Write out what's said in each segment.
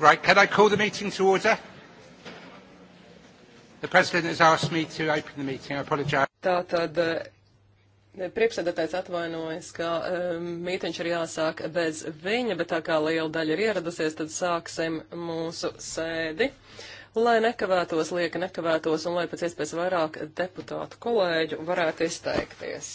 Right, can I call the meeting to order? The President has asked me to open the meeting. I apologize. Tātad eh, priekšsēdētājs atvainojas, ka um, mītiņš ir jāsāk bez viņa, bet tā kā liela daļa ir ieradusies, tad sāksim mūsu sēdi. Lai nekavētos, lieka nekavētos un lai pēc iespējas vairāk deputātu kolēģu varētu izteikties.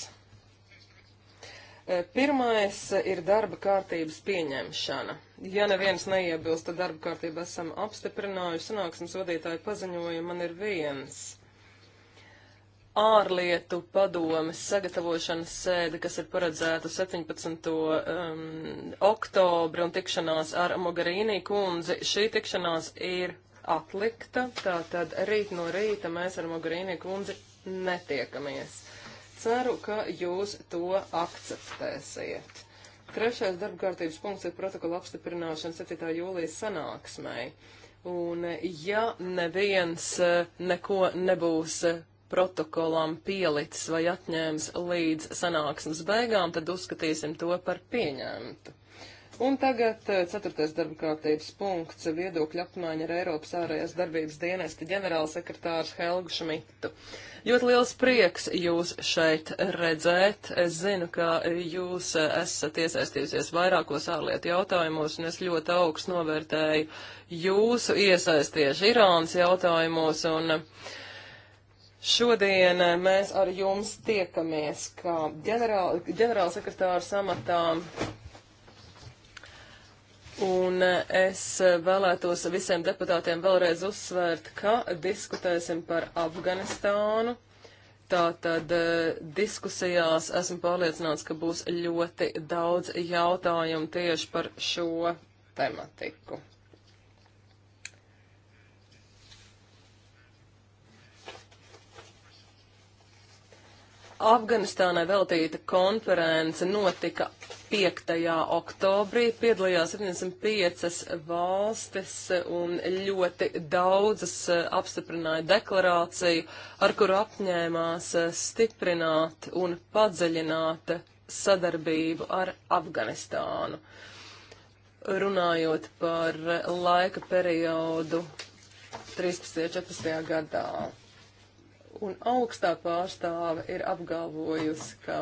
Eh, pirmais ir darba kārtības pieņemšana. Ja neviens neiebilst, tad darba kārtību esam apstiprinājuši. Sanāksmes vadītāji paziņoja, man ir viens ārlietu padomes sagatavošanas sēde, kas ir paredzēta 17. Um, oktobri un tikšanās ar Mogarīnī kundzi. Šī tikšanās ir atlikta, tātad rīt no rīta mēs ar Mogarīnī kundzi netiekamies ceru, ka jūs to akceptēsiet. Trešais darbkārtības punkts ir protokola apstiprināšana 7. jūlijas sanāksmai. Un ja neviens e, neko nebūs e, protokolam pielicis vai atņēmis līdz sanāksmes beigām, tad uzskatīsim to par pieņemtu. Un tagad eh, ceturtais darba kārtības punkts - viedokļa apmaiņa ar Eiropas ārējās darbības dienesta ģenerālsekretārs Helgu Šmitu. Ļoti liels prieks jūs šeit redzēt. Es zinu, ka jūs eh, esat iesaistījusies vairākos ārlietu jautājumos, un es ļoti augstu novērtēju jūsu iesaistiešu Irānas jautājumos. Un, eh, Šodien mēs ar jums tiekamies kā ģenerālsekretāra ģenerāl samatā Un eh, es eh, vēlētos visiem deputātiem vēlreiz uzsvērt, ka diskutēsim par Afganistānu. Tātad eh, diskusijās esmu pārliecināts, ka būs ļoti daudz jautājumu tieši par šo tematiku. Afganistānai veltīta konference notika 5. oktobrī. Piedalījās 75 valstis un ļoti daudzas eh, apstiprināja deklarāciju, ar kuru apņēmās eh, stiprināt un padziļināt sadarbību ar Afganistānu. Runājot par eh, laika periodu 13. un 14. gadā un augstā pārstāve ir apgalvojusi, ka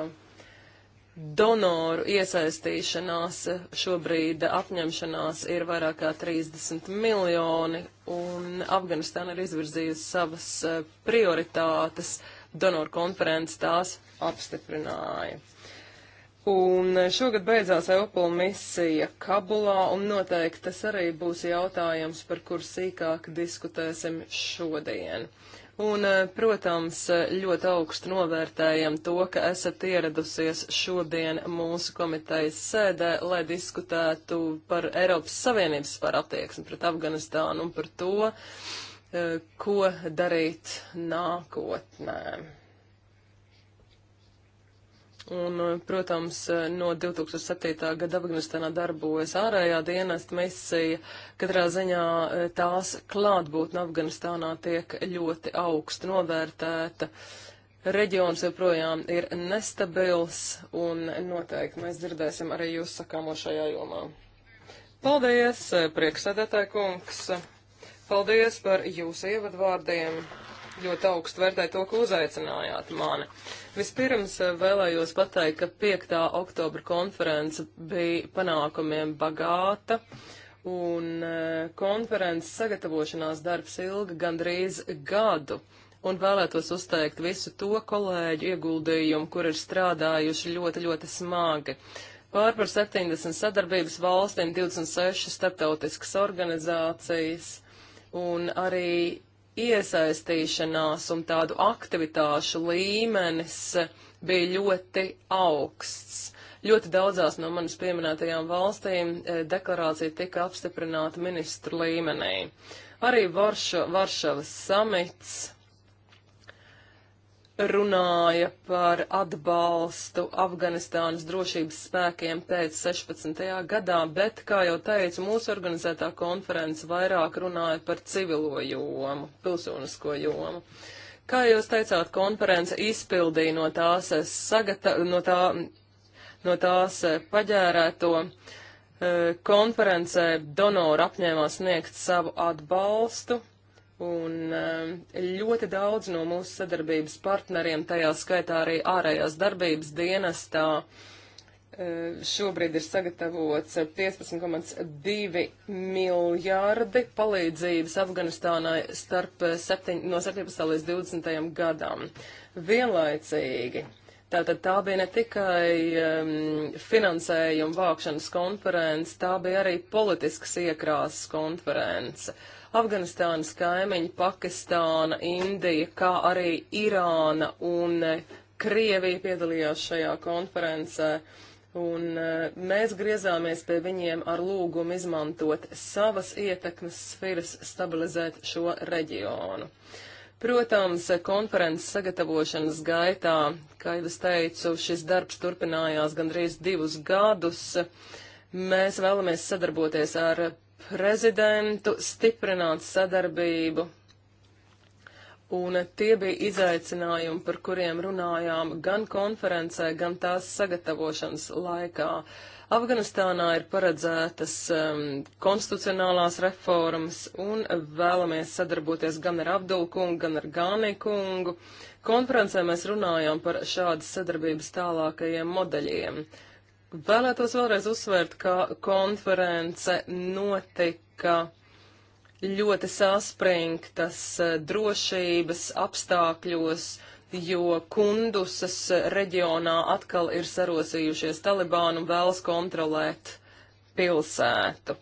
donoru iesaistīšanās šobrīd apņemšanās ir vairāk kā 30 miljoni, un Afganistāna ir izvirzījusi savas eh, prioritātes. Donoru konferences tās apstiprināja. Un šogad beidzās Eupol misija Kabulā, un noteikti tas arī būs jautājums, par kur sīkāk diskutēsim šodien. Uh, Un, eh, protams, eh, ļoti augstu novērtējam to, ka esat ieradusies šodien mūsu komitejas sēdē, lai diskutētu par Eiropas Savienības par attieksmi pret Afganistānu un par to, eh, ko darīt nākotnē. Un, eh, protams, eh, no 2007. gada Afganistānā darbojas ārējā dienesta misija. Katrā ziņā eh, tās klātbūtne Afganistānā tiek ļoti augstu novērtēta. Reģions joprojām ir nestabils, un noteikti mēs dzirdēsim arī jūs sakāmo šajā jomā. Paldies, priekšsēdētāj kungs! Paldies par jūsu ievadvārdiem! ļoti augstu vērtēju to, ka uzaicinājāt mani. Vispirms eh, vēlējos pateikt, ka 5. oktobra konference bija panākumiem bagāta. Un eh, konferences sagatavošanās darbs ilga gandrīz gadu un vēlētos uzteikt visu to kolēģu ieguldījumu, kur ir strādājuši ļoti, ļoti smagi. Pār par 70 sadarbības valstīm, 26 starptautiskas organizācijas un arī iesaistīšanās un tādu aktivitāšu līmenis bija ļoti augsts. Ļoti daudzās no manas pieminētajām valstīm eh, deklarācija tika apstiprināta ministru līmenī. Arī Varša, Varšavas samits runāja par atbalstu Afganistānas drošības spēkiem pēc 16. gadā, bet, kā jau teicu, mūsu organizētā konference vairāk runāja par civilo jomu, pilsonisko jomu. Kā jūs teicāt, konference izpildīja no tās, eh, sagata, no tā, no tās eh, paģērēto eh, konferencē donoru apņēmās sniegt savu atbalstu Un eh, ļoti daudz no mūsu sadarbības partneriem, tajā skaitā arī ārējās darbības dienestā, eh, šobrīd ir sagatavots 15,2 miljārdi palīdzības Afganistānai starp 7, no 17. līdz 20. gadam. Vienlaicīgi. Tātad tā bija ne tikai um, finansējuma vākšanas konference, tā bija arī politiskas iekrāsas konference. Uh, Afganistānas kaimiņi, Pakistāna, Indija, kā arī Irāna un eh, Krievija piedalījās šajā konferencē. Un eh, mēs griezāmies pie viņiem ar lūgumu izmantot savas ietekmes sfēras, stabilizēt šo reģionu. Protams, konferences sagatavošanas gaitā, kā jau es teicu, šis darbs turpinājās gandrīz divus gadus. Mēs vēlamies sadarboties ar prezidentu stiprināt sadarbību. Un tie bija izaicinājumi, par kuriem runājām gan konferencē, gan tās sagatavošanas laikā. Afganistānā ir paredzētas um, konstitucionālās reformas un vēlamies sadarboties gan ar Abdul kungu, gan ar Gāni kungu. Konferencē mēs runājām par šādas sadarbības tālākajiem modeļiem. Uh, Vēlētos vēlreiz uzsvērt, ka konference notika ļoti saspringtas eh, drošības apstākļos, jo Kundusas reģionā atkal ir sarosījušies Talibānu un vēlas kontrolēt pilsētu.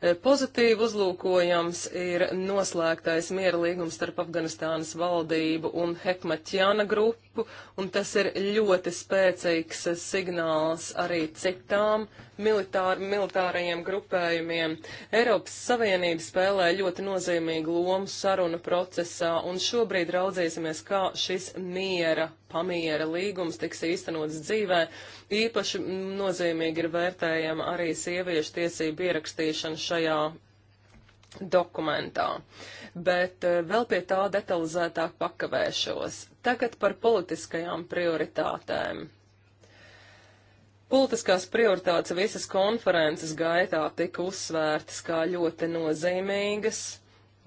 Eh, pozitīvi uzlūkojams ir noslēgtais miera līgums starp Afganistānas valdību un Hekmatjana grupu grupu, un tas ir ļoti spēcīgs signāls arī citām militār, militārajiem grupējumiem. Eiropas Savienība spēlē ļoti nozīmīgu lomu sarunu procesā, un šobrīd raudzīsimies, kā šis miera, pamiera līgums tiks īstenots dzīvē. Īpaši nozīmīgi ir vērtējama arī sieviešu tiesību ierakstīšana šajā dokumentā, bet eh, vēl pie tā detalizētāk pakavēšos. Tagad par politiskajām prioritātēm. Politiskās prioritātes visas konferences gaitā tika uzsvērtas kā ļoti nozīmīgas,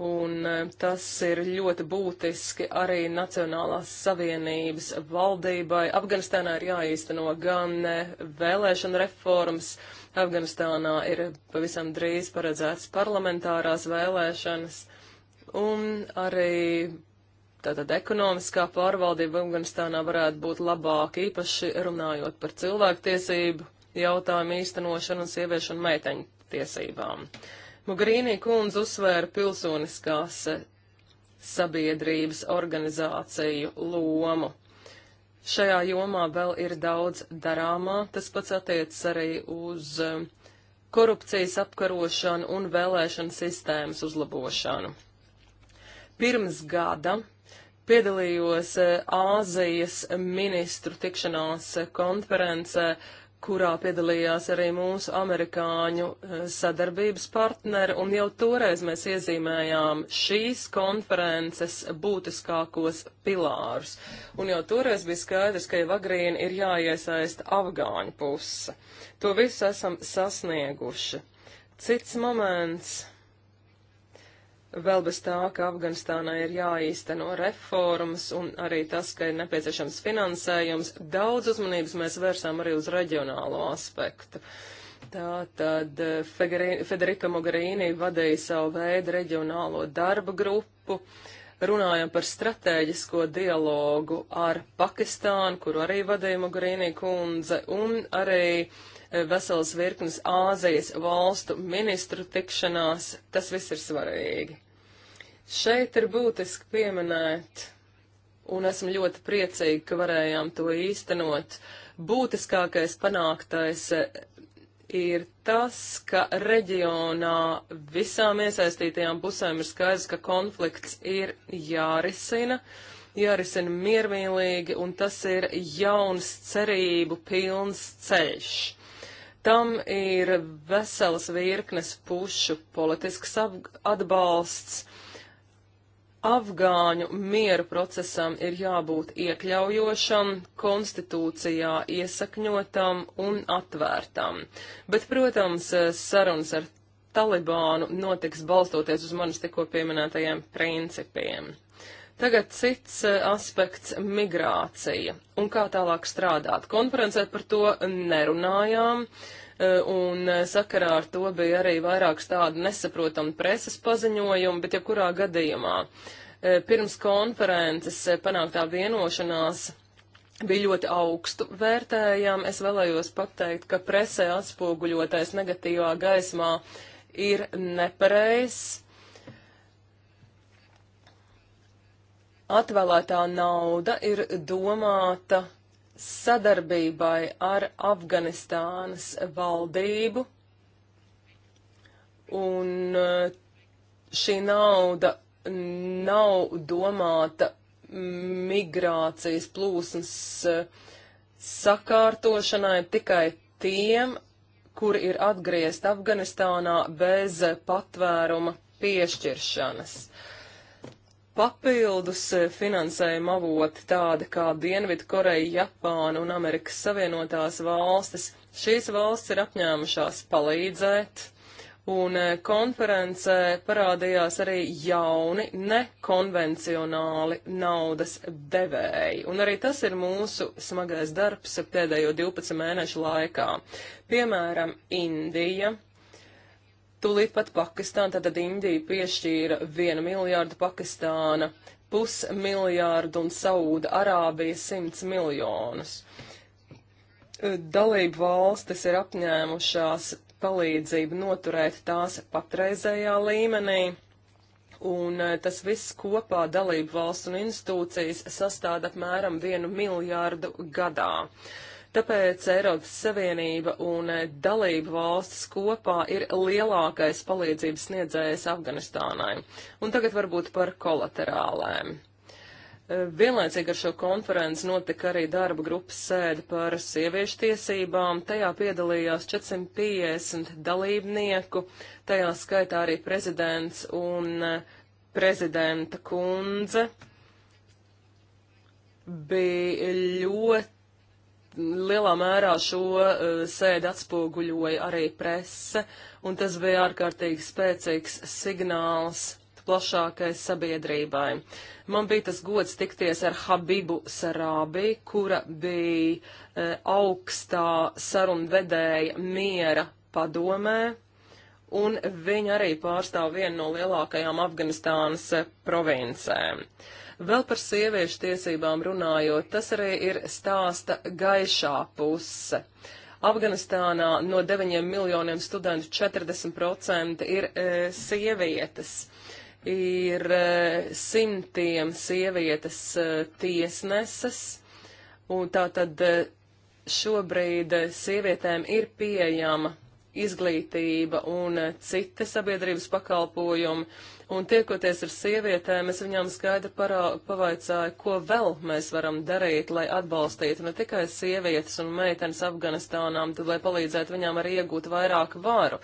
un eh, tas ir ļoti būtiski arī Nacionālās savienības valdībai. Afganistānā ir jāīsteno gan eh, vēlēšana reformas, Afganistānā ir pavisam drīz paredzēts parlamentārās vēlēšanas un arī tātad ekonomiskā pārvaldība Afganistānā varētu būt labāka, īpaši runājot par cilvēktiesību jautājumu īstenošanu un sieviešu un meiteņu tiesībām. Mugrīnī kundze uzsvēra pilsoniskās sabiedrības organizāciju lomu. Šajā jomā vēl ir daudz darāmā, tas pats attiecas arī uz eh, korupcijas apkarošanu un vēlēšanu sistēmas uzlabošanu. Pirms gada piedalījos eh, Āzijas ministru tikšanās eh, konferencē, kurā piedalījās arī mūsu amerikāņu eh, sadarbības partneri, un jau toreiz mēs iezīmējām šīs konferences būtiskākos pilārus. Un jau toreiz bija skaidrs, ka jau agrīni ir jāiesaista afgāņu puse. To visu esam sasnieguši. Cits moments Vēl bez tā, ka Afganistānai ir jāīsteno reformas un arī tas, ka ir nepieciešams finansējums, daudz uzmanības mēs vērsām arī uz reģionālo aspektu. Tā tad eh, Federika Mogherini vadīja savu veidu reģionālo darba grupu. Runājam par strateģisko dialogu ar Pakistānu, kuru arī vadīja Mogherini kundze, un arī eh, vesels virknes Āzijas valstu ministru tikšanās. Tas viss ir svarīgi. Šeit ir būtiski pieminēt, un esam ļoti priecīgi, ka varējām to īstenot. Būtiskākais panāktais eh, ir tas, ka reģionā visām iesaistītajām pusēm ir skaidrs, ka konflikts ir jārisina, jārisina miermīlīgi, un tas ir jauns cerību pilns ceļš. Tam ir veselas virknes pušu politisks atbalsts, Afgāņu miera procesam ir jābūt iekļaujošam, konstitūcijā iesakņotam un atvērtam. Bet, protams, sarunas ar Talibānu notiks balstoties uz manis tikko pieminētajiem principiem. Tagad cits e, aspekts - migrācija un kā tālāk strādāt. Konferencē par to nerunājām. Uh, Eh, un eh, sakarā ar to bija arī vairākas tādu nesaprotamu preses paziņojumu, bet jebkurā gadījumā eh, pirms konferences panāktā vienošanās bija ļoti augstu vērtējama. Es vēlējos pateikt, ka presē atspoguļotais negatīvā gaismā ir nepareizs. Atvēlētā nauda ir domāta sadarbībai ar Afganistānas valdību, un eh, šī nauda nav domāta migrācijas plūsmas eh, sakārtošanai tikai tiem, kur ir atgriezt Afganistānā bez patvēruma piešķiršanas. Uh, Papildus eh, finansējuma avoti tādi kā Dienvidu Koreja, Japāna un Amerikas Savienotās valstis. Šīs valsts ir apņēmušās palīdzēt, un eh, konferencē parādījās arī jauni nekonvencionāli naudas devēji. Un arī tas ir mūsu smagais darbs pēdējo 12 mēnešu laikā. Piemēram, Indija Tūlīt pat Pakistāna, tātad Indija piešķīra vienu miljārdu Pakistāna, pusmiljārdu un Sauda Arābija simts miljonus. E, dalību valstis ir apņēmušās palīdzību noturēt tās patreizējā līmenī. Un e, tas viss kopā dalību valsts un institūcijas sastāda apmēram vienu miljārdu gadā. Uh, Tāpēc Eiropas Savienība un eh, dalību valstis kopā ir lielākais palīdzības sniedzējs Afganistānai. Un tagad varbūt par kolaterālēm. Eh, vienlaicīgi ar šo konferenci notika arī darba grupas sēde par sieviešu tiesībām. Tajā piedalījās 450 dalībnieku, tajā skaitā arī prezidents un eh, prezidenta kundze. Bija ļoti lielā mērā šo uh, sēdi atspoguļoja arī prese, un tas bija ārkārtīgi spēcīgs signāls plašākai sabiedrībai. Man bija tas gods tikties ar Habibu Sarābi, kura bija uh, augstā sarunvedēja miera padomē, un viņa arī pārstāv vienu no lielākajām Afganistānas eh, provincēm. Uh, Vēl par sieviešu tiesībām runājot, tas arī ir stāsta gaišā puse. Afganistānā no 9 miljoniem studentu 40% ir e, sievietes. Ir e, simtiem sievietes e, tiesneses, un tā tad e, šobrīd e, sievietēm ir pieejama izglītība un e, citi sabiedrības pakalpojumi, Un tiekoties ar sievietēm, es viņām skaidri parā, pavaicāju, ko vēl mēs varam darīt, lai atbalstītu ne tikai sievietes un meitenes Afganistānām, tad lai palīdzētu viņām arī iegūt vairāk vāru.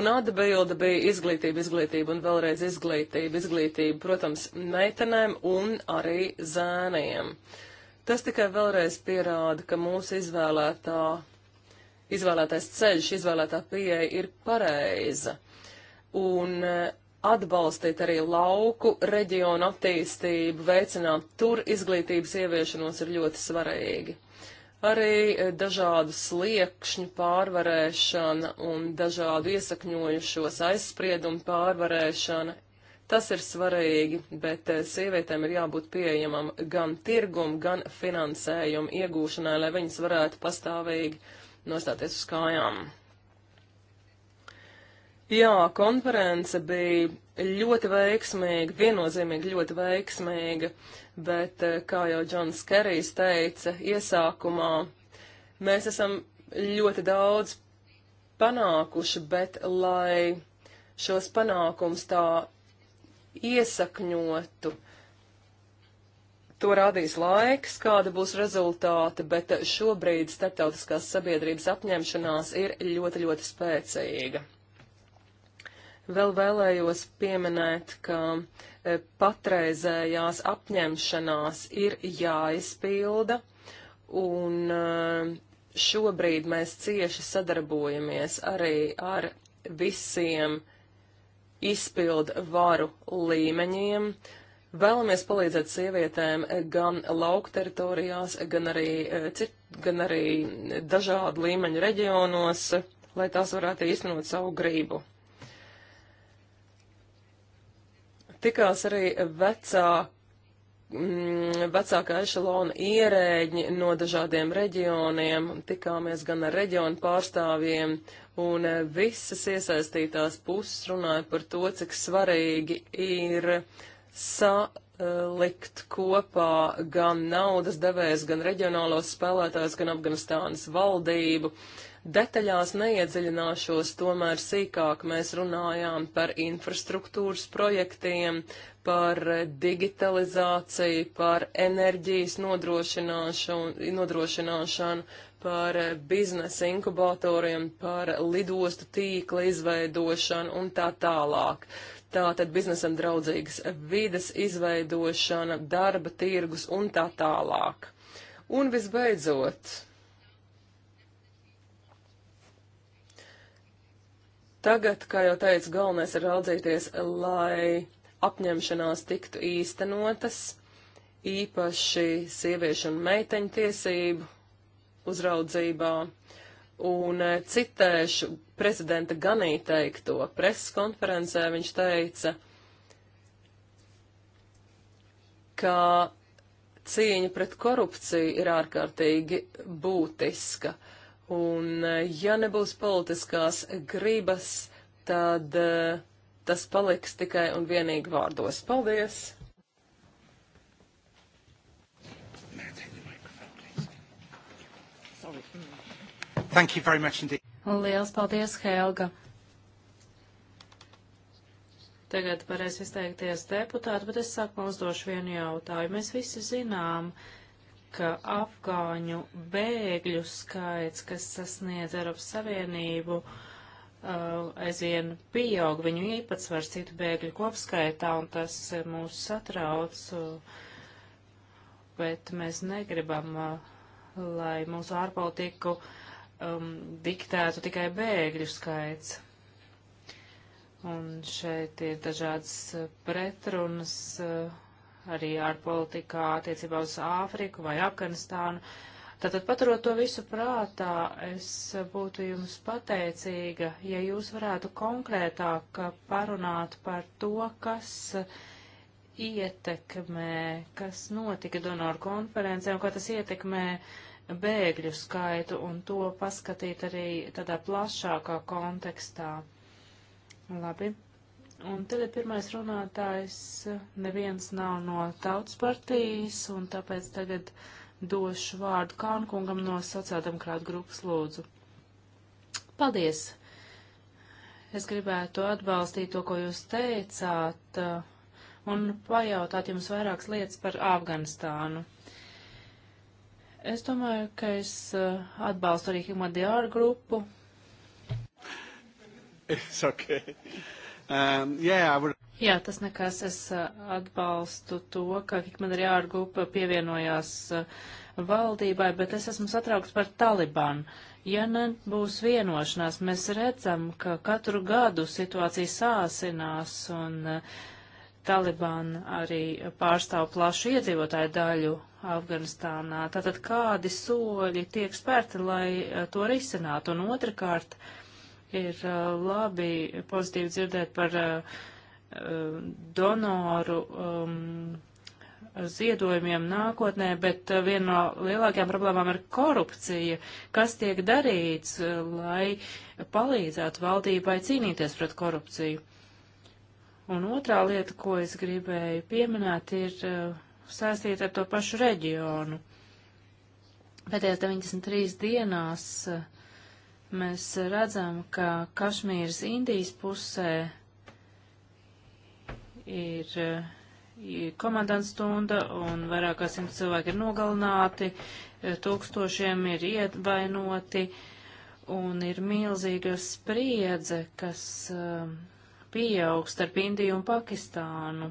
Un atbilde bija izglītība, izglītība un vēlreiz izglītība, izglītība, protams, meitenēm un arī zēniem. Tas tikai vēlreiz pierāda, ka mūsu izvēlētā, izvēlētais ceļš, izvēlētā pieeja ir pareiza. Un atbalstīt arī lauku reģionu attīstību, veicināt tur izglītības ieviešanos ir ļoti svarīgi. Arī e, dažādu sliekšņu pārvarēšana un dažādu iesakņojušos aizspriedumu pārvarēšana. Tas ir svarīgi, bet e, sievietēm ir jābūt pieejamam gan tirgum, gan finansējumu iegūšanai, lai viņas varētu pastāvīgi nostāties uz kājām. Jā, konference bija ļoti veiksmīga, viennozīmīgi ļoti veiksmīga, bet, eh, kā jau Džons Kerijs teica iesākumā, mēs esam ļoti daudz panākuši, bet lai šos panākums tā iesakņotu, to rādīs laiks, kāda būs rezultāti, bet šobrīd starptautiskās sabiedrības apņemšanās ir ļoti, ļoti spēcīga. Vēl vēlējos pieminēt, ka e, patreizējās apņemšanās ir jāizpilda, un e, šobrīd mēs cieši sadarbojamies arī ar visiem izpildu varu līmeņiem. Vēlamies palīdzēt sievietēm gan lauku teritorijās, gan arī, e, cit, gan arī dažādu līmeņu reģionos, lai tās varētu īstenot savu gribu. Tikās arī vecā, mm, vecākā ešalona ierēģi no dažādiem reģioniem, tikāmies gan ar reģionu pārstāvjiem, un eh, visas iesaistītās puses runāja par to, cik svarīgi ir sa Eh, likt kopā gan naudas devējs, gan reģionālos spēlētājs, gan Afganistānas valdību. Detaļās neiedziļināšos, tomēr sīkāk mēs runājām par infrastruktūras projektiem, par digitalizāciju, par enerģijas nodrošināšanu, nodrošināšanu par biznesa inkubatoriem, par lidostu tīkla izveidošanu un tā tālāk. Tātad biznesam draudzīgas vides izveidošana, darba tirgus un tā tālāk. Un visbeidzot, tagad, kā jau teicu, galvenais ir raudzīties, lai apņemšanās tiktu īstenotas, īpaši sieviešu un meiteņu tiesību uzraudzībā Un eh, citēšu prezidenta Ganī teikto preses konferencē, viņš teica, ka cīņa pret korupciju ir ārkārtīgi būtiska. Un eh, ja nebūs politiskās gribas, tad eh, tas paliks tikai un vienīgi vārdos. Paldies! Thank you very much indeed. Un liels paldies, Helga. Tagad varēs izteikties deputāti, bet es sākumā uzdošu vienu jautājumu. Mēs visi zinām, ka afgāņu bēgļu skaits, kas sasniedz Eiropas Savienību, uh, aizvien pieaug viņu īpatsvars citu bēgļu kopskaitā, un tas uh, mūs satrauc, uh, bet mēs negribam, uh, lai mūsu ārpolitiku uh, um, diktētu tikai bēgļu skaits. Un šeit ir dažādas uh, pretrunas uh, arī ārpolitikā attiecībā uz Āfriku vai Afganistānu. Tātad paturot to visu prātā, es uh, būtu jums pateicīga, ja jūs varētu konkrētāk uh, parunāt par to, kas ietekmē, kas notika donoru konferencē un kā tas ietekmē uh, bēgļu skaitu un to paskatīt arī tādā plašākā kontekstā. Labi. Un tad ir pirmais runātājs, neviens nav no tautas partijas, un tāpēc tagad došu vārdu Kānkungam no sociāldemokrāta grupas lūdzu. Paldies! Es gribētu atbalstīt to, ko jūs teicāt, uh, un pajautāt jums vairākas lietas par Afganistānu. Es domāju, ka es eh, atbalstu arī Human Diāra grupu. It's okay. Um, yeah, I would... Jā, tas nekas. Es eh, atbalstu to, ka man ir jārgūpa pievienojās eh, valdībai, bet es esmu satraukts par Talibanu. Ja nebūs vienošanās, mēs redzam, ka katru gadu situācija sāsinās un Taliban arī pārstāv plašu iedzīvotāju daļu Afganistānā. Tātad kādi soļi tiek spērti, lai eh, to risinātu? Un otrkārt, ir eh, labi pozitīvi dzirdēt par eh, donoru um, ziedojumiem nākotnē, bet viena no lielākajām problēmām ir korupcija. Kas tiek darīts, lai palīdzētu valdībai cīnīties pret korupciju? Un otrā lieta, ko es gribēju pieminēt, ir uh, saistīta ar to pašu reģionu. Pēdējās 93 dienās uh, mēs redzam, ka Kašmīras Indijas pusē ir uh, komandants stunda un vairāk kā simt cilvēki ir nogalināti, uh, tūkstošiem ir ievainoti un ir milzīga spriedze, kas. Uh, pieaug starp Indiju un Pakistānu.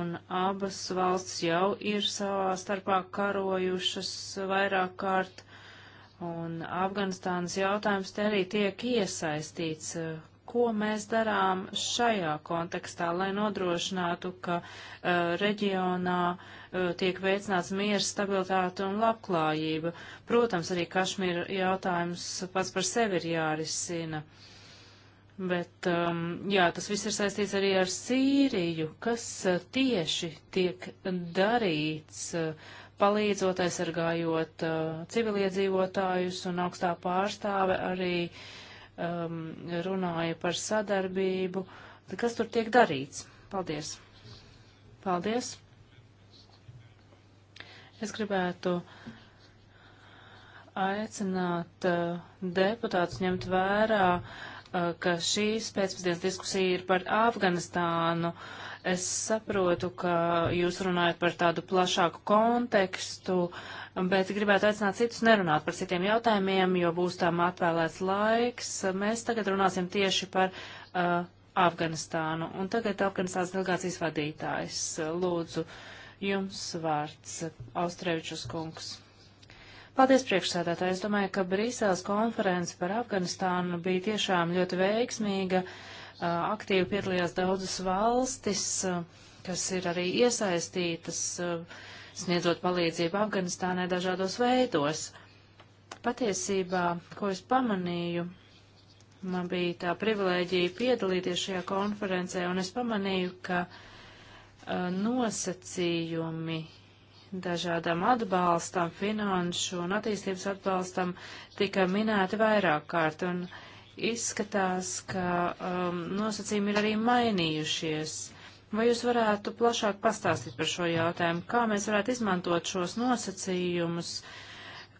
Un abas valsts jau ir savā starpā karojušas vairāk kārt, un Afganistānas jautājums te arī tiek iesaistīts. Ko mēs darām šajā kontekstā, lai nodrošinātu, ka uh, reģionā uh, tiek veicināts miers, stabilitāte un labklājība. Protams, arī Kašmīra jautājums pats par sevi ir jārisina. Uh, Bet, um, jā, tas viss ir saistīts arī ar Sīriju, kas uh, tieši tiek darīts, uh, palīdzot aizsargājot uh, civiliedzīvotājus, un augstā pārstāve arī um, runāja par sadarbību. Tad kas tur tiek darīts? Paldies! Paldies! Es gribētu aicināt uh, deputātus ņemt vērā uh, Uh, ka šīs pēcpusdienas diskusija ir par Afganistānu. Es saprotu, ka jūs runājat par tādu plašāku kontekstu, bet gribētu aicināt citus nerunāt par citiem jautājumiem, jo būs tam atvēlēts laiks. Mēs tagad runāsim tieši par uh, Afganistānu. Un tagad Afganistānas delegācijas vadītājs. Lūdzu, jums vārds Austrēvičus kungs. Paldies, priekšsēdētāji. Es domāju, ka Brīseles konference par Afganistānu bija tiešām ļoti veiksmīga. Aktīvi piedalījās daudzas valstis, kas ir arī iesaistītas, sniedzot palīdzību Afganistānai dažādos veidos. Patiesībā, ko es pamanīju, man bija tā privilēģija piedalīties šajā konferencē, un es pamanīju, ka nosacījumi dažādam atbalstam, finanšu un attīstības atbalstam tika minēti vairāk kārt, un izskatās, ka um, nosacījumi ir arī mainījušies. Vai jūs varētu plašāk pastāstīt par šo jautājumu, kā mēs varētu izmantot šos nosacījumus,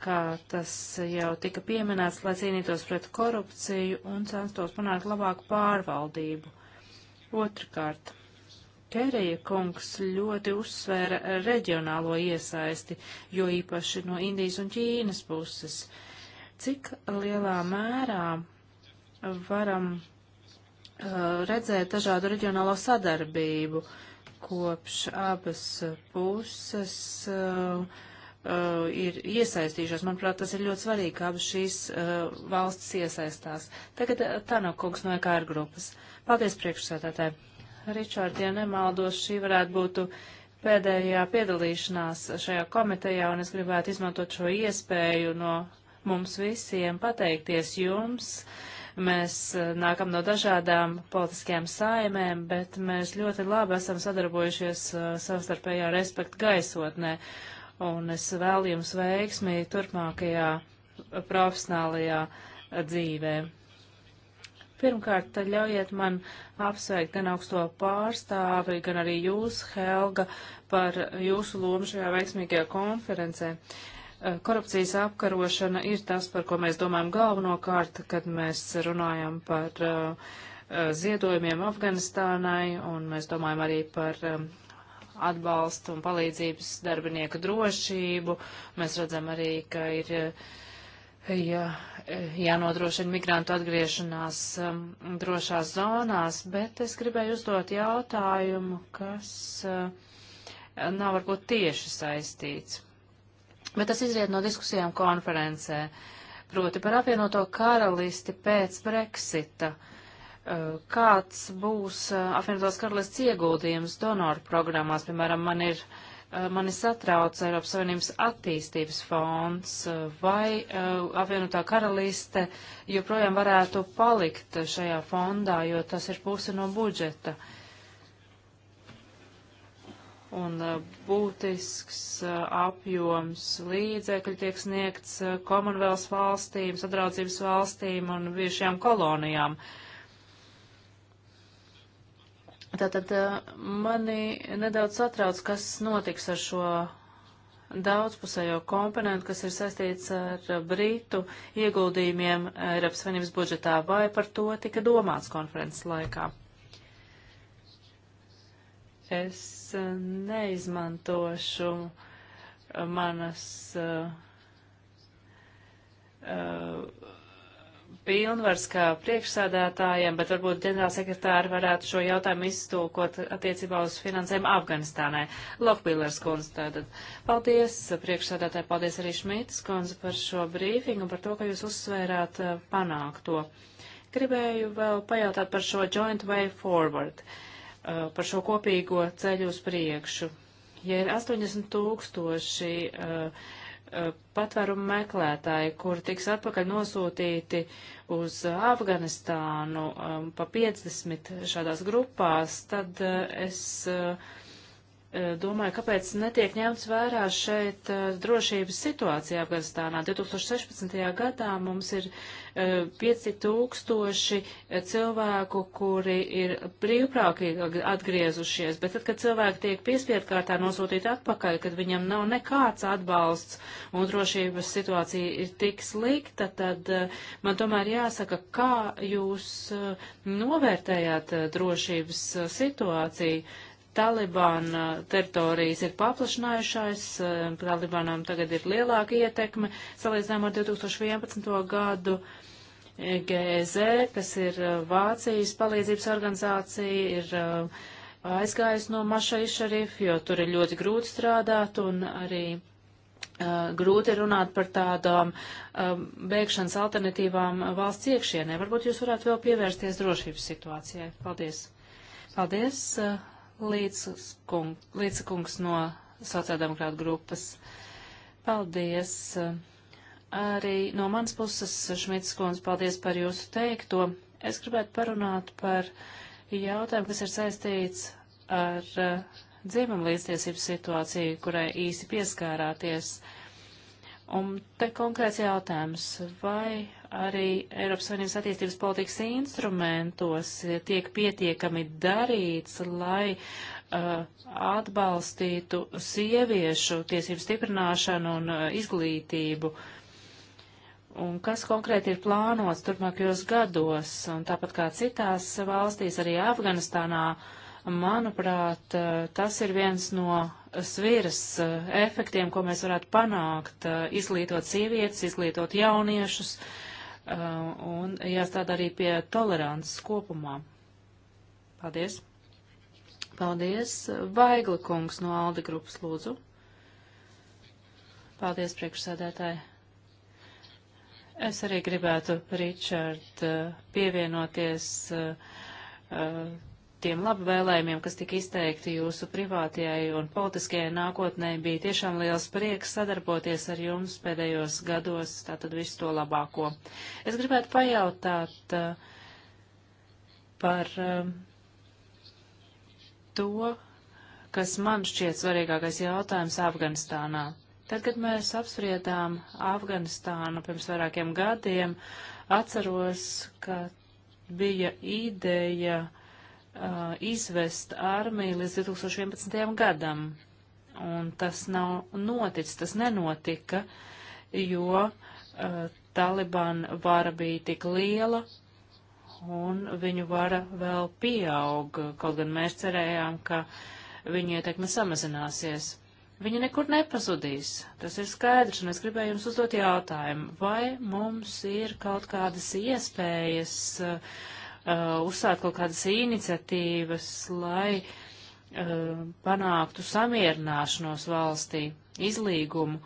kā tas jau tika pieminēts, lai cīnītos pret korupciju un censtos panākt labāku pārvaldību? Otrakārt, Kērija kungs ļoti uzsvēra reģionālo iesaisti, jo īpaši no Indijas un Ķīnas puses. Cik lielā mērā varam uh, redzēt dažādu reģionālo sadarbību kopš abas puses uh, uh, ir iesaistījušās. Manuprāt, tas ir ļoti svarīgi, ka abas šīs uh, valstis iesaistās. Tagad uh, Tanokungs no EKR grupas. Paldies priekšsētātāji! Ričārd, ja nemaldos, šī varētu būt pēdējā piedalīšanās šajā komitejā, un es gribētu izmantot šo iespēju no mums visiem pateikties jums. Mēs eh, nākam no dažādām politiskajām saimēm, bet mēs ļoti labi esam sadarbojušies eh, savstarpējā respekta gaisotnē, un es vēlu jums veiksmi turpmākajā profesionālajā dzīvē. Pirmkārt, ļaujiet man apsveikt gan augsto pārstāvi, gan arī jūs, Helga, par jūsu lomu šajā veiksmīgajā konferencē. Eh, korupcijas apkarošana ir tas, par ko mēs domājam galvenokārt, kad mēs runājam par uh, ziedojumiem Afganistānai, un mēs domājam arī par um, atbalstu un palīdzības darbinieku drošību. Mēs redzam arī, ka ir. Uh, ja jānodrošina migrantu atgriešanās um, drošās zonās, bet es gribēju uzdot jautājumu, kas uh, nav varbūt tieši saistīts. Bet tas izriet no diskusijām konferencē, proti par apvienoto karalisti pēc Brexita. Uh, kāds būs uh, apvienotās karalists ieguldījums donoru programmās? Piemēram, man ir uh, Eh, mani satrauc Eiropas Savienības attīstības fonds, eh, vai uh, apvienotā karaliste joprojām varētu palikt šajā fondā, jo tas ir puse no budžeta. Un uh, būtisks uh, apjoms līdzekļu tiek sniegts Commonwealth valstīm, sadraudzības valstīm un bijušajām kolonijām. Uh, Tātad eh, mani nedaudz satrauc, kas notiks ar šo daudzpusējo komponentu, kas ir saistīts ar Brītu ieguldījumiem Eiropas Savienības budžetā, vai par to tika domāts konferences laikā? Es eh, neizmantošu eh, manas uh, uh, pilnvars kā priekšsādātājiem, bet varbūt ģenerālsekretāri varētu šo jautājumu iztūkot attiecībā uz finansēm Afganistānai. Lokpīlers kundze tātad. Paldies, priekšsādātāji, paldies arī Šmītas kundze par šo brīfingu, par to, ka jūs uzsvērāt eh, panākto. Gribēju vēl pajautāt par šo joint way forward, eh, par šo kopīgo ceļu uz priekšu. Ja ir 80 tūkstoši uh, Eh, patvērumu meklētāji, kur tiks atpakaļ nosūtīti uz Afganistānu eh, pa 50 šādās grupās, tad eh, es Eh, domāju, kāpēc netiek ņemts vērā šeit eh, drošības situācija Afganistānā. 2016. gadā mums ir 5000 eh, cilvēku, kuri ir brīvprātīgi atgriezušies, bet tad, kad cilvēki tiek piespiedu kārtā nosūtīti atpakaļ, kad viņam nav nekāds atbalsts un drošības situācija ir tik slikta, tad man tomēr jāsaka, kā jūs novērtējāt drošības situāciju Talibāna uh, teritorijas ir paplašinājušās, uh, Talibānām tagad ir lielāka ietekme salīdzinām ar 2011. gadu. GEZ, kas ir uh, Vācijas palīdzības organizācija, ir aizgājusi no Maša Išarif, jo tur ir ļoti grūti strādāt un arī Uh, grūti runāt par tādām uh, bēgšanas alternatīvām valsts iekšienē. Varbūt jūs varētu vēl pievērsties drošības situācijai. Paldies. Paldies. Uh, līdzkungs no sociāldemokrāta grupas. Paldies! Arī no manas puses, Šmits kundze, paldies par jūsu teikto. Es gribētu parunāt par jautājumu, kas ir saistīts ar uh, eh, dzimumlīdztiesības situāciju, kurai īsi pieskārāties. Uh, Un te konkrēts jautājums, vai arī Eiropas Savienības attīstības politikas instrumentos tiek pietiekami darīts, lai uh, atbalstītu sieviešu tiesību stiprināšanu un uh, izglītību. Un kas konkrēti ir plānots turpmākajos gados, un tāpat kā citās valstīs, arī Afganistānā uh, Manuprāt, eh, tas ir viens no sviras eh, efektiem, ko mēs varētu panākt, eh, izglītot sievietes, izglītot jauniešus un jāstāda arī pie tolerances kopumā. Paldies! Paldies! Vaigla kungs no Alde grupas lūdzu. Paldies, priekšsēdētāji! Es arī gribētu, Ričard, pievienoties uh, tiem labvēlējumiem, kas tika izteikti jūsu privātajai un politiskajai nākotnē. Bija tiešām liels prieks sadarboties ar jums pēdējos gados, tātad visu to labāko. Es gribētu pajautāt eh, par eh, to, kas man šķiet svarīgākais jautājums Afganistānā. Tad, kad mēs apspriedām Afganistānu pirms vairākiem gadiem, atceros, ka bija ideja uh, uh, izvest armiju līdz 2011. gadam. Un tas nav noticis, tas nenotika, jo uh, Taliban vara bija tik liela un viņu vara vēl pieauga, kaut gan mēs cerējām, ka viņu ietekme samazināsies. Viņa nekur nepazudīs. Tas ir skaidrs, un es gribēju jums uzdot jautājumu, vai mums ir kaut kādas iespējas uh, Uh, uzsākt kaut kādas iniciatīvas, lai uh, panāktu samierināšanos valstī, izlīgumu,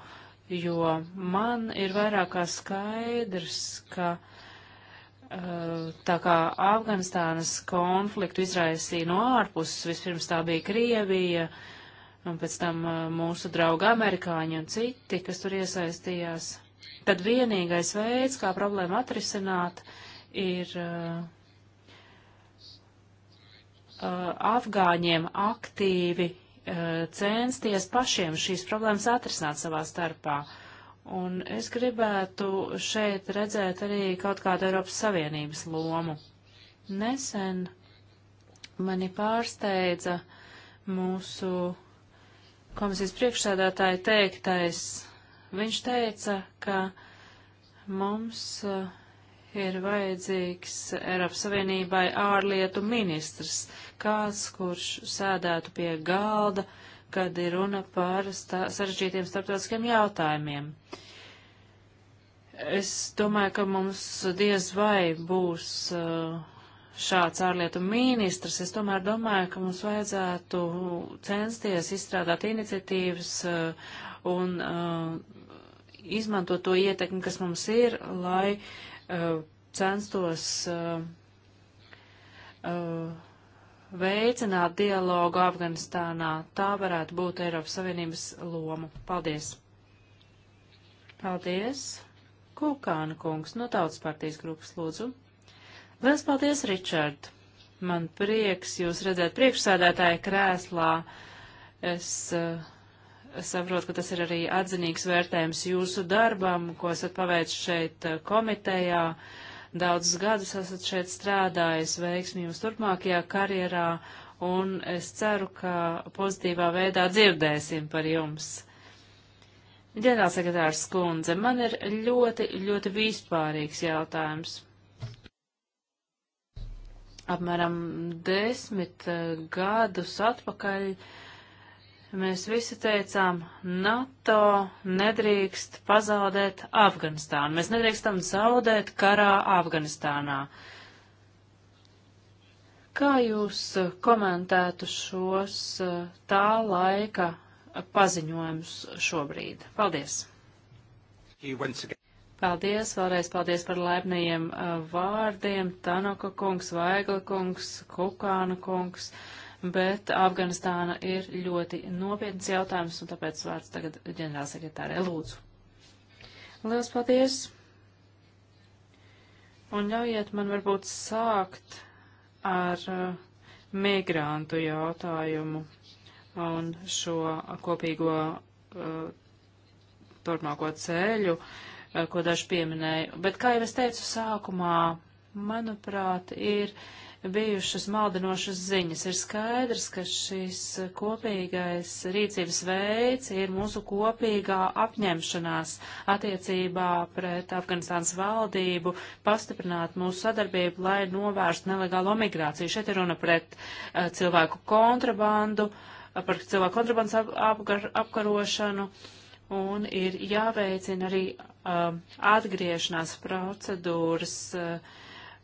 jo man ir vairāk kā skaidrs, ka uh, tā kā Afganistānas konfliktu izraisīja no ārpuses, vispirms tā bija Krievija, un pēc tam mūsu draugi amerikāņi un citi, kas tur iesaistījās, tad vienīgais veids, kā problēmu atrisināt, ir uh, Uh, afgāņiem aktīvi uh, censties pašiem šīs problēmas atrisināt savā starpā. Un es gribētu šeit redzēt arī kaut kādu Eiropas Savienības lomu. Nesen mani pārsteidza mūsu komisijas priekšsēdētāja teiktais. Viņš teica, ka mums uh, ir vajadzīgs Eiropas Savienībai ārlietu ministrs, kāds, kurš sēdētu pie galda, kad ir runa par stā, sarežģītiem starptautiskiem jautājumiem. Es domāju, ka mums diez vai būs uh, šāds ārlietu ministrs, es tomēr domāju, ka mums vajadzētu censties izstrādāt iniciatīvas uh, un uh, izmantot to ietekmi, kas mums ir, lai Eh, censtos eh, eh, veicināt dialogu Afganistānā. Tā varētu būt Eiropas Savienības loma. Paldies! Paldies! Kūkāna kungs no Tautas partijas grupas lūdzu. Liels paldies, Ričard! Man prieks jūs redzēt priekšsēdētāja krēslā. Es uh, saprotu, ka tas ir arī atzinīgs vērtējums jūsu darbam, ko esat paveicis šeit eh, komitejā. Daudzus gadus esat šeit strādājis, veiksmi jums turpmākajā karjerā, un es ceru, ka pozitīvā veidā dzirdēsim par jums. Ģenerālsekretārs Skundze, man ir ļoti, ļoti vispārīgs jautājums. Apmēram desmit eh, gadus atpakaļ uh, mēs visi teicām, NATO nedrīkst pazaudēt Afganistānu. Mēs nedrīkstam zaudēt karā Afganistānā. Kā jūs komentētu šos eh, tā laika paziņojumus šobrīd? Paldies! Paldies, vēlreiz paldies par laipnajiem eh, vārdiem. Tanaka kungs, Vaigla kungs, Kukāna kungs. Uh, bet Afganistāna ir ļoti nopietns jautājums, un tāpēc vārds tagad ģenerālsekretārē lūdzu. Lielas paldies! Un ļaujiet man varbūt sākt ar uh, migrantu jautājumu un šo kopīgo uh, turpmāko ceļu, uh, ko daži pieminēja. Bet, kā jau es teicu sākumā, manuprāt, ir uh, bijušas maldinošas ziņas. Ir skaidrs, ka šis kopīgais rīcības veids ir mūsu kopīgā apņemšanās attiecībā pret Afganistānas valdību pastiprināt mūsu sadarbību, lai novērstu nelegālo migrāciju. Šeit ir runa pret uh, cilvēku kontrabandu, eh, par cilvēku kontrabandas ap, apgar, apkarošanu. Un ir jāveicina arī uh, atgriešanās procedūras uh,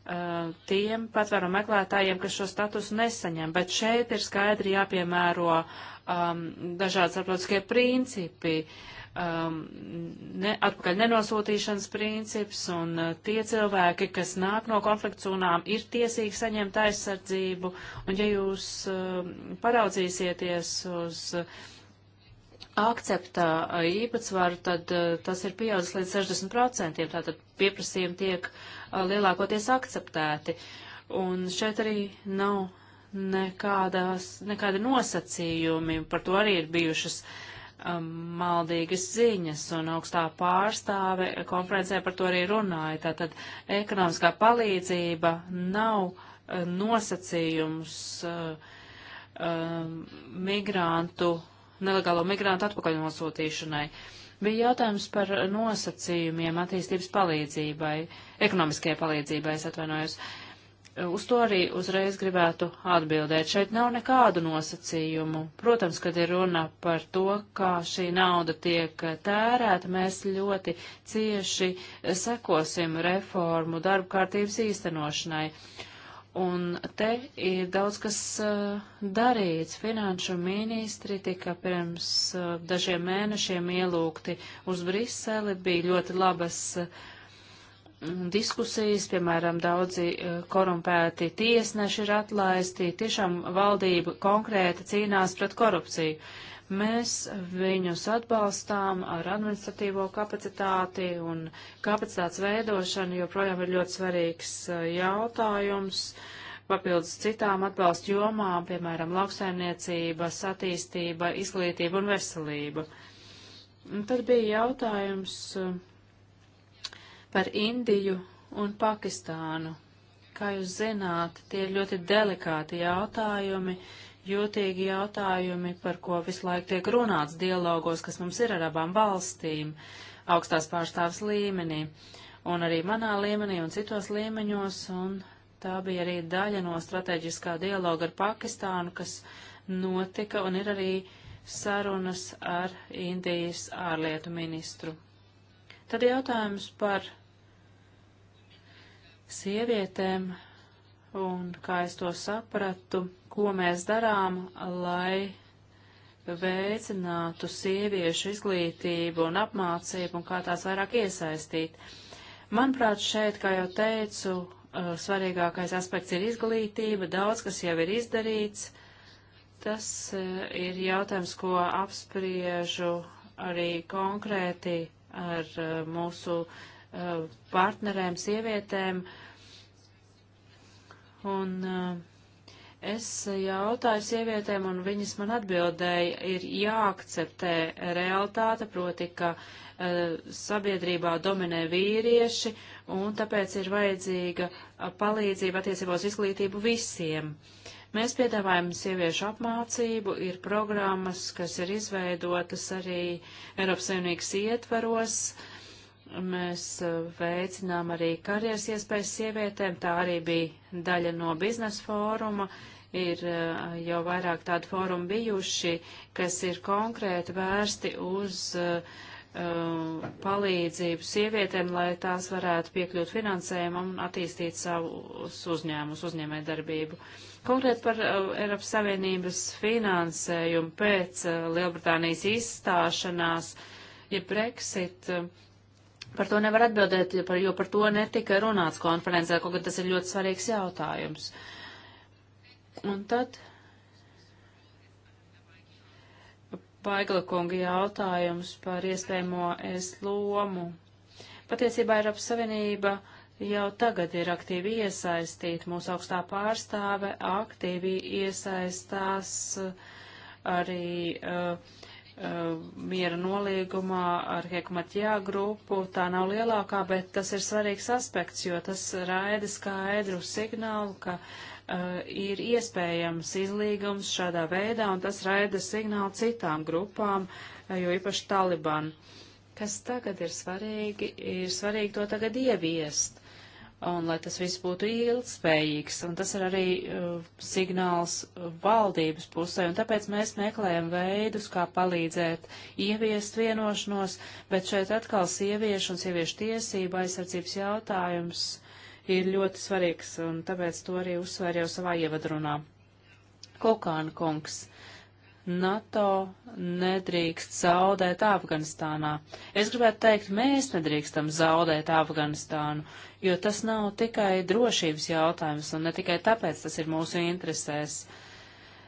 Uh, tiem patvēru meklētājiem, kas šo statusu nesaņem. Bet šeit ir skaidri jāpiemēro um, dažādi starptautiskie principi, um, ne, atpakaļ nenosūtīšanas princips, un uh, tie cilvēki, kas nāk no konfliktu zonām, ir tiesīgi saņemt aizsardzību. Un ja jūs uh, paraudzīsieties uz uh, akceptā uh, īpatsvaru, tad uh, tas ir pieaudzis līdz 60%. Tātad pieprasījumi tiek uh, lielākoties akceptēti. Un šeit arī nav nekādās, nekādi nosacījumi, par to arī ir bijušas um, maldīgas ziņas, un augstā pārstāve konferencē par to arī runāja. Tātad ekonomiskā palīdzība nav uh, nosacījums uh, uh, migrantu, nelegālo migrantu atpakaļ nosūtīšanai. Uh, Bija jautājums par nosacījumiem attīstības palīdzībai, ekonomiskajai palīdzībai, es atvainojos. Uz to arī uzreiz gribētu atbildēt. Šeit nav nekādu nosacījumu. Protams, kad ir runa par to, kā šī nauda tiek tērēta, mēs ļoti cieši sekosim reformu darba kārtības īstenošanai. Uh, Un te ir daudz kas uh, darīts. Finanšu ministri tika pirms uh, dažiem mēnešiem ielūgti uz Briseli, bija ļoti labas uh, diskusijas, piemēram, daudzi eh, korumpēti tiesneši ir atlaisti, tiešām valdība konkrēti cīnās pret korupciju. Mēs viņus atbalstām ar administratīvo kapacitāti un kapacitātes veidošanu joprojām ir ļoti svarīgs uh, jautājums. Papildus citām atbalstu jomām, piemēram, lauksaimniecības, attīstība, izglītība un veselība. Un tad bija jautājums uh, par Indiju un Pakistānu. Kā jūs zināt, tie ir ļoti delikāti jautājumi. Uh, jūtīgi jautājumi, par ko visu laiku tiek runāts dialogos, kas mums ir ar abām valstīm, augstās pārstāvs līmenī, un arī manā līmenī un citos līmeņos, un tā bija arī daļa no strateģiskā dialoga ar Pakistānu, kas notika, un ir arī sarunas ar Indijas ārlietu ministru. Tad jautājums par sievietēm Un kā es to sapratu, ko mēs darām, lai veicinātu sieviešu izglītību un apmācību un kā tās vairāk iesaistīt. Manuprāt, šeit, kā jau teicu, uh, svarīgākais aspekts ir izglītība, daudz kas jau ir izdarīts. Tas uh, ir jautājums, ko apspriežu arī konkrēti ar uh, mūsu partnerēm, sievietēm. Uh, Un uh, es jautāju sievietēm, un viņas man atbildēja, ir jāakceptē realitāte, proti, ka uh, sabiedrībā dominē vīrieši, un tāpēc ir vajadzīga eh, palīdzība attiecībā uz izglītību visiem. Mēs piedāvājam sieviešu apmācību, ir programmas, kas ir izveidotas arī Eiropas Savienības ietvaros, uh, mēs e, veicinām arī karjeras iespējas sievietēm. Tā arī bija daļa no biznesa fóruma. Ir e, jau vairāk tādu fórumu bijuši, kas ir konkrēti vērsti uz uh, palīdzību sievietēm, lai tās varētu piekļūt finansējumam un attīstīt savus uzņēmumus, uzņēmē darbību. Konkrēt par uh, Eiropas Savienības finansējumu pēc uh, Lielbritānijas izstāšanās, ja Brexit Par to nevar atbildēt, jo par, jo par to netika runāts konferencē, kaut gan tas ir ļoti svarīgs jautājums. Un tad Baigla kunga jautājums par iespējamo es lomu. Patiesībā Eiropas Savienība jau tagad ir aktīvi iesaistīta. Mūsu augstā pārstāve aktīvi iesaistās uh, arī uh, Eh, miera noliegumā ar Hekmatjā grupu. Tā nav lielākā, bet tas ir svarīgs aspekts, jo tas raida skaidru signālu, ka uh, ir iespējams izlīgums šādā veidā, un tas raida signālu citām grupām, eh, jo īpaši Taliban. Kas tagad ir svarīgi? Ir svarīgi to tagad ieviest un lai tas viss būtu ilgspējīgs. Un tas ir arī uh, signāls valdības pusē, un tāpēc mēs meklējam veidus, kā palīdzēt ieviest vienošanos, bet šeit atkal sieviešu un sieviešu tiesība aizsardzības jautājums ir ļoti svarīgs, un tāpēc to arī uzsvēru jau savā ievadrunā. Kokāna kungs. Uh, NATO nedrīkst zaudēt Afganistānā. Es gribētu teikt, mēs nedrīkstam zaudēt Afganistānu, jo tas nav tikai drošības jautājums, un ne tikai tāpēc tas ir mūsu interesēs.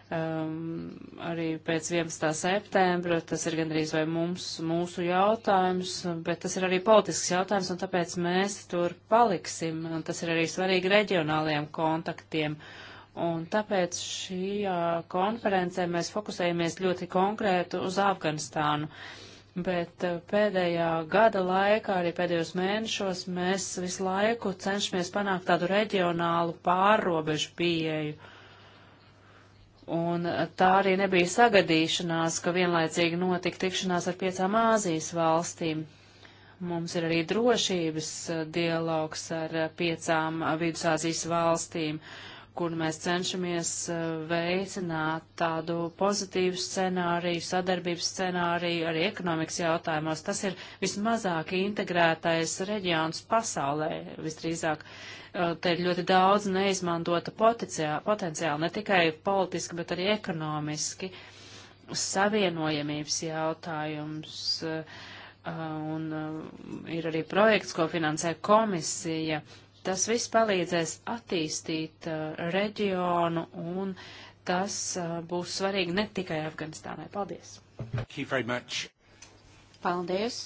Um, arī pēc 11. septembra tas ir gandrīz vai mums, mūsu jautājums, bet tas ir arī politisks jautājums, un tāpēc mēs tur paliksim, un tas ir arī svarīgi reģionālajiem kontaktiem. Uh, Un tāpēc šajā konferencē mēs fokusējamies ļoti konkrētu uz Afganistānu. Bet pēdējā gada laikā, arī pēdējos mēnešos, mēs visu laiku cenšamies panākt tādu reģionālu pārrobežu pieeju. Un tā arī nebija sagadīšanās, ka vienlaicīgi notika tikšanās ar piecām Āzijas valstīm. Mums ir arī drošības dialogs ar piecām Vidusāzijas valstīm. Uh, kur mēs cenšamies eh, veicināt tādu pozitīvu scenāriju, sadarbības scenāriju arī ekonomikas jautājumos. Tas ir vismazāk integrētais reģions pasaulē visdrīzāk. Eh, te ir ļoti daudz neizmantota potenciāla, ne tikai politiski, bet arī ekonomiski savienojamības jautājums. Eh, un ir arī projekts, ko finansē komisija. Uh, Tas viss palīdzēs attīstīt uh, reģionu un tas uh, būs svarīgi ne tikai Afganistānai. Paldies! Paldies!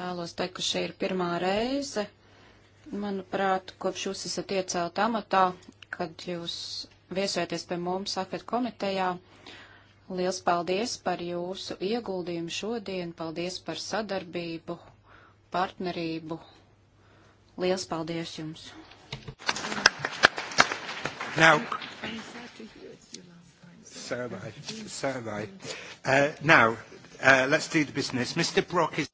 Vēlos teikt, ka šī ir pirmā reize, manuprāt, kopš jūs esat iecelt amatā, kad jūs viesojaties pie mums Afet komitejā. Liels paldies par jūsu ieguldījumu šodien, paldies par sadarbību partnerību Liels paldies jums! Now, so have I. So have I. Uh, now, uh, let's do the business. Mr. Brock is.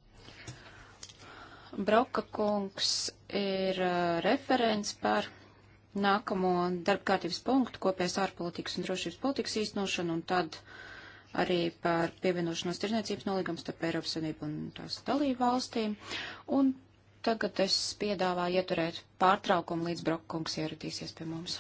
Broka kungs ir uh, referents par nākamo darbkārtības punktu kopējas ārpolitikas un drošības politikas īstenošanu un tad arī par pievienošanos tirniecības nolīgums starp Eiropas Savienību un tās dalību valstīm. Un Tagad es piedāvāju ieturēt pārtraukumu, līdz Brokkungs ieradīsies pie mums.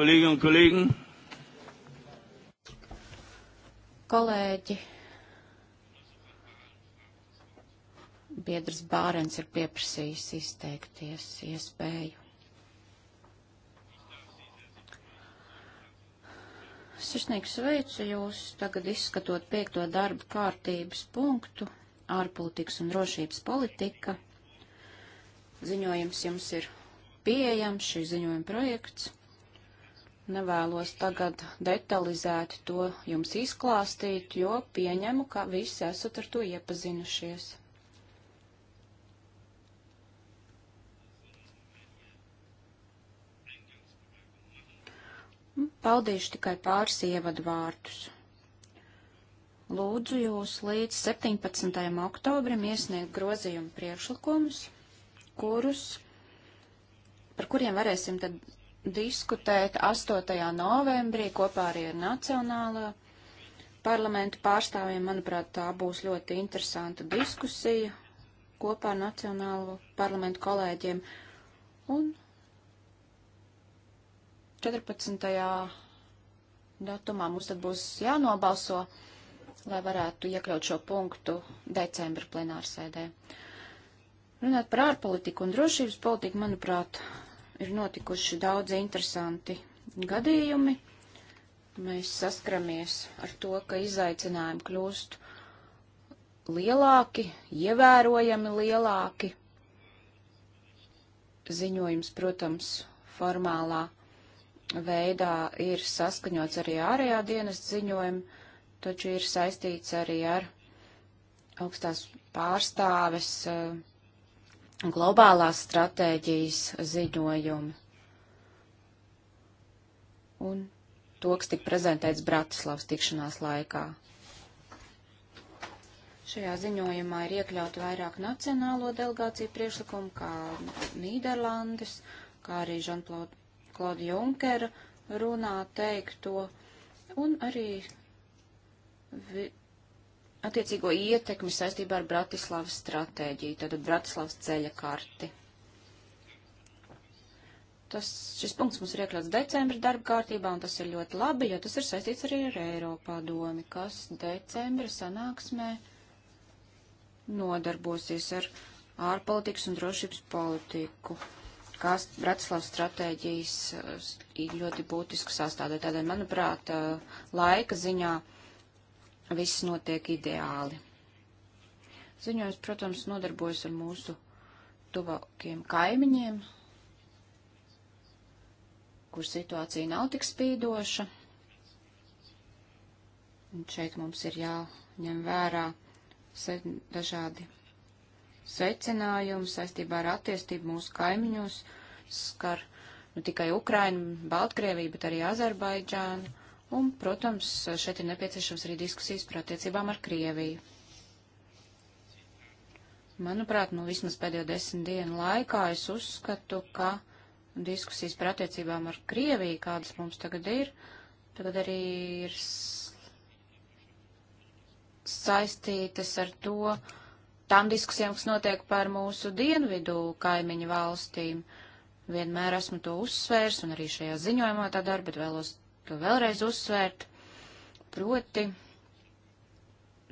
Kolleginnen und Kollegen. Kolēģi, biedrs Bārens ir pieprasījis izteikties iespēju. Sirsnīgi sveicu jūs tagad izskatot piekto darba kārtības punktu ārpolitikas un drošības politika. Ziņojums jums ir pieejams, šī ziņojuma projekts. Nevēlos tagad detalizēti to jums izklāstīt, jo pieņemu, ka visi esat ar to iepazinušies. Paldīšu tikai pāris ievadu vārdus. Lūdzu jūs līdz 17. oktobrim iesniegt grozījumu priekšlikumus, kurus, par kuriem varēsim tad diskutēt 8. novembrī kopā arī ar Nacionālo parlamentu pārstāvjiem. Manuprāt, tā būs ļoti interesanta diskusija kopā ar Nacionālo parlamentu kolēģiem. Un 14. datumā mums tad būs jānobalso, lai varētu iekļaut šo punktu decembra plenārsēdē. Runāt par ārpolitiku un drošības politiku, manuprāt, ir notikuši daudz interesanti gadījumi. Mēs saskaramies ar to, ka izaicinājumi kļūst lielāki, ievērojami lielāki. Ziņojums, protams, formālā veidā ir saskaņots arī ārējā dienas ziņojumi, taču ir saistīts arī ar augstās pārstāves uh, globālās stratēģijas ziņojumi un to, kas tika prezentēts Bratislavas tikšanās laikā. Šajā ziņojumā ir iekļauti vairāk nacionālo delegāciju priekšlikumu, kā Nīderlandes, kā arī Žanklauda Junkera runā teikto, un arī vi attiecīgo ietekmi saistībā ar Bratislavas stratēģiju, tātad Bratislavas ceļa karti. Tas, šis punkts mums ir iekļauts decembra darba kārtībā, un tas ir ļoti labi, jo tas ir saistīts arī ar Eiropā domi, kas decembra sanāksmē nodarbosies ar ārpolitikas un drošības politiku, kas Bratislavas stratēģijas eh, ir ļoti būtiska sastāvdaļa. Tādēļ, manuprāt, eh, laika ziņā viss notiek ideāli. Ziņojums, protams, nodarbojas ar mūsu tuvākiem kaimiņiem, kur situācija nav tik spīdoša. Un šeit mums ir jāņem vērā dažādi secinājumi saistībā ar attiestību mūsu kaimiņos, skar nu, tikai Ukrainu, Baltkrieviju, bet arī Azerbaidžānu. Un, protams, šeit ir nepieciešams arī diskusijas par attiecībām ar Krieviju. Manuprāt, nu vismaz pēdējo desmit dienu laikā es uzskatu, ka diskusijas par attiecībām ar Krieviju, kādas mums tagad ir, tagad arī ir saistītas ar to, tām diskusijām, kas notiek par mūsu dienvidu kaimiņu valstīm. Vienmēr esmu to uzsvērs un arī šajā ziņojumā tā dara, bet vēlos to vēlreiz uzsvērt, proti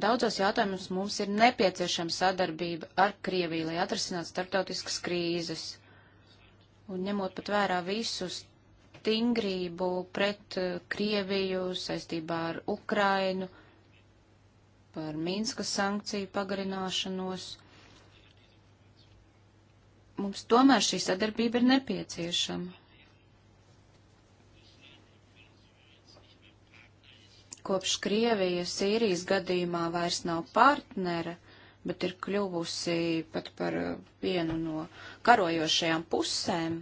daudzos jautājumus mums ir nepieciešama sadarbība ar Krieviju, lai atrasinātu starptautiskas krīzes. Un ņemot pat vērā visu stingrību pret uh, Krieviju saistībā ar Ukrainu, par Minskas sankciju pagarināšanos, mums tomēr šī sadarbība ir nepieciešama. Kopš Krievijas Sīrijas gadījumā vairs nav partnera, bet ir kļuvusi pat par vienu no karojošajām pusēm,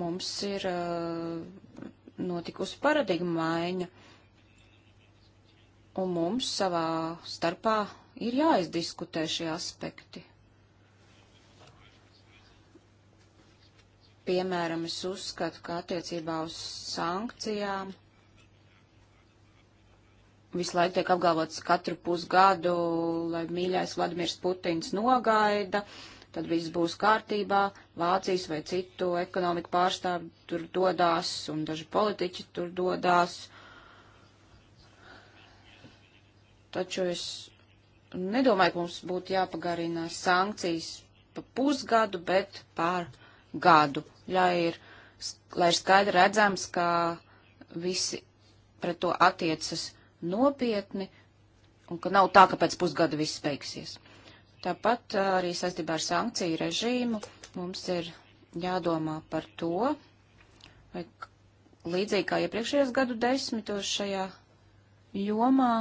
mums ir uh, notikusi paradigma maiņa. Un mums savā starpā ir jāizdiskutē šie aspekti. Piemēram, es uzskatu, ka attiecībā uz sankcijām visu laiku tiek apgalvots katru pusgadu, lai mīļais Vladimirs Putins nogaida, tad viss būs kārtībā, Vācijas vai citu ekonomiku pārstāvi tur dodās un daži politiķi tur dodās. Taču es nedomāju, ka mums būtu jāpagarina sankcijas pa pusgadu, bet pār gadu, lai ir, lai ir skaidri redzams, ka visi pret to attiecas nopietni un ka nav tā, ka pēc pusgada viss beigsies. Tāpat arī saistībā ar sankciju režīmu mums ir jādomā par to, vai līdzīgi kā iepriekšējos gadu desmitos šajā jomā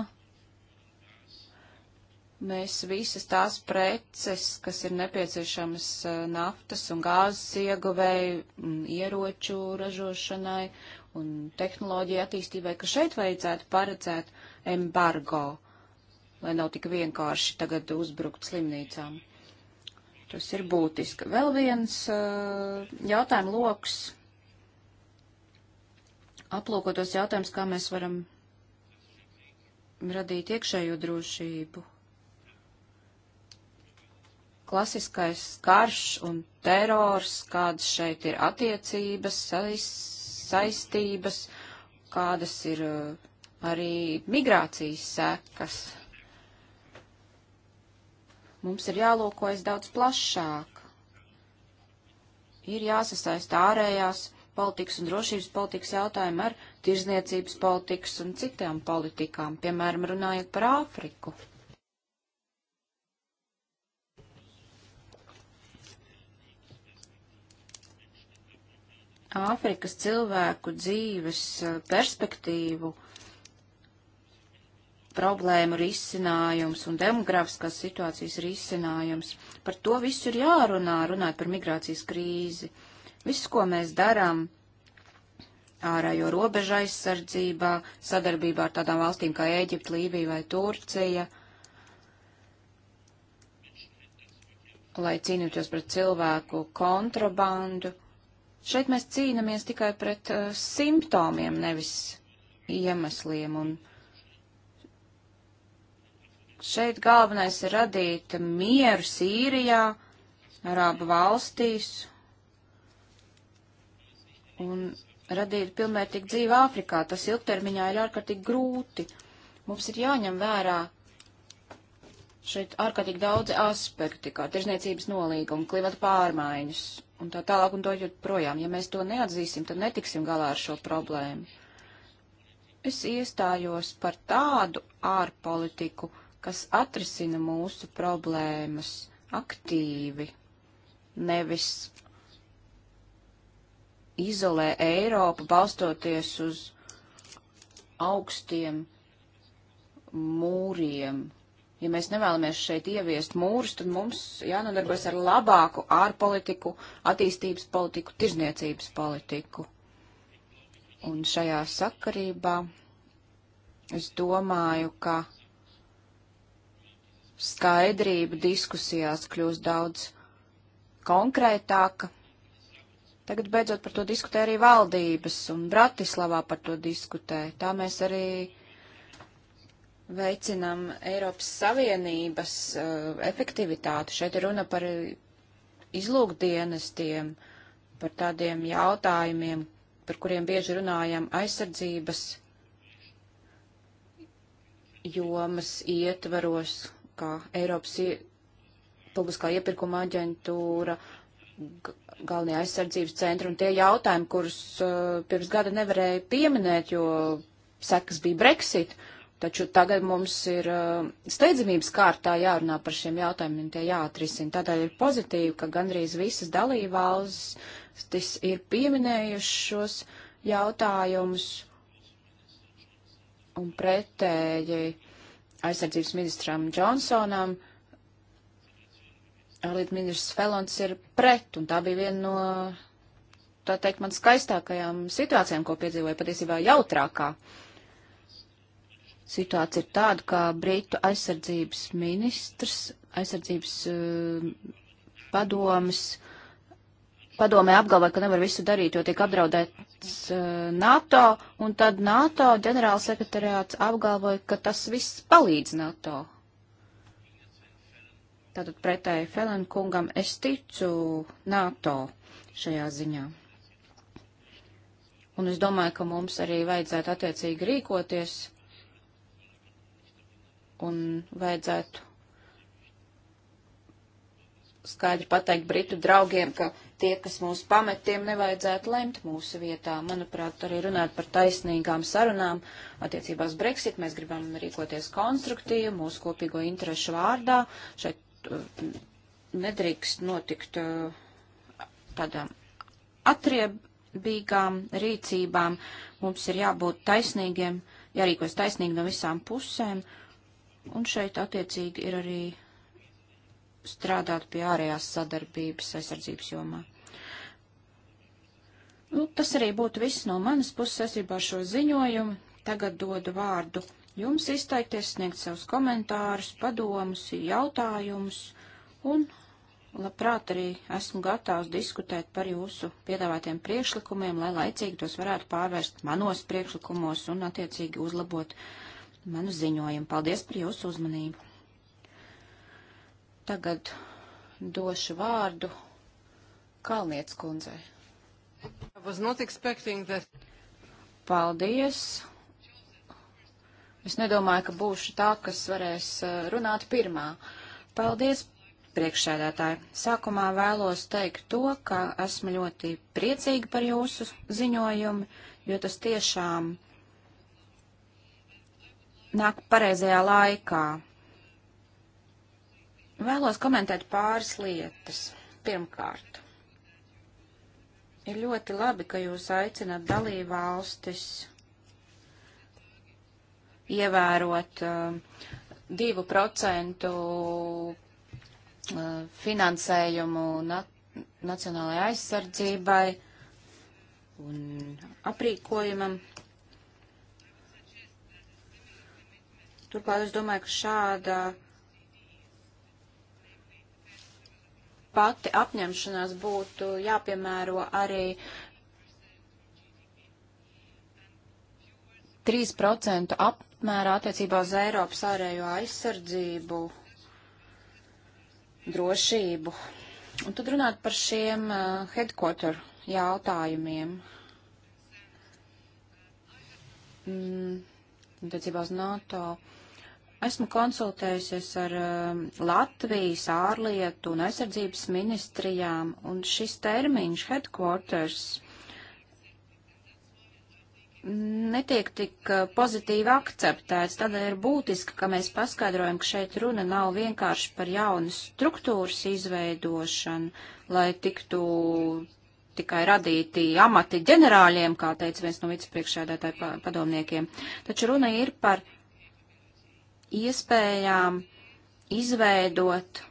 mēs visas tās preces, kas ir nepieciešamas naftas un gāzes ieguvēju, ieroču ražošanai un tehnoloģija attīstībai, ka šeit vajadzētu paredzēt embargo, lai nav tik vienkārši tagad uzbrukt slimnīcām. Tas ir būtiski. Vēl viens uh, jautājuma loks. Aplūkotos jautājums, kā mēs varam radīt iekšējo drošību. Klasiskais karš un terors, kādas šeit ir attiecības, saistības saistības, kādas ir uh, arī migrācijas sekas. Mums ir jālūkojas daudz plašāk. Ir jāsasaista ārējās politikas un drošības politikas jautājumi ar tirzniecības politikas un citām politikām, piemēram, runājot par Āfriku. Āfrikas cilvēku dzīves eh, perspektīvu, problēmu risinājums un demografiskās situācijas risinājums. Par to visu ir jārunā, runāt par migrācijas krīzi. Viss, ko mēs darām ārējo robežu aizsardzībā, sadarbībā ar tādām valstīm kā Ēģipta, Lībija vai Turcija, lai cīnītos pret cilvēku kontrabandu Šeit mēs cīnāmies tikai pret uh, simptomiem, nevis iemesliem. Un šeit galvenais ir radīt mieru Sīrijā, Arābu valstīs un radīt pilnvērtīgu dzīvi Āfrikā. Tas ilgtermiņā ir ārkārtīgi grūti. Mums ir jāņem vērā šeit ārkārtīgi daudzi aspekti, kā tirzniecības nolīguma, klimata pārmaiņas, un tā tālāk un dojot projām. Ja mēs to neatzīsim, tad netiksim galā ar šo problēmu. Es iestājos par tādu ārpolitiku, kas atrisina mūsu problēmas aktīvi, nevis izolē Eiropu balstoties uz augstiem mūriem, ja mēs nevēlamies šeit ieviest mūrus, tad mums jānodarbojas ar labāku ārpolitiku, attīstības politiku, tirzniecības politiku. Un šajā sakarībā es domāju, ka skaidrība diskusijās kļūs daudz konkrētāka. Tagad beidzot par to diskutē arī valdības, un Bratislavā par to diskutē. Tā mēs arī veicinam Eiropas Savienības uh, efektivitāti. Šeit ir runa par izlūkdienestiem, par tādiem jautājumiem, par kuriem bieži runājam aizsardzības jomas ietvaros, kā Eiropas publiskā iepirkuma aģentūra, galvenie aizsardzības centri un tie jautājumi, kurus uh, pirms gada nevarēja pieminēt, jo sekas bija Brexit. Uh, Taču tagad mums ir eh, steidzamības kārtā jārunā par šiem jautājumiem, tie jāatrisina. Tādēļ ir pozitīvi, ka gandrīz visas dalībvalstis ir pieminējušas šos jautājumus un pretēji aizsardzības ministram Džonsonam. Līdz ministrs Felons ir pret, un tā bija viena no, tā teikt, man skaistākajām situācijām, ko piedzīvoja patiesībā jautrākā. Uh, situācija ir tāda, ka Britu aizsardzības ministrs, aizsardzības eh, padomas, padomē apgalvo, ka nevar visu darīt, jo tiek apdraudēts eh, NATO, un tad NATO ģenerālsekretariāts apgalvoja, ka tas viss palīdz NATO. Tātad pretēji Felenkungam es ticu NATO šajā ziņā. Un es domāju, ka mums arī vajadzētu attiecīgi rīkoties un vajadzētu skaidri pateikt britu draugiem, ka tie, kas mūs pamet, tiem nevajadzētu lemt mūsu vietā. Manuprāt, arī runāt par taisnīgām sarunām attiecībās Brexit. Mēs gribam rīkoties konstruktīvi mūsu kopīgo interešu vārdā. Šeit uh, nedrīkst notikt uh, tādām atriebīgām rīcībām. Mums ir jābūt taisnīgiem, jārīkos taisnīgi no visām pusēm. Uh, Un šeit attiecīgi ir arī strādāt pie ārējās sadarbības aizsardzības jomā. Nu, tas arī būtu viss no manas puses saistībā ar šo ziņojumu. Tagad dodu vārdu jums izteikties, sniegt savus komentārus, padomus, jautājumus un labprāt arī esmu gatavs diskutēt par jūsu piedāvātiem priekšlikumiem, lai laicīgi tos varētu pārvērst manos priekšlikumos un attiecīgi uzlabot uh, manu ziņojumu. Paldies par jūsu uzmanību. Tagad došu vārdu Kalnietes kundzei. Paldies. Es nedomāju, ka būšu tā, kas varēs uh, runāt pirmā. Paldies priekšsēdētāji. Sākumā vēlos teikt to, ka esmu ļoti priecīga par jūsu ziņojumu, jo tas tiešām nāk pareizajā laikā. Vēlos komentēt pāris lietas. Pirmkārt, ir ļoti labi, ka jūs aicinat dalībvalstis ievērot uh, 2% uh, finansējumu na nacionālajai aizsardzībai un aprīkojumam. Turklāt es domāju, ka šāda pati apņemšanās būtu jāpiemēro arī 3% apmērā attiecībā uz Eiropas ārējo aizsardzību, drošību. Un tad runāt par šiem uh, headquarter jautājumiem. Mm, attiecībā uz NATO. Uh, Esmu konsultējusies ar um, Latvijas ārlietu un aizsardzības ministrijām, un šis termiņš headquarters netiek tik uh, pozitīvi akceptēts. Tādēļ ir būtiski, ka mēs paskaidrojam, ka šeit runa nav vienkārši par jaunas struktūras izveidošanu, lai tiktu tikai radīti amati ģenerāļiem, kā teica viens no vicepriekšēdētāju padomniekiem, taču runa ir par iespējām izveidot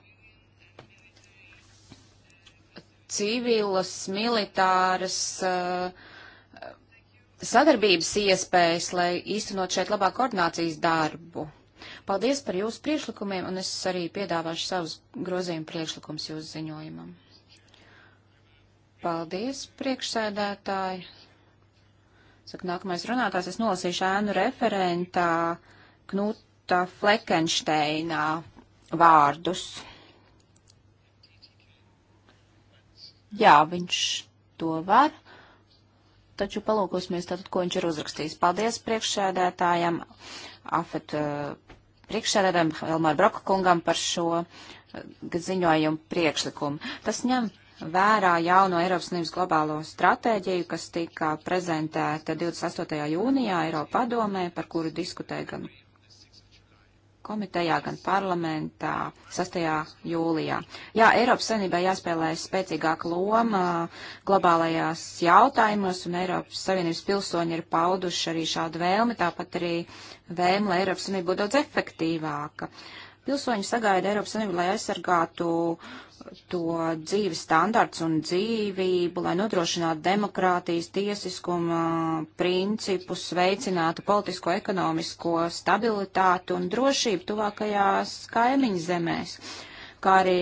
civilas, militāras uh, sadarbības iespējas, lai īstenot šeit labāk koordinācijas darbu. Paldies par jūsu priekšlikumiem, un es arī piedāvāšu savus grozījumu priekšlikumus jūsu ziņojumam. Paldies, priekšsēdētāji. Saka, nākamais runātājs, es nolasīšu ēnu referentā Knut Roberta Fleckensteina vārdus. Jā, viņš to var, taču palūkosimies tātad, ko viņš ir uzrakstījis. Paldies priekšsēdētājam, afet eh, priekšsēdētājam Elmar Broka kungam par šo eh, ziņojumu priekšlikumu. Tas ņem vērā jauno Eiropas Savienības globālo stratēģiju, kas tika prezentēta 28. jūnijā Eiropa padomē, par kuru diskutēja gan komitejā, gan parlamentā 6. jūlijā. Jā, Eiropas Savienībai jāspēlē spēcīgāka loma globālajās jautājumos, un Eiropas Savienības pilsoņi ir pauduši arī šādu vēlmi, tāpat arī vēlmi, lai Eiropas Savienība būtu daudz efektīvāka. Uh, Pilsoņi sagaida Eiropas Savienību, lai aizsargātu to dzīves standarts un dzīvību, lai nodrošinātu demokrātijas, tiesiskuma principus, veicinātu politisko, ekonomisko stabilitāti un drošību tuvākajās kaimiņu zemēs, kā arī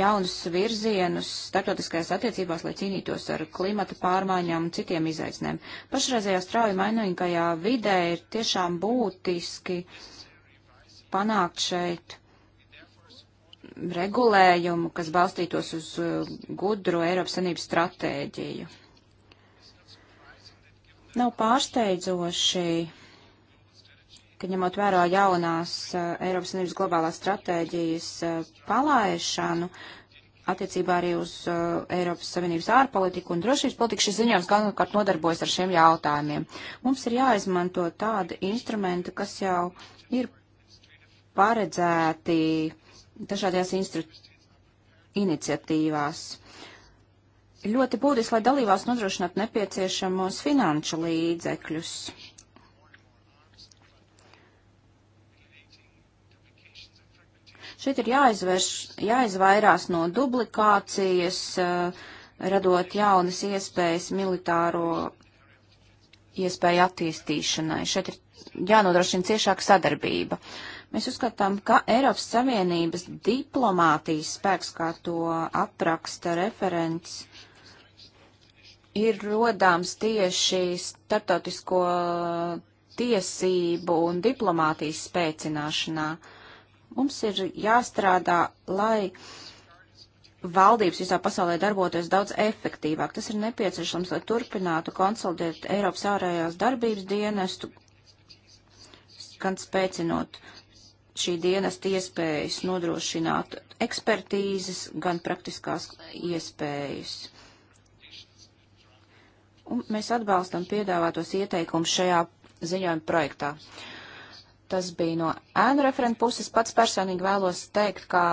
jaunus virzienus starptautiskajās attiecībās, lai cīnītos ar klimata pārmaiņām un citiem izaicinājumiem. Pašreizējā strauji mainīgajā vidē ir tiešām būtiski uh, panākt šeit regulējumu, kas balstītos uz uh, gudru Eiropas Sanības stratēģiju. Nav pārsteidzoši, ka ņemot vērā jaunās uh, Eiropas Sanības globālās stratēģijas uh, palaišanu, attiecībā arī uz uh, Eiropas Savienības ārpolitiku un drošības politiku šis ziņojums galvenokārt nodarbojas ar šiem jautājumiem. Mums ir jāizmanto tādi instrumenti, kas jau ir paredzēti dažādajās iniciatīvās. Ļoti būtiski, lai dalībās nodrošinātu nepieciešamos finanšu līdzekļus. Šeit ir jāizvērš, jāizvairās no duplikācijas, eh, radot jaunas iespējas militāro iespēju attīstīšanai. Šeit ir jānodrošina ciešāka sadarbība. Uh, Mēs uzskatām, ka Eiropas Savienības diplomātijas spēks, kā to apraksta referents, ir rodāms tieši starptautisko tiesību un diplomātijas spēcināšanā. Mums ir jāstrādā, lai valdības visā pasaulē darboties daudz efektīvāk. Tas ir nepieciešams, lai turpinātu konsolidēt Eiropas ārējās darbības dienestu, gan spēcinot uh, šī dienesta iespējas nodrošināt ekspertīzes, gan praktiskās iespējas. Un mēs atbalstam piedāvātos ieteikumus šajā ziņojuma projektā. Tas bija no ēnu referenta puses. Pats personīgi vēlos teikt, ka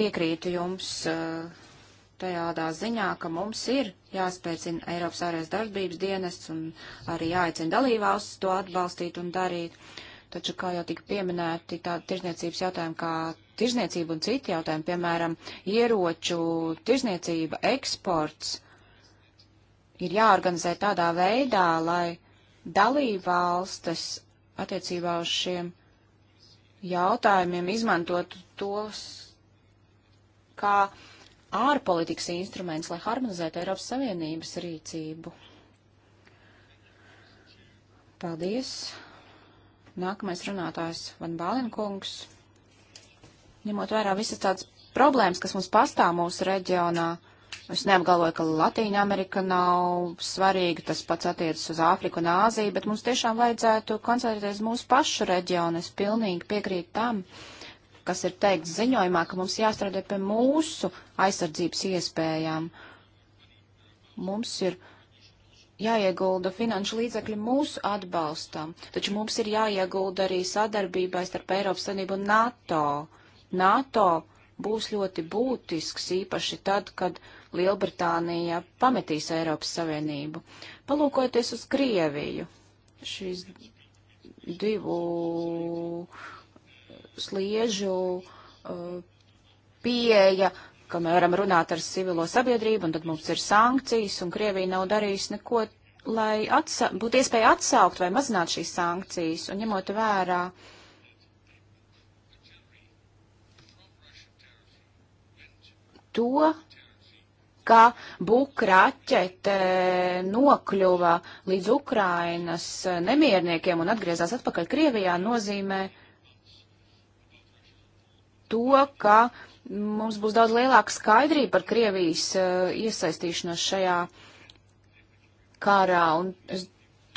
piekrītu jums eh, tajādā ziņā, ka mums ir jāspēcina Eiropas ārējās darbības dienests un arī jāicina dalībvalstis to atbalstīt un darīt. Uh, Taču, kā jau tika pieminēti, tādi tirzniecības jautājumi kā tirzniecība un citi jautājumi, piemēram, ieroču tirzniecība, eksports, ir jāorganizē tādā veidā, lai dalībvalstis attiecībā uz šiem jautājumiem izmantot tos kā ārpolitikas instruments, lai harmonizētu Eiropas Savienības rīcību. Paldies! Nākamais runātājs Van Bālenkungs. Ņemot vērā visas tādas problēmas, kas mums pastāv mūsu reģionā, es neapgalvoju, ka Latīņa Amerika nav svarīga, tas pats attiecas uz Āfriku un Āziju, bet mums tiešām vajadzētu koncentrēties mūsu pašu reģionu. Es pilnīgi piekrītu tam, kas ir teikts ziņojumā, ka mums jāstrādā pie mūsu aizsardzības iespējām. Mums ir jāiegulda finanšu līdzekļi mūsu atbalstam, taču mums ir jāiegulda arī sadarbībai starp Eiropas Savienību un NATO. NATO būs ļoti būtisks, īpaši tad, kad Lielbritānija pametīs Eiropas Savienību. Palūkojoties uz Krieviju, šīs divu sliežu uh, pieeja ka mēs varam runāt ar civilo sabiedrību, un tad mums ir sankcijas, un Krievija nav darījusi neko, lai atsa būtu iespēja atsaukt vai mazināt šīs sankcijas, un ņemot vērā to, ka bukraķete nokļuva līdz Ukrainas nemierniekiem un atgriezās atpakaļ Krievijā, nozīmē to, ka mums būs daudz lielāka skaidrība par Krievijas uh, iesaistīšanos šajā kārā. Un es,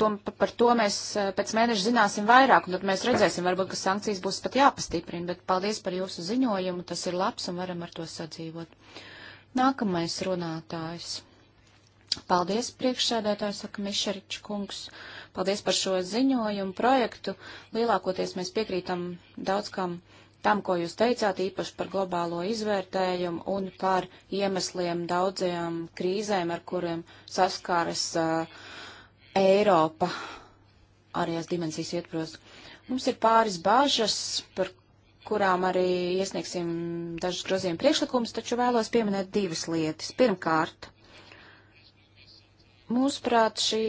tom, par to mēs uh, pēc mēneša zināsim vairāk, un tad mēs redzēsim, varbūt, ka sankcijas būs pat jāpastiprina. Bet paldies par jūsu ziņojumu, tas ir labs un varam ar to sadzīvot. Nākamais runātājs. Paldies, priekšsēdētājs, saka Mišaričs kungs. Paldies par šo ziņojumu projektu. Lielākoties mēs piekrītam daudz kam. Uh, tam, ko jūs teicāt, īpaši par globālo izvērtējumu un par iemesliem daudzajām krīzēm, ar kuriem saskāras uh, Eiropa ārējās dimensijas ietpros. Mums ir pāris bāžas, par kurām arī iesniegsim dažus grozījumu priekšlikumus, taču vēlos pieminēt divas lietas. Pirmkārt, mūsuprāt, šī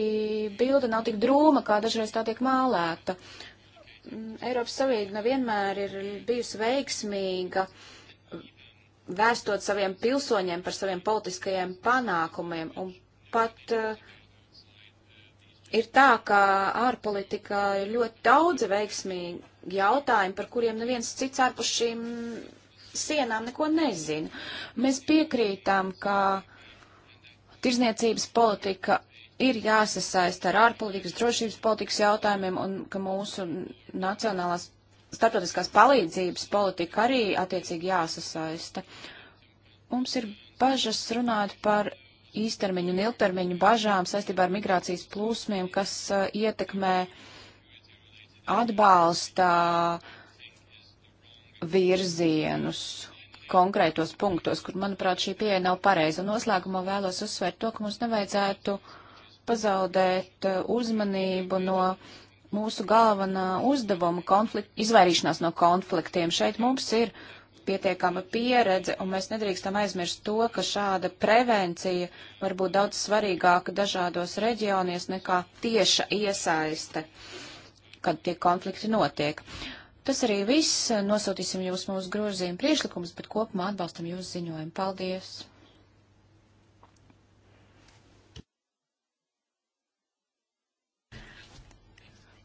bilde nav tik drūma, kā dažreiz tā tiek mālēta. Uh, Mm, Eiropas Savienība nevienmēr ir bijusi veiksmīga vēstot saviem pilsoņiem par saviem politiskajiem panākumiem. Un pat uh, ir tā, ka ārpolitikā ir ļoti daudz veiksmīgi jautājumi, par kuriem neviens cits ārpus šīm sienām neko nezina. Mēs piekrītām, ka tirzniecības politika ir jāsasaista ar ārpolitikas drošības politikas jautājumiem un ka mūsu nacionālās starptautiskās palīdzības politika arī attiecīgi jāsasaista. Mums ir bažas runāt par īstermiņu un ilgtermiņu bažām saistībā ar migrācijas plūsmiem, kas uh, ietekmē atbalsta virzienus konkrētos punktos, kur, manuprāt, šī pieeja nav pareiza. Un noslēgumā vēlos uzsvērt to, ka mums nevajadzētu uh, pazaudēt uh, uzmanību no mūsu galvenā uzdevuma konflikt, izvairīšanās no konfliktiem. Šeit mums ir pietiekama pieredze, un mēs nedrīkstam aizmirst to, ka šāda prevencija var būt daudz svarīgāka dažādos reģionos nekā tieša iesaiste, kad tie konflikti notiek. Tas arī viss. Nosūtīsim jūs mūsu grozījumu priekšlikumus, bet kopumā atbalstam jūsu ziņojumu. Paldies!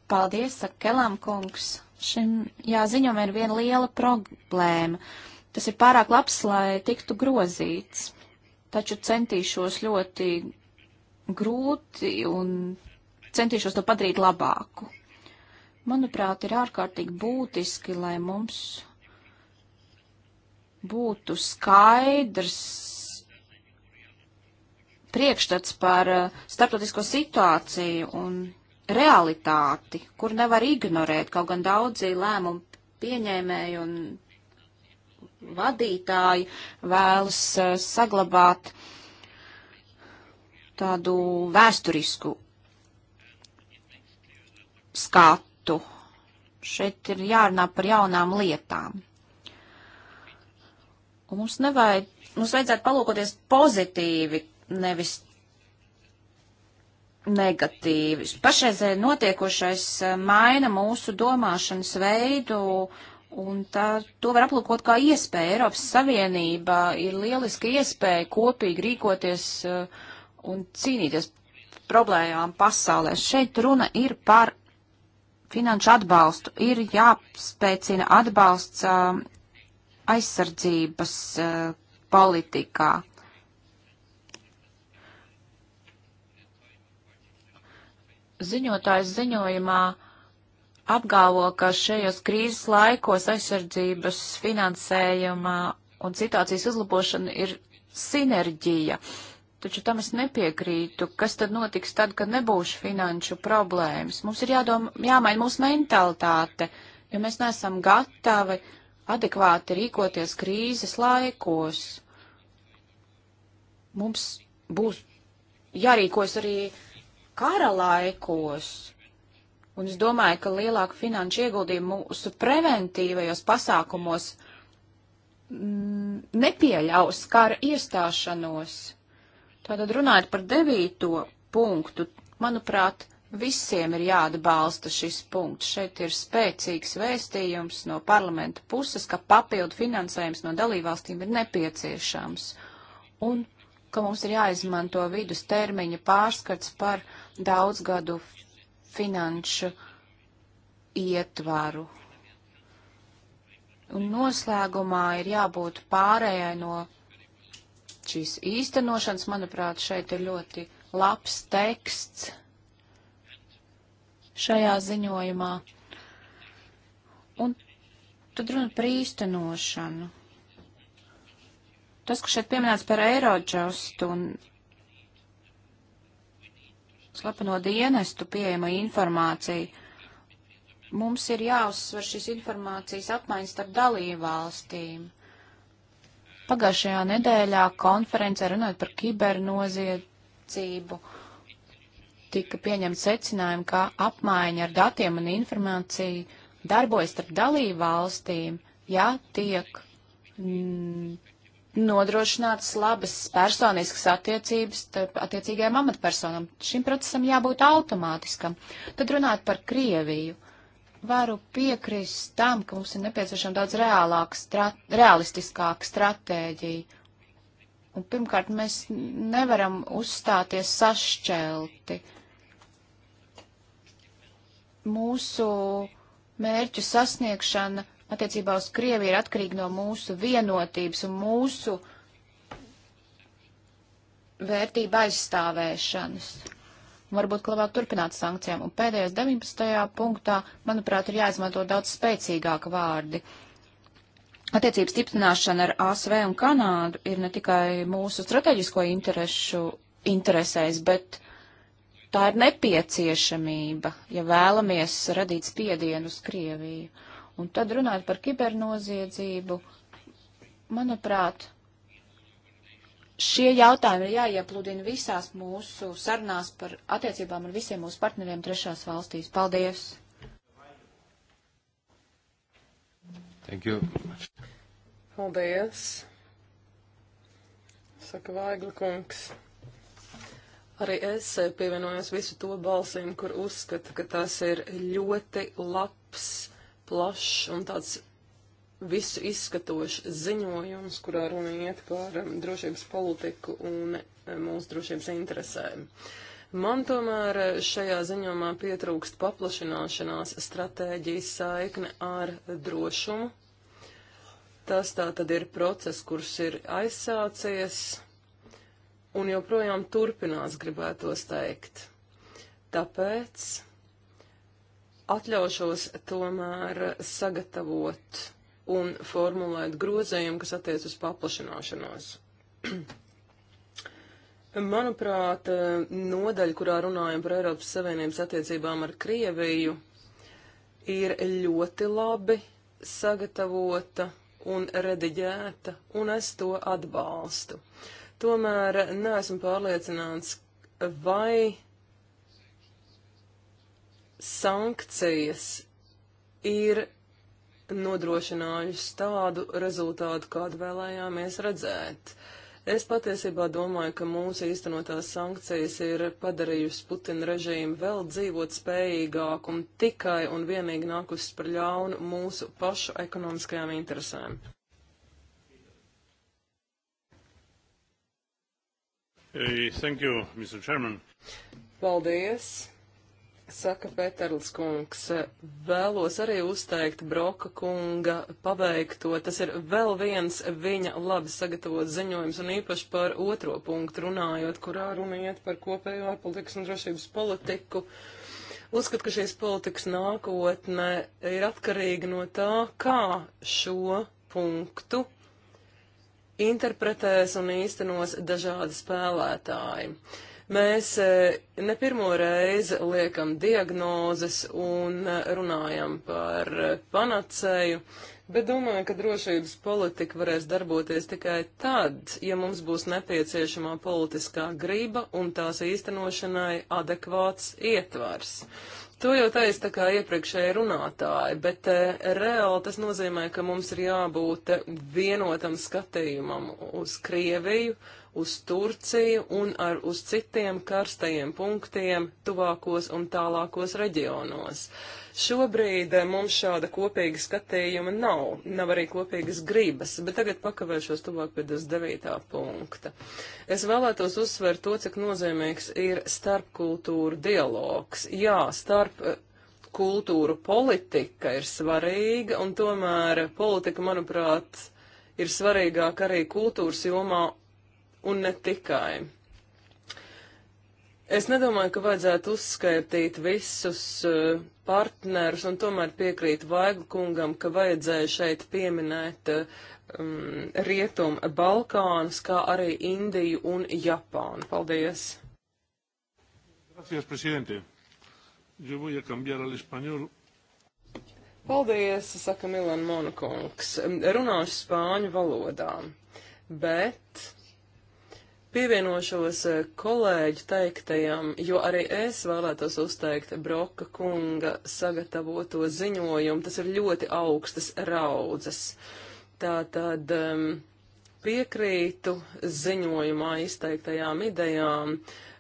Paldies, saka Kelam kungs. Šim jāziņom ir viena liela problēma. Tas ir pārāk labs, lai tiktu grozīts. Taču centīšos ļoti grūti un centīšos to padarīt labāku. Manuprāt, ir ārkārtīgi būtiski, lai mums būtu skaidrs priekšstats par uh, starptautisko situāciju un realitāti, kur nevar ignorēt, kaut gan daudzi lēmumu pieņēmēji un vadītāji vēlas eh, saglabāt tādu vēsturisku skatu. Šeit ir jārunā par jaunām lietām. Un mums nevajag, mums vajadzētu palūkoties pozitīvi, nevis negatīvi. Pašreizē notiekošais eh, maina mūsu domāšanas veidu, un tā, to var aplūkot kā iespēju. Eiropas Savienība ir lieliska iespēja kopīgi rīkoties eh, un cīnīties problēmām pasaulē. Šeit runa ir par finanšu atbalstu. Ir jāspēcina atbalsts eh, aizsardzības politikā. Ziņotājs ziņojumā apgalvo, ka šajos krīzes laikos aizsardzības finansējuma un situācijas uzlabošana ir sinerģija. Taču tam es nepiekrītu. Kas tad notiks tad, kad nebūs finanšu problēmas? Mums ir jādomā, jāmaina mūsu mentalitāte, jo mēs neesam gatavi adekvāti rīkoties krīzes laikos. Mums būs jārīkojas arī kara laikos. Un es domāju, ka lielāka finanšu ieguldījuma mūsu preventīvajos pasākumos mm, nepieļaus kara iestāšanos. Tātad runājot par devīto punktu, manuprāt, visiem ir jāatbalsta šis punkts. Šeit ir spēcīgs vēstījums no parlamenta puses, ka papildu finansējums no dalībvalstīm ir nepieciešams un ka mums ir jāizmanto vidus termiņa pārskats par uh, daudzgadu finanšu ietvaru. Un noslēgumā ir jābūt pārējai no šīs īstenošanas. Manuprāt, šeit ir ļoti labs teksts šajā ziņojumā. Un tad runa par īstenošanu. Tas, kas šeit pieminēts par Eirodžastu un slepeno dienestu pieejama informācija. Mums ir jāuzsver šīs informācijas apmaiņas starp dalībvalstīm. Pagājušajā nedēļā konferencē runājot par kibernoziedzību tika pieņemts secinājumi, ka apmaiņa ar datiem un informāciju darbojas starp dalībvalstīm, ja tiek mm, nodrošināts labas personiskas attiecības attiecīgajām amatpersonām. Šim procesam jābūt automātiskam. Tad runāt par Krieviju. Varu piekrist tam, ka mums ir nepieciešama daudz reālāka, strat, realistiskāka stratēģija. Un pirmkārt, mēs nevaram uzstāties sašķelti. Mūsu mērķu sasniegšana attiecībā uz Krieviju ir atkarīgi no mūsu vienotības un mūsu vērtība aizstāvēšanas. Un varbūt, ka labāk turpināt sankcijām. Un pēdējais 19. punktā, manuprāt, ir jāizmanto daudz spēcīgāka vārdi. Attiecības stiprināšana ar ASV un Kanādu ir ne tikai mūsu strateģisko interesu interesēs, bet tā ir nepieciešamība, ja vēlamies radīt spiedienu uz Krieviju. Un tad runājot par kibernoziedzību, manuprāt, šie jautājumi ir jāiepludina visās mūsu sarunās par attiecībām ar visiem mūsu partneriem trešās valstīs. Paldies! Thank you. Paldies! Saka Vaigla kungs. Arī es pievienojos visu to balsīm, kur uzskata, ka tas ir ļoti labs plašs un tāds visu izskatošs ziņojums, kurā runa iet par um, drošības politiku un um, mūsu drošības interesēm. Man tomēr uh, šajā ziņojumā pietrūkst paplašināšanās stratēģijas saikne ar drošumu. Tas tā tad ir process, kurš ir aizsācies un joprojām turpinās, gribētos teikt. Tāpēc Atļaušos tomēr sagatavot un formulēt grozējumu, kas attiec uz paplašināšanos. Manuprāt, nodaļa, kurā runājam par Eiropas Savienības attiecībām ar Krieviju, ir ļoti labi sagatavota un rediģēta, un es to atbalstu. Tomēr neesmu pārliecināts, vai sankcijas ir nodrošinājusi tādu rezultātu, kādu vēlējāmies redzēt. Es patiesībā domāju, ka mūsu īstenotās sankcijas ir padarījusi Putina režīmu vēl dzīvot spējīgāku un tikai un vienīgi nākusi par ļaunu mūsu pašu ekonomiskajām interesēm. Hey, thank you, Mr. Chairman. Paldies. Saka Pēterls kungs, vēlos arī uzteikt Broka kunga paveikto. Tas ir vēl viens viņa labi sagatavots ziņojums, un īpaši par otro punktu runājot, kurā runa iet par kopējo ārpolitikas un drošības politiku. Uzskat, ka šīs politikas nākotne ir atkarīga no tā, kā šo punktu interpretēs un īstenos dažādi spēlētāji. Mēs e, ne pirmo reizi liekam diagnozes un e, runājam par e, panacēju, bet domāju, ka drošības politika varēs darboties tikai tad, ja mums būs nepieciešamā politiskā grība un tās īstenošanai adekvāts ietvars. To jau teica tā kā iepriekšēji runātāji, bet eh, reāli tas nozīmē, ka mums ir jābūt vienotam skatījumam uz Krieviju uz Turciju un ar, uz citiem karstajiem punktiem tuvākos un tālākos reģionos. Šobrīd eh, mums šāda kopīga skatījuma nav, nav arī kopīgas gribas, bet tagad pakavēšos tuvāk pie 29. punkta. Es vēlētos uzsvērt to, cik nozīmīgs ir starpkultūra dialogs. Jā, starp eh, kultūru politika ir svarīga, un tomēr politika, manuprāt, ir svarīgāk arī kultūras jomā un ne tikai. Es nedomāju, ka vajadzētu uzskaitīt visus uh, partnerus, un tomēr piekrītu Vaigu kungam, ka vajadzēja šeit pieminēt um, eh, mm, Rietumu Balkānus, kā arī Indiju un Japānu. Paldies! Gracias, presidente. Yo voy a cambiar al español. Paldies, saka Milan Monokungs. Runāšu spāņu valodā, bet Pievienošos eh, kolēģi teiktajam, jo arī es vēlētos uzteikt Broka kunga sagatavoto ziņojumu. Tas ir ļoti augstas raudzes. Tātad um, piekrītu ziņojumā izteiktajām idejām. Uh,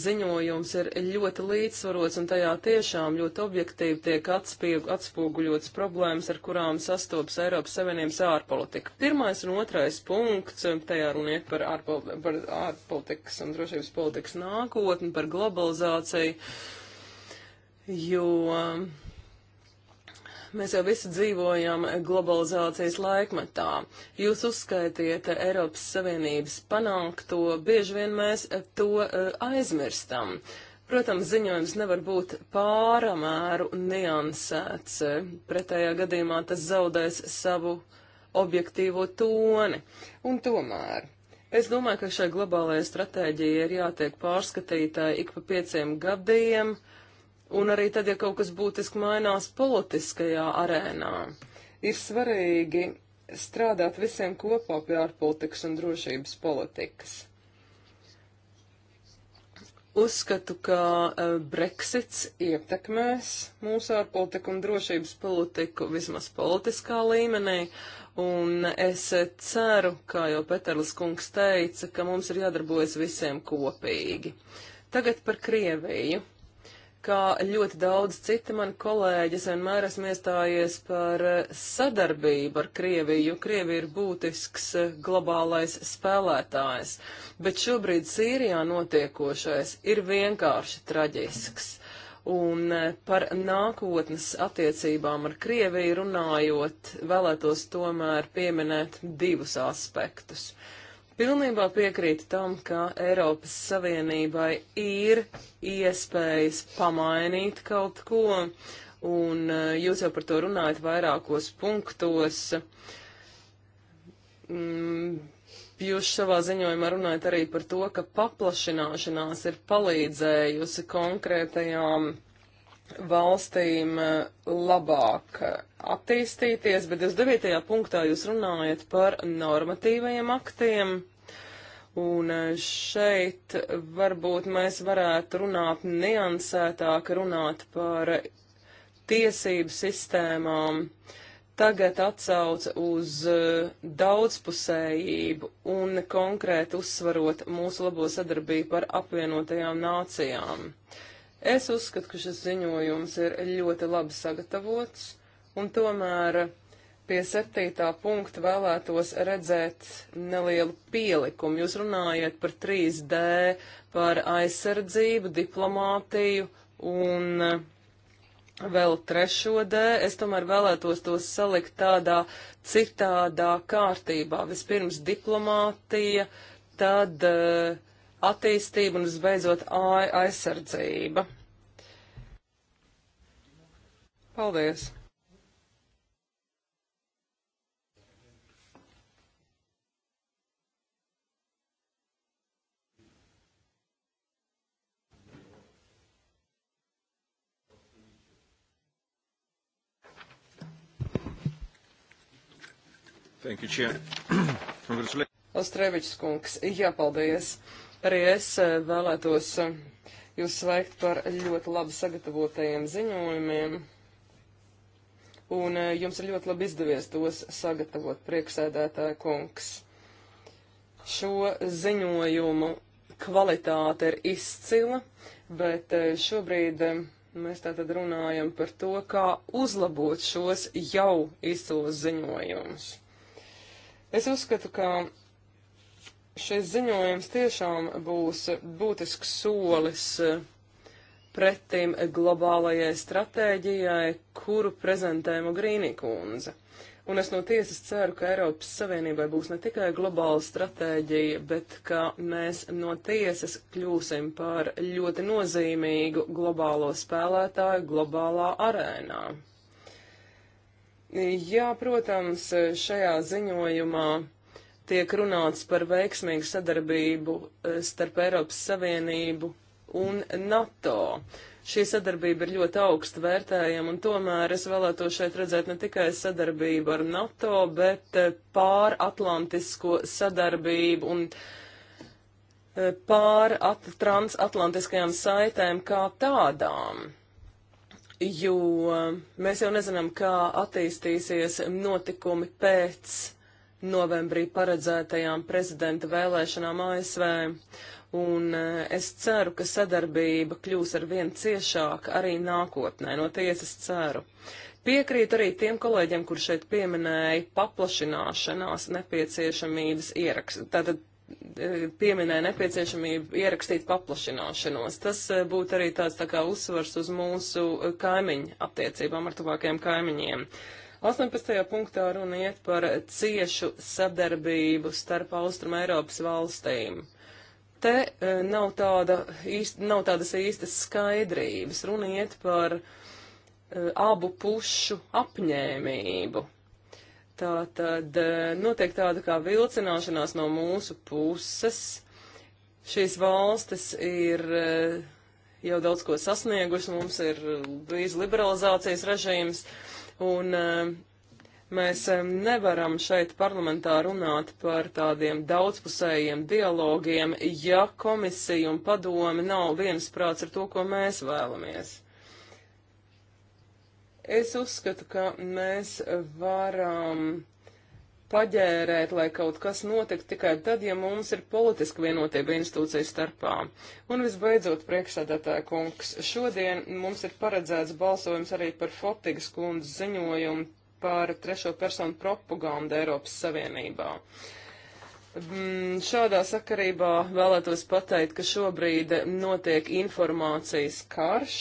ziņojums ir ļoti līdzsvarots un tajā tiešām ļoti objektīvi tiek atspiegu, atspoguļots problēmas, ar kurām sastopas Eiropas Savienības ārpolitika. Pirmais un otrais punkts, tajā runiet par, ārpol, par ārpolitikas un drošības politikas nākotni, par globalizāciju, jo. Uh, Mēs jau visi dzīvojam globalizācijas laikmetā. Jūs uzskaitiet Eiropas Savienības panākto, bieži vien mēs to e, aizmirstam. Protams, ziņojums nevar būt pāramēru niansēts, pretējā gadījumā tas zaudēs savu objektīvo toni. Un tomēr. Es domāju, ka šai globālajai stratēģijai ir jātiek pārskatītāji ik pa pieciem gadiem, uh, un arī tad, ja kaut kas būtiski mainās politiskajā arēnā. Ir svarīgi strādāt visiem kopā pie ārpolitikas un drošības politikas. Uzskatu, ka e, Brexits ietekmēs mūsu ārpolitiku un drošības politiku vismaz politiskā līmenī, Un es ceru, kā jau Peterlis kungs teica, ka mums ir jādarbojas visiem kopīgi. Tagad par Krieviju kā ļoti daudz citi mani kolēģi, es vienmēr esmu iestājies par eh, sadarbību ar Krieviju, jo Krievija ir būtisks eh, globālais spēlētājs. Bet šobrīd Sīrijā notiekošais ir vienkārši traģisks. Un eh, par nākotnes attiecībām ar Krieviju runājot, vēlētos tomēr pieminēt divus aspektus. Uh, Pilnībā piekrītu tam, ka Eiropas Savienībai ir iespējas pamainīt kaut ko, un eh, jūs jau par to runājat vairākos punktos. Mm, jūs savā ziņojumā runājat arī par to, ka paplašināšanās ir palīdzējusi konkrētajām valstīm eh, labāk attīstīties, bet 29. punktā jūs runājat par normatīvajiem aktiem. Un eh, šeit varbūt mēs varētu runāt niansētāk, runāt par tiesību sistēmām. Tagad atsauc uz eh, daudzpusējību un konkrēti uzsvarot mūsu labo sadarbību ar apvienotajām nācijām. Uh, Es uzskatu, ka šis ziņojums ir ļoti labi sagatavots, un tomēr pie septītā punkta vēlētos redzēt nelielu pielikumu. Jūs runājat par 3D, par aizsardzību, diplomātiju un vēl trešo D. Es tomēr vēlētos tos salikt tādā citādā kārtībā. Vispirms diplomātija, tad uh, attīstība un visbeidzot aizsardzība. Paldies! Thank you, Chair. Congratulations. Ostrēvičs kungs, jāpaldies. Arī es eh, vēlētos eh, jūs sveikt par ļoti labi sagatavotajiem ziņojumiem. Un eh, jums ir ļoti labi izdevies tos sagatavot, prieksēdētāja kungs. Šo ziņojumu kvalitāte ir izcila, bet šobrīd mēs tātad runājam par to, kā uzlabot šos jau izcilos ziņojumus. Es uzskatu, ka Šis ziņojums tiešām būs būtisks solis eh, pretim globālajai stratēģijai, kuru prezentē Mogrīnī kundze. Un es no tiesas ceru, ka Eiropas Savienībai būs ne tikai globāla stratēģija, bet ka mēs no tiesas kļūsim par ļoti nozīmīgu globālo spēlētāju globālā arēnā. Jā, protams, šajā ziņojumā tiek runāts par veiksmīgu sadarbību eh, starp Eiropas Savienību un NATO. Šī sadarbība ir ļoti augstu vērtējama, un tomēr es vēlētos šeit redzēt ne tikai sadarbību ar NATO, bet eh, pāratlantisko sadarbību un eh, pāratlantiskajām saitēm kā tādām. Jo mēs jau nezinām, kā attīstīsies notikumi pēc novembrī paredzētajām prezidenta vēlēšanām ASV. Un eh, es ceru, ka sadarbība kļūs ar vien ciešāka arī nākotnē, no tiesas ceru. Piekrīt arī tiem kolēģiem, kur šeit pieminēja paplašināšanās nepieciešamības ierakstu. Tātad eh, pieminēja nepieciešamību ierakstīt paplašināšanos. Tas eh, būtu arī tāds tā kā uzsvars uz mūsu kaimiņu attiecībām ar tuvākajiem kaimiņiem. Uh, 18. punktā runa iet par ciešu sadarbību starp Austrum Eiropas valstīm. Te e, nav, tāda, īst, nav tādas īstas skaidrības. Runa iet par e, abu pušu apņēmību. Tā tad e, notiek tāda kā vilcināšanās no mūsu puses. Šīs valstis ir jau daudz ko sasniegušas, mums ir bijis liberalizācijas režīms. Uh, Un eh, mēs eh, nevaram šeit parlamentā runāt par tādiem daudzpusējiem dialogiem, ja komisija un padomi nav viensprāts ar to, ko mēs vēlamies. Es uzskatu, ka mēs varam paģērēt, lai kaut kas notiktu tikai tad, ja mums ir politiska vienotība institūciju starpā. Un visbeidzot, priekšsēdētāja kungs, šodien mums ir paredzēts balsojums arī par Fotigas kundzes ziņojumu par trešo personu propagandu Eiropas Savienībā. Mm, šādā sakarībā vēlētos pateikt, ka šobrīd notiek informācijas karš,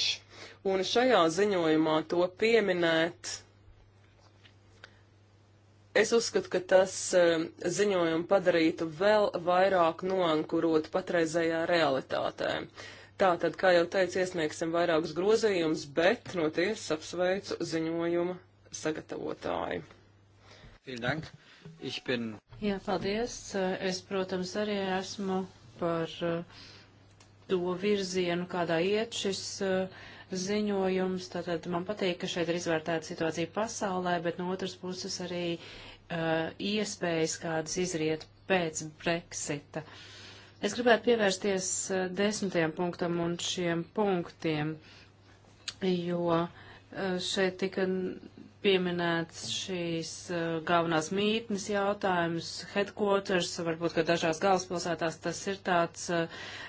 un šajā ziņojumā to pieminēt Es uzskatu, ka tas eh, ziņojumu padarītu vēl vairāk noankurot patreizējā realitātē. Tātad, kā jau teicu, iesniegsim vairākus grozījumus, bet no tiesas apsveicu ziņojuma sagatavotāju. Bin... Jā, paldies. Es, protams, arī esmu par eh, to virzienu, kādā iet šis uh, ziņojums. Tātad man patīk, ka šeit ir izvērtēta situācija pasaulē, bet no otras puses arī uh, iespējas, kādas izriet pēc Brexita. Es gribētu pievērsties uh, desmitajam punktam un šiem punktiem, jo uh, šeit tika pieminēts šīs uh, galvenās mītnes jautājums, headquarters, varbūt, ka dažās galvaspilsētās tas ir tāds uh,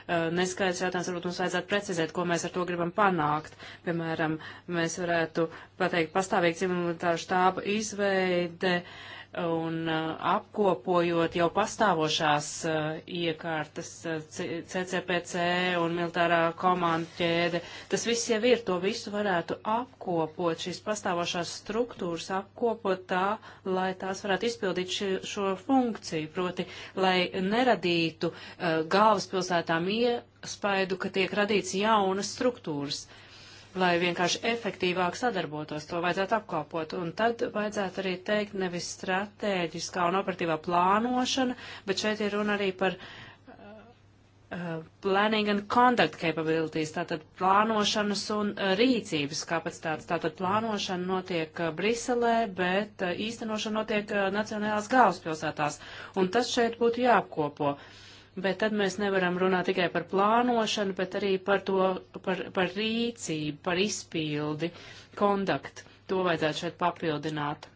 uh, neskaidrs jautājums, varbūt mums vajadzētu precizēt, ko mēs ar to gribam panākt. Piemēram, mēs varētu pateikt pastāvīgi civilitāru štāba izveide. Uh, un uh, apkopojot jau pastāvošās uh, iekārtas CCPC uh, un militārā komandu ķēde. Tas viss jau ir, to visu varētu apkopot, šīs pastāvošās struktūras apkopot tā, lai tās varētu izpildīt ši, šo funkciju, proti, lai neradītu uh, galvaspilsētām iespaidu, ka tiek radīts jaunas struktūras. Uh, lai vienkārši efektīvāk sadarbotos, to vajadzētu apkalpot. Un tad vajadzētu arī teikt nevis stratēģiskā un operatīvā plānošana, bet šeit ir runa arī par uh, uh, planning and conduct capabilities, tātad plānošanas un uh, rīcības kapacitātes. Tātad plānošana notiek uh, Briselē, bet uh, īstenošana notiek uh, nacionālās galvaspilsētās. Un tas šeit būtu jāapkopo. Uh, bet tad mēs nevaram runāt tikai par plānošanu, bet arī par to, par, par rīcību, par izpildi, kondaktu. To vajadzētu šeit papildināt.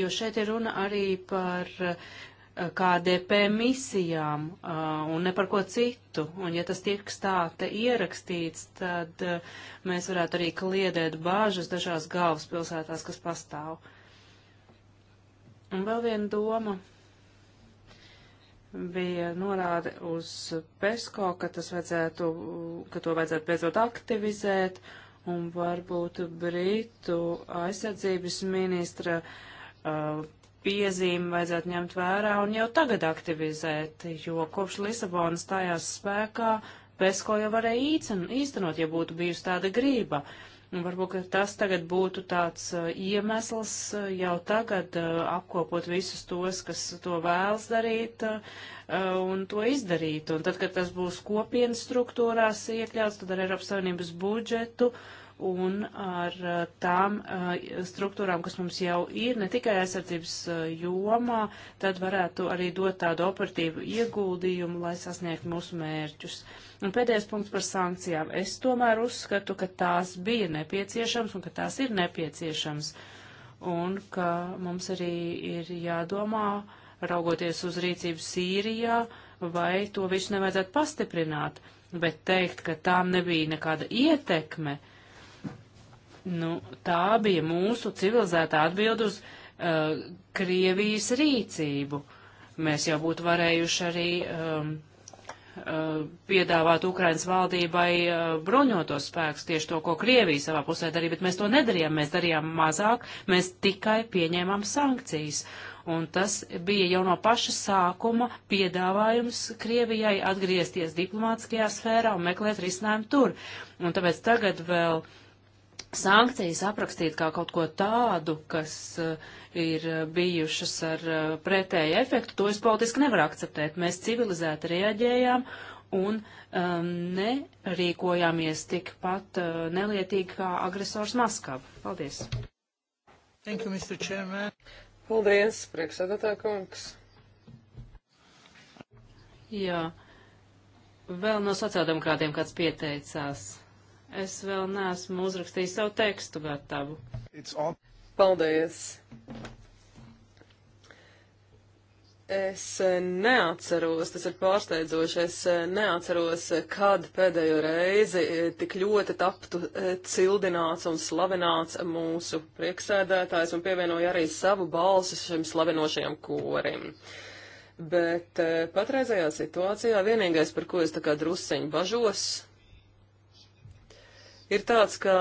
Jo šeit ir runa arī par eh, KDP misijām eh, un ne par ko citu. Un ja tas tiek stāta ierakstīts, tad eh, mēs varētu arī kliedēt bāžas dažās galvaspilsētās, kas pastāv. Un vēl viena doma bija norāde uz PESCO, ka, tas vajadzētu, ka to vajadzētu beidzot aktivizēt, un varbūt Brītu aizsardzības ministra uh, piezīme vajadzētu ņemt vērā un jau tagad aktivizēt, jo kopš Lisabonas stājās spēkā PESCO jau varēja īstenot, ja būtu bijusi tāda grība. Uh, Un nu, varbūt tas tagad būtu tāds uh, iemesls uh, jau tagad uh, apkopot visus tos, kas to vēlas darīt un to izdarīt. Un tad, kad tas būs kopienas struktūrās iekļauts, tad ar Eiropas Savienības budžetu uh, un ar uh, tām uh, struktūrām, kas mums jau ir, ne tikai aizsardzības uh, jomā, tad varētu arī dot tādu operatīvu ieguldījumu, lai sasniegtu mūsu mērķus. Un pēdējais punkts par sankcijām. Es tomēr uzskatu, ka tās bija nepieciešams un ka tās ir nepieciešams un ka mums arī ir jādomā, raugoties uz rīcību Sīrijā, vai to visu nevajadzētu pastiprināt, bet teikt, ka tām nebija nekāda ietekme, uh, Nu, tā bija mūsu civilizētā atbild uz uh, Krievijas rīcību. Mēs jau būtu varējuši arī um, uh, piedāvāt Ukrainas valdībai uh, bruņotos spēkus, tieši to, ko Krievija savā pusē darīja, bet mēs to nedarījām, mēs darījām mazāk, mēs tikai pieņēmām sankcijas. Un tas bija jau no paša sākuma piedāvājums Krievijai atgriezties diplomātiskajā sfērā un meklēt risinājumu tur. Un tāpēc tagad vēl uh, sankcijas aprakstīt kā kaut ko tādu, kas eh, ir bijušas ar eh, pretēju efektu, to es politiski nevaru akceptēt. Mēs civilizēti reaģējām un um, nerīkojāmies tikpat uh, nelietīgi kā agresors Maskava. Paldies! Thank you, Mr. Chairman. Paldies, priekšsēdētā kungs. Jā, vēl no sociāldemokrātiem kāds pieteicās. Es vēl neesmu uzrakstījis savu tekstu gatavu. Paldies! Es eh, neatceros, tas ir pārsteidzoši, es eh, neatceros, eh, kad pēdējo reizi tik ļoti taptu cildināts un slavināts mūsu prieksēdētājs un pievienoja arī savu balsi šim slavinošajam korim. Bet patreizajā situācijā vienīgais, par ko es tā kā drusceņi bažos, ir tāds, ka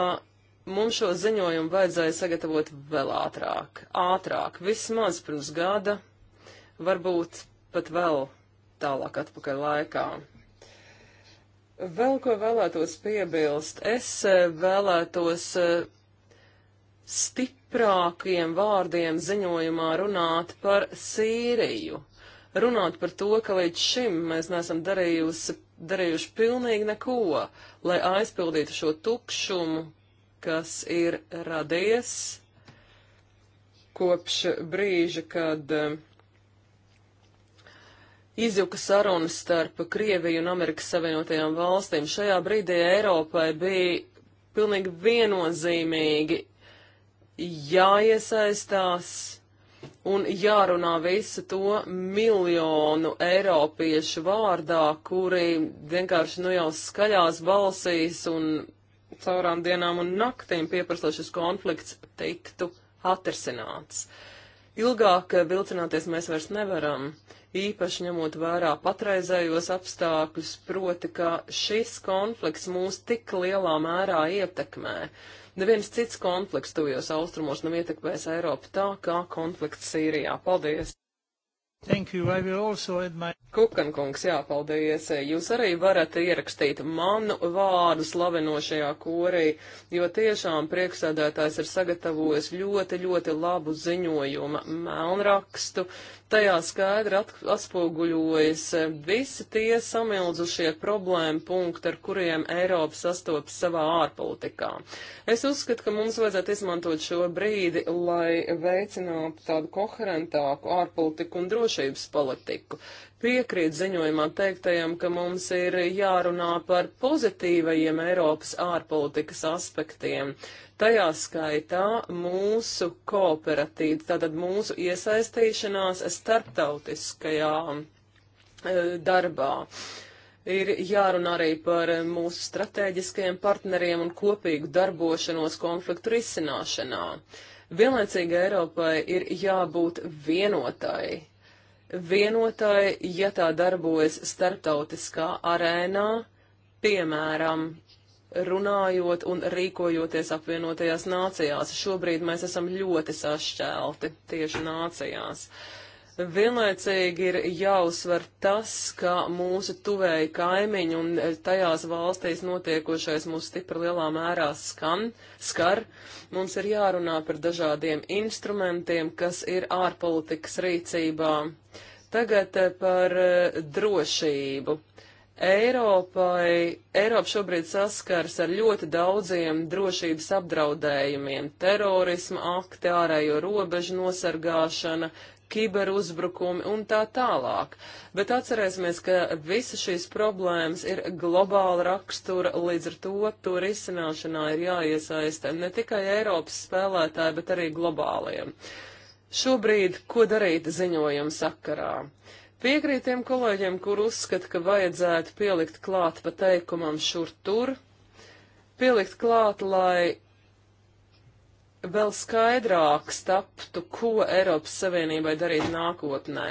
mums šo ziņojumu vajadzēja sagatavot vēl ātrāk, ātrāk, vismaz pirms gada, varbūt pat vēl tālāk atpakaļ laikā. Vēl ko vēlētos piebilst, es eh, vēlētos eh, stiprākiem vārdiem ziņojumā runāt par Sīriju, runāt par to, ka līdz šim mēs neesam darījusi darījuši pilnīgi neko, lai aizpildītu šo tukšumu, kas ir radies kopš brīža, kad eh, izjuka sarunas starp Krieviju un Amerikas Savienotajām valstīm. Šajā brīdī Eiropai bija pilnīgi viennozīmīgi jāiesaistās un jārunā visu to miljonu eiropiešu vārdā, kuri vienkārši nu jau skaļās balsīs un caurām dienām un naktīm pieprasa, lai šis konflikts tiktu atrisināts. Ilgāk vilcināties mēs vairs nevaram, īpaši ņemot vērā patreizējos apstākļus, proti, ka šis konflikts mūs tik lielā mērā ietekmē. Neviens cits konflikts tuvajos austrumos nav ietekmējis Eiropu tā kā konflikts Sīrijā. Paldies! Thank you. I will also add my... Kukankungs, jā, paldies. Jūs arī varat ierakstīt manu vārdu slavinošajā korī, jo tiešām priekšsēdētājs ir sagatavojis ļoti, ļoti labu ziņojumu melnrakstu, tajā skaidri atspoguļojas eh, visi tie samilzušie problēma punkti, ar kuriem Eiropa sastopas savā ārpolitikā. Es uzskatu, ka mums vajadzētu izmantot šo brīdi, lai veicinātu tādu koherentāku ārpolitiku un drošības politiku piekrīt ziņojumā teiktajam, ka mums ir jārunā par pozitīvajiem Eiropas ārpolitikas aspektiem. Tajā skaitā mūsu kooperatīva, tātad mūsu iesaistīšanās starptautiskajā e, darbā. Ir jārunā arī par mūsu strateģiskajiem partneriem un kopīgu darbošanos konfliktu risināšanā. Vienlaicīgi Eiropai ir jābūt vienotai vienotai, ja tā darbojas starptautiskā arēnā, piemēram, runājot un rīkojoties apvienotajās nācijās. Šobrīd mēs esam ļoti sašķelti tieši nācijās. Uh, Vienlaicīgi ir jāuzsver tas, ka mūsu tuvēji kaimiņi un tajās valstīs notiekošais mūs stipri lielā mērā skan, skar. Mums ir jārunā par dažādiem instrumentiem, kas ir ārpolitikas rīcībā. Tagad eh, par eh, drošību. Eiropai, Eiropa šobrīd saskars ar ļoti daudziem drošības apdraudējumiem - terorisma akti, ārējo robežu nosargāšana, kiberuzbrukumi un tā tālāk. Bet atcerēsimies, ka visas šīs problēmas ir globāla rakstura, līdz ar to to risināšanā ir jāiesaista ne tikai Eiropas spēlētāji, bet arī globāliem. Šobrīd, ko darīt ziņojumu sakarā? Piekrītiem kolēģiem, kur uzskata, ka vajadzētu pielikt klāt pa teikumam šur tur, pielikt klāt, lai vēl skaidrāks taptu, ko Eiropas Savienībai darīt nākotnē.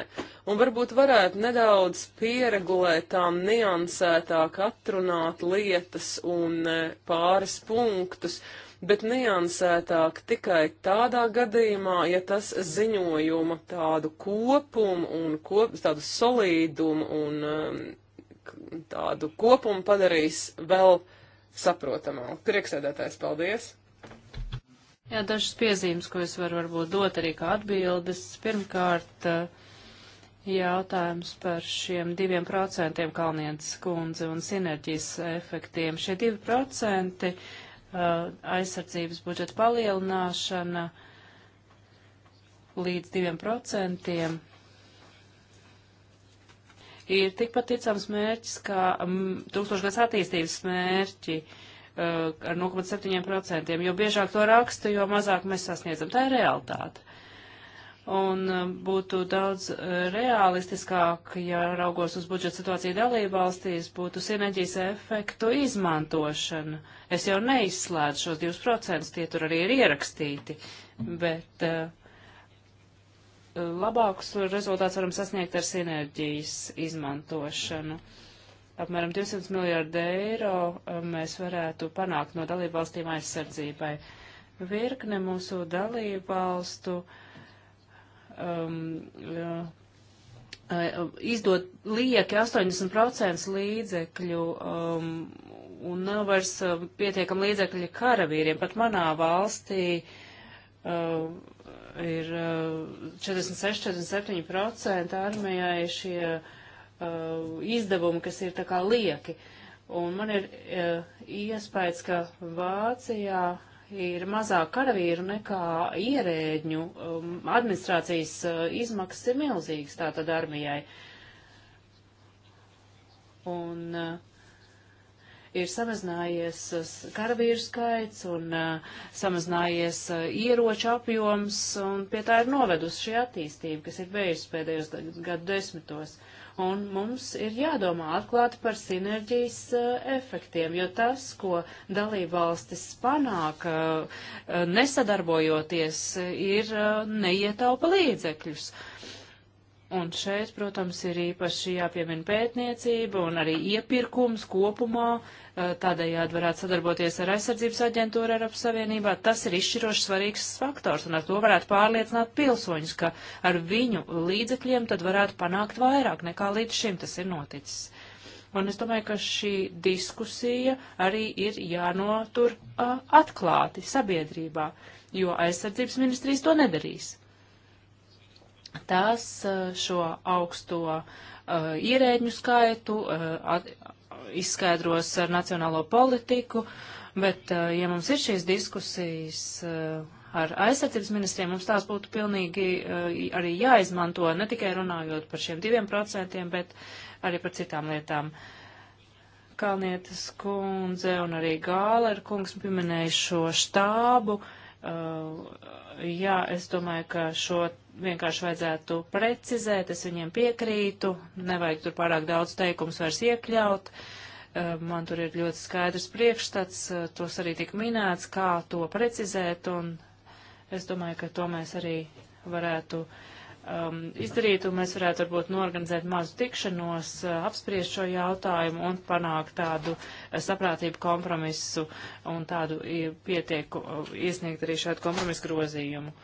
Un varbūt varētu nedaudz pieregulēt tā niansētāk atrunāt lietas un e, pāris punktus, bet niansētāk tikai tādā gadījumā, ja tas ziņojuma tādu kopumu un kop, tādu solīdumu un um, tādu kopumu padarīs vēl saprotamāk. Prieksēdētājs, paldies! Jā, dažas piezīmes, ko es varu varbūt dot arī kā atbildes. Pirmkārt, eh, jautājums par šiem diviem procentiem Kalnietes kundze un sinerģijas efektiem. Šie divi procenti eh, aizsardzības budžeta palielināšana līdz diviem procentiem ir tikpat ticams mērķis kā mm, tūkstošgads attīstības mērķi. Uh, Uh, ar 0,7%, jo biežāk to raksta, jo mazāk mēs sasniedzam. Tā ir realitāte. Un uh, būtu daudz uh, realistiskāk, ja raugos uz budžeta situāciju dalībvalstīs, būtu sinerģijas efektu izmantošana. Es jau neizslēdzu šos 2%, tie tur arī ir ierakstīti, bet uh, labākus rezultātus varam sasniegt ar sinerģijas izmantošanu. Uh, apmēram 200 miljārdu eiro eh, mēs varētu panākt no dalību valstīm aizsardzībai. Virkne mūsu dalību valstu um, izdot lieki 80% līdzekļu um, un nav vairs eh, pietiekam līdzekļi karavīriem. Pat manā valstī uh, ir 46-47% armijai šie uh, uh, izdevumi, kas ir tā kā lieki. Un man ir uh, iespējas, ka Vācijā ir mazāk karavīru nekā ierēģņu, um, administrācijas uh, izmaksas ir milzīgas tātad armijai. Un uh, ir samazinājies uh, karavīru skaits un uh, samazinājies uh, ieroču apjoms, un pie tā ir novedusi šī attīstība, kas ir bijusi pēdējos gadu desmitos un mums ir jādomā atklāti par sinerģijas uh, efektiem, jo tas, ko dalībvalstis panāk, uh, nesadarbojoties, ir uh, neietaupa līdzekļus. Un šeit, protams, ir īpaši jāpiemina pētniecība un arī iepirkums kopumā, uh, Eh, tādējādi varētu sadarboties ar aizsardzības aģentūru Eiropas Savienībā. Tas ir izšķiroši svarīgs faktors, un ar to varētu pārliecināt pilsoņus, ka ar viņu līdzekļiem tad varētu panākt vairāk nekā līdz šim tas ir noticis. Un es domāju, ka šī diskusija arī ir jānotur uh, atklāti sabiedrībā, jo aizsardzības ministrijas to nedarīs. Tās uh, eh, šo augsto uh, ierēģu skaitu uh, at, izskaidros ar nacionālo politiku, bet uh, ja mums ir šīs diskusijas uh, ar aizsardzības ministriem, mums tās būtu pilnīgi uh, arī jāizmanto, ne tikai runājot par šiem diviem procentiem, bet arī par citām lietām. Kalnietes kundze un arī Gāler kungs pieminēja šo štābu. Uh, Uh, jā, es domāju, ka šo vienkārši vajadzētu precizēt, es viņiem piekrītu, nevajag tur pārāk daudz teikums vairs iekļaut. Uh, man tur ir ļoti skaidrs priekšstats, uh, tos arī tik minēts, kā to precizēt, un es domāju, ka to mēs arī varētu uh, um, izdarīt, un mēs varētu varbūt norganizēt mazu tikšanos, uh, apspriest šo jautājumu un panākt tādu uh, saprātību kompromisu, un tādu pietieku uh, iesniegt arī šādu kompromisu grozījumu.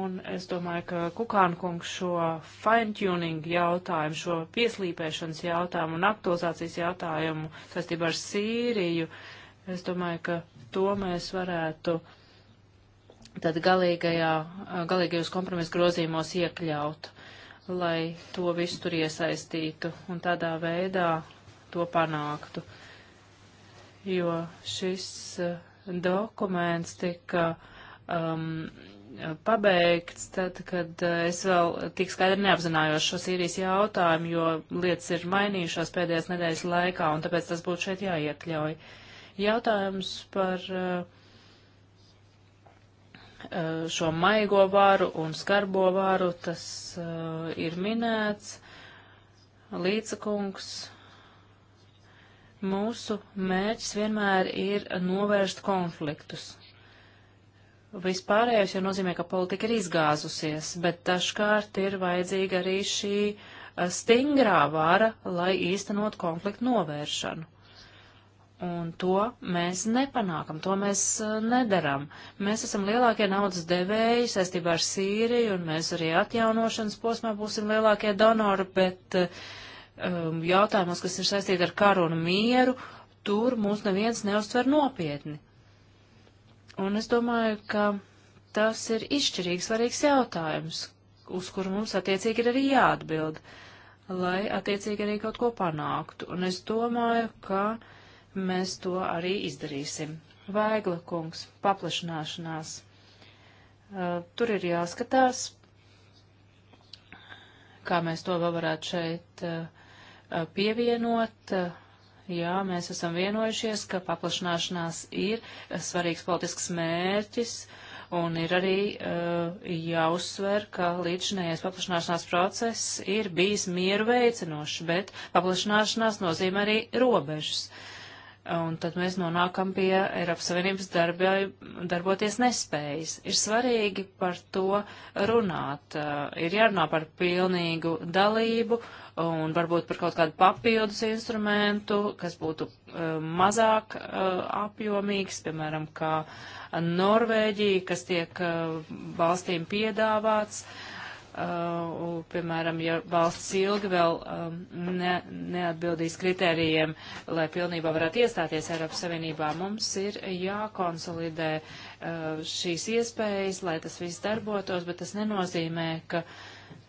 Un es domāju, ka Kukāna kungs šo fine-tuning jautājumu, šo pieslīpēšanas jautājumu un aktualizācijas jautājumu saistībā ar Sīriju, es domāju, ka to mēs varētu uh, tad galīgajā, galīgajos kompromisu grozījumos iekļaut, lai to visu tur iesaistītu un tādā veidā to panāktu. Jo šis dokuments tika um, pabeigts tad, kad es vēl tik skaidri neapzinājos šo Sīrijas jautājumu, jo lietas ir mainījušās pēdējās nedēļas laikā, un tāpēc tas būtu šeit jāiekļauj. Jautājums par uh, Eh, šo maigo varu un skarbo varu, tas uh, ir minēts. Līdzakungs, mūsu mērķis vienmēr ir novērst konfliktus. Vispārējais jau nozīmē, ka politika ir izgāzusies, bet dažkārt ir vajadzīga arī šī eh, stingrā vara, lai īstenot konfliktu novēršanu. Un to mēs nepanākam, to mēs eh, nedaram. Mēs esam lielākie naudas devēji saistībā ar Sīriju, un mēs arī atjaunošanas posmā būsim lielākie donori, bet eh, um, jautājumos, kas ir saistīti ar karu un mieru, tur mūs neviens neuztver nopietni. Un es domāju, ka tas ir izšķirīgs svarīgs jautājums, uz kuru mums attiecīgi ir arī jāatbild, lai attiecīgi arī kaut ko panāktu. Un es domāju, ka mēs to arī izdarīsim. Vaigla kungs, paplašanāšanās. Uh, tur ir jāskatās, kā mēs to vēl varētu šeit uh, uh pievienot. Uh, jā, mēs esam vienojušies, ka paplašanāšanās ir svarīgs politisks mērķis, un ir arī uh, jāuzsver, ka līdzinējais paplašanāšanās process ir bijis mieru veicinošs, bet paplašanāšanās nozīmē arī robežas. Uh, un tad mēs nonākam pie Eiropas Savienības darba, darboties nespējas. Ir svarīgi par to runāt, eh, ir jārunā par pilnīgu dalību un varbūt par kaut kādu papildus instrumentu, kas būtu eh, mazāk eh, apjomīgs, piemēram, kā Norvēģija, kas tiek valstīm piedāvāts. Uh, Uh, piemēram, ja valsts ilgi vēl um, ne, neatbildīs kritērijiem, lai pilnībā varētu iestāties Eiropas Savienībā, mums ir jākonsolidē uh, šīs iespējas, lai tas viss darbotos, bet tas nenozīmē, ka uh,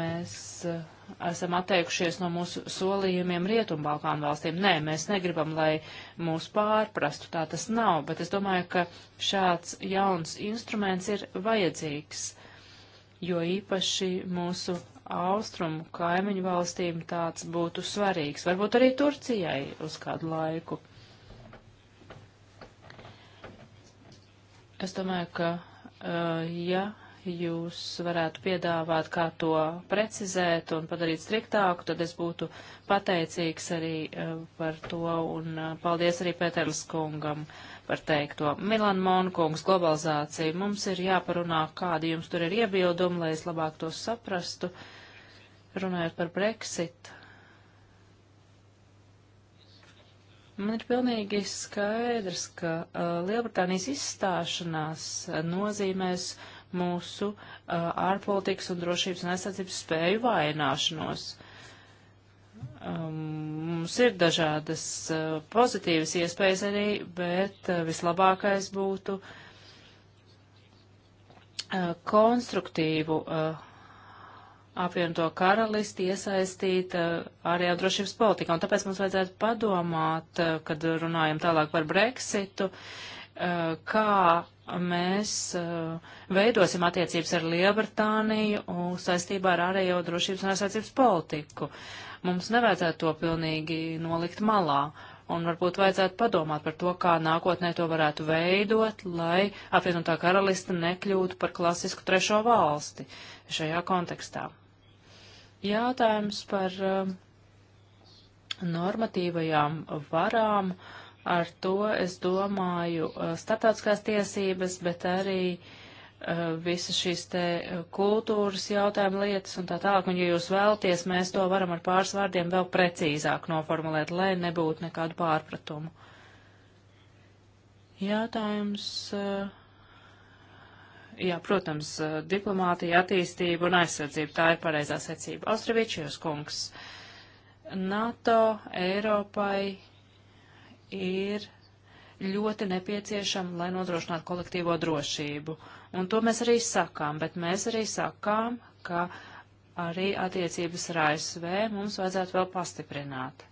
mēs uh, esam atteikušies no mūsu solījumiem Rietumbalkānu valstīm. Nē, mēs negribam, lai mūs pārprastu. Tā tas nav, bet es domāju, ka šāds jauns instruments ir vajadzīgs. Uh, jo īpaši mūsu austrumu kaimiņu valstīm tāds būtu svarīgs, varbūt arī Turcijai uz kādu laiku. Es domāju, ka uh, ja jūs varētu piedāvāt, kā to precizēt un padarīt striktāku, tad es būtu pateicīgs arī uh, par to un uh, paldies arī Pēterlis kungam. Uh, par teikto. Milan Monkungs, globalizācija. Mums ir jāparunā, kādi jums tur ir iebildumi, lai es labāk tos saprastu. Runājot par Brexit. Man ir pilnīgi skaidrs, ka uh, Lielbritānijas izstāšanās uh, nozīmēs mūsu uh, ārpolitikas un drošības un aizsardzības spēju vājināšanos. Um, mums ir dažādas uh, pozitīvas iespējas arī, bet uh, vislabākais būtu uh, konstruktīvu apvienoto karalisti iesaistīt ārējā drošības politikā. Un tāpēc mums vajadzētu padomāt, kad runājam tālāk par Brexitu, kā mēs veidosim attiecības ar Lielbritāniju saistībā ar ārējo drošības un aizsardzības politiku. Mums nevajadzētu to pilnīgi nolikt malā. Un varbūt vajadzētu padomāt par to, kā nākotnē to varētu veidot, lai apvienotā karalista nekļūtu par klasisku trešo valsti šajā kontekstā. Jātājums par uh, normatīvajām varām. Ar to, es domāju, uh, starptautiskās tiesības, bet arī uh, Eh, visas šīs te eh, kultūras jautājuma lietas un tā tālāk. Un, ja jūs vēlties, mēs to varam ar pāris vārdiem vēl precīzāk noformulēt, lai nebūtu nekādu pārpratumu. Jātājums. Eh, jā, protams, diplomātija, attīstība un aizsardzība. Tā ir pareizā secība. Austravičijos kungs. NATO Eiropai ir ļoti nepieciešama, lai nodrošinātu kolektīvo drošību Un to mēs arī sakām, bet mēs arī sakām, ka arī attiecības ar ASV mums vajadzētu vēl pastiprināt.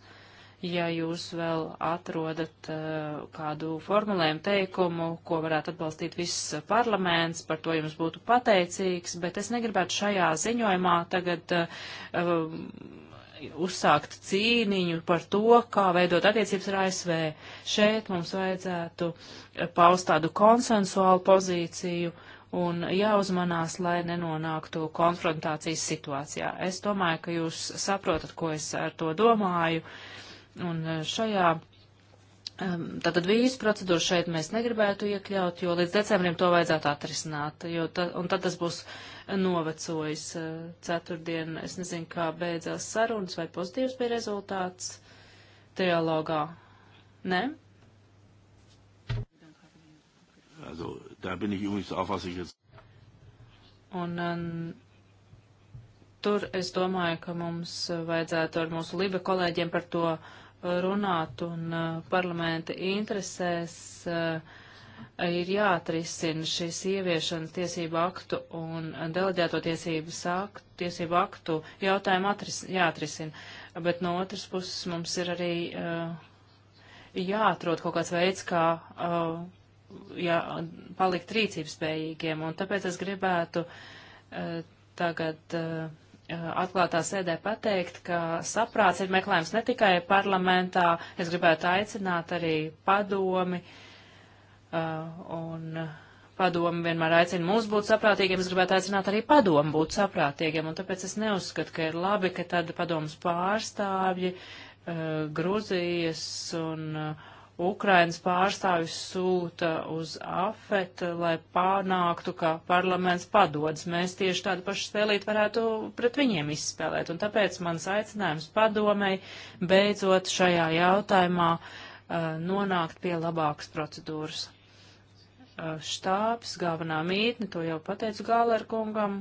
Ja jūs vēl atrodat uh, kādu formulējumu teikumu, ko varētu atbalstīt viss parlaments, par to jums būtu pateicīgs, bet es negribētu šajā ziņojumā tagad uh, uzsākt cīniņu par to, kā veidot attiecības ar ASV. Šeit mums vajadzētu eh, paust tādu konsensuālu pozīciju, uh, un jāuzmanās, lai nenonāktu konfrontācijas situācijā. Es domāju, ka jūs saprotat, ko es ar to domāju, un e, šajā. Tātad vīzu procedūru šeit mēs negribētu iekļaut, jo līdz decembrim to vajadzētu atrisināt, jo ta, un tad tas būs novecojis e, ceturtdien. Es nezinu, kā beidzās sarunas, vai pozitīvs bija rezultāts trialogā. Nē? Also da bin ich übrigens auch, was ich jetzt. Un, un ähm, tur es domāju, ka mums vajadzētu ar mūsu liba kolēģiem par to runāt un uh, parlamenta interesēs uh, ir jāatrisina šīs ieviešanas tiesību aktu un deleģēto tiesību, aktu, tiesību aktu jautājumu atris, jāatrisina. Bet no otras puses mums ir arī uh, jāatrod kaut kāds veids, kā uh, jā, palikt rīcības spējīgiem, un tāpēc es gribētu uh, tagad uh, atklātā sēdē pateikt, ka saprāts ir meklējums ne tikai parlamentā, es gribētu aicināt arī padomi, uh, un padomi vienmēr aicina mūs būt saprātīgiem, es gribētu aicināt arī padomu būt saprātīgiem, un tāpēc es neuzskatu, ka ir labi, ka tad padomas pārstāvji, Gruzijas un uh, Ukrainas pārstāvis sūta uz AFET, lai panāktu, ka parlaments padodas. Mēs tieši tādu pašu spēlīt varētu pret viņiem izspēlēt. Un tāpēc mans aicinājums padomei beidzot šajā jautājumā uh, nonākt pie labākas procedūras. Uh, štāps, galvenā mītne, to jau pateicu Gālerkungam.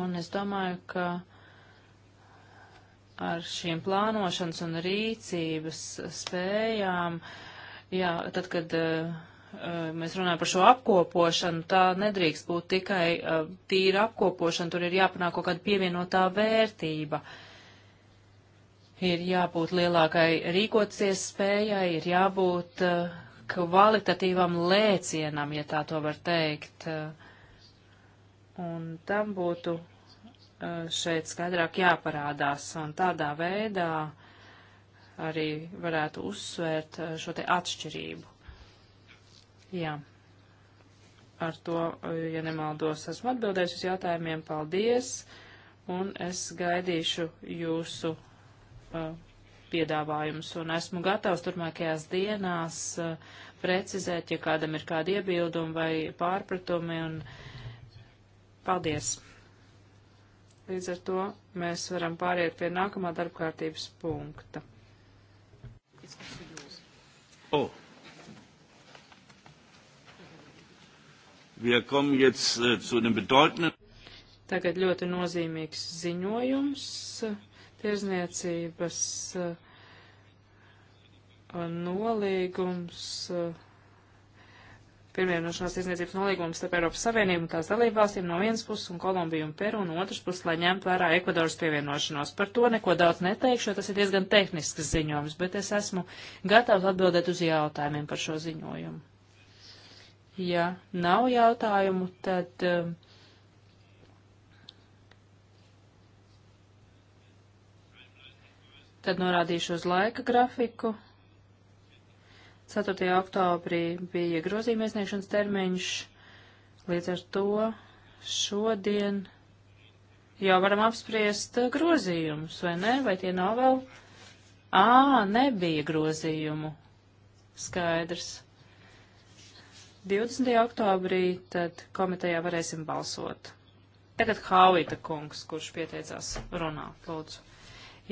Un es domāju, ka ar šīm plānošanas un rīcības spējām, jā, tad, kad uh, mēs runājam par šo apkopošanu, tā nedrīkst būt tikai uh, tīra apkopošana, tur ir jāpanāk kaut kāda pievienotā vērtība. Ir jābūt lielākai rīkoties spējai, ir jābūt uh, kvalitatīvam lēcienam, ja tā to var teikt. Un tam būtu Eh, šeit skaidrāk jāparādās, un tādā veidā arī varētu uzsvērt eh, šo te atšķirību. Jā. Ar to, eh, ja nemaldos, esmu atbildējis uz jautājumiem. Paldies! Un es gaidīšu jūsu uh, piedāvājumus. Un esmu gatavs turpmākajās dienās uh, precizēt, ja kādam ir kādi iebildumi vai pārpratumi. Un paldies! Līdz ar to mēs varam pāriet pie nākamā darbkārtības punkta. Oh. Wir kommen jetzt äh, zu einem bedeutenden. Tagad ļoti nozīmīgs ziņojums tirzniecības äh, nolīgums. Äh, pirmvienošanās izniecības nolīgumu starp Eiropas Savienību un tās dalībvalstīm no vienas puses un Kolumbiju un Peru un otras puses, lai ņemtu vērā Ekvadoras pievienošanos. Par to neko daudz neteikšu, jo tas ir diezgan tehnisks ziņojums, bet es esmu gatavs atbildēt uz jautājumiem par šo ziņojumu. Ja nav jautājumu, tad. Uh, Tad norādīšu uz laika grafiku. 4. oktobrī bija grozījuma iesniegšanas termiņš, līdz ar to šodien jau varam apspriest grozījumus, vai ne? Vai tie nav vēl? Ā, nebija grozījumu. Skaidrs. 20. oktobrī tad komitejā varēsim balsot. Tagad Hāvita kungs, kurš pieteicās runāt, lūdzu.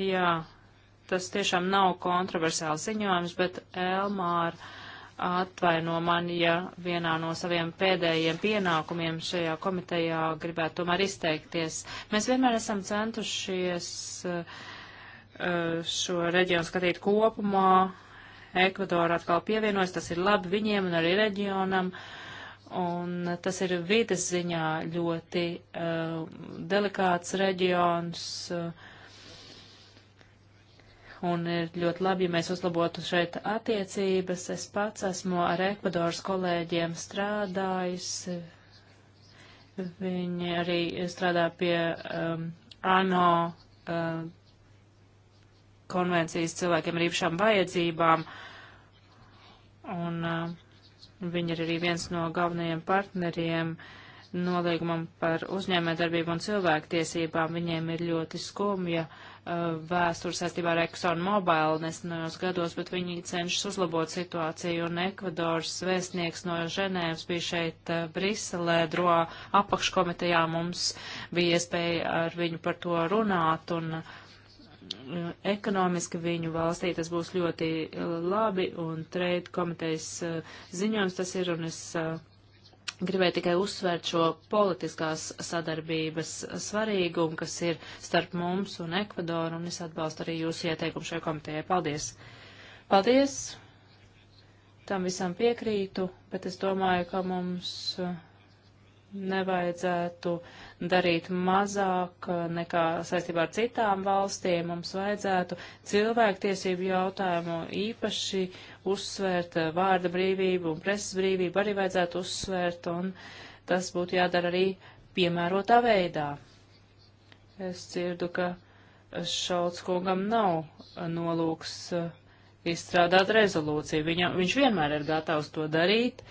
Jā, tas tiešām nav kontroversiāls ziņojums, bet Elmāra atvaino man, ja vienā no saviem pēdējiem pienākumiem šajā komitejā gribētu tomēr izteikties. Mēs vienmēr esam centušies eh, eh, šo reģionu skatīt kopumā. Ekvadora atkal pievienojas, tas ir labi viņiem un arī reģionam. Un tas ir vides ziņā ļoti uh, delikāts reģions. Uh, un ir ļoti labi, ja mēs uzlabotu šeit attiecības. Es pats esmu ar Ekvadoras kolēģiem strādājis. Viņi arī strādā pie um, ANO um, konvencijas cilvēkiem ar īpašām vajadzībām, un um, viņi ir arī viens no galvenajiem partneriem uh, noliegumam par uzņēmējdarbību un cilvēktiesībām. Viņiem ir ļoti skumja uh, vēsture saistībā ar Exxon Mobile nesenajos gados, bet viņi cenšas uzlabot situāciju. Un Ekvadors vēstnieks no Ženēvas bija šeit uh, Briselē, droā apakškomitejā mums bija iespēja ar viņu par to runāt. Un, uh, Ekonomiski viņu valstī tas būs ļoti uh, labi, un trade komitejas uh, ziņojums tas ir, un es uh, Gribēju tikai uzsvērt šo politiskās sadarbības svarīgumu, kas ir starp mums un Ekvadoru, un es atbalstu arī jūsu ieteikumu šai komitejai. Paldies! Paldies! Tam visam piekrītu, bet es domāju, ka mums uh, nevajadzētu darīt mazāk uh, nekā saistībā ar citām valstīm. Mums vajadzētu cilvēktiesību jautājumu īpaši uzsvērt eh, vārda brīvību un presas brīvību arī vajadzētu uzsvērt, un tas būtu jādara arī piemērotā veidā. Es dzirdu, ka Šalts kungam nav eh, nolūks eh, izstrādāt rezolūciju. Viņa, viņš vienmēr ir gatavs to darīt,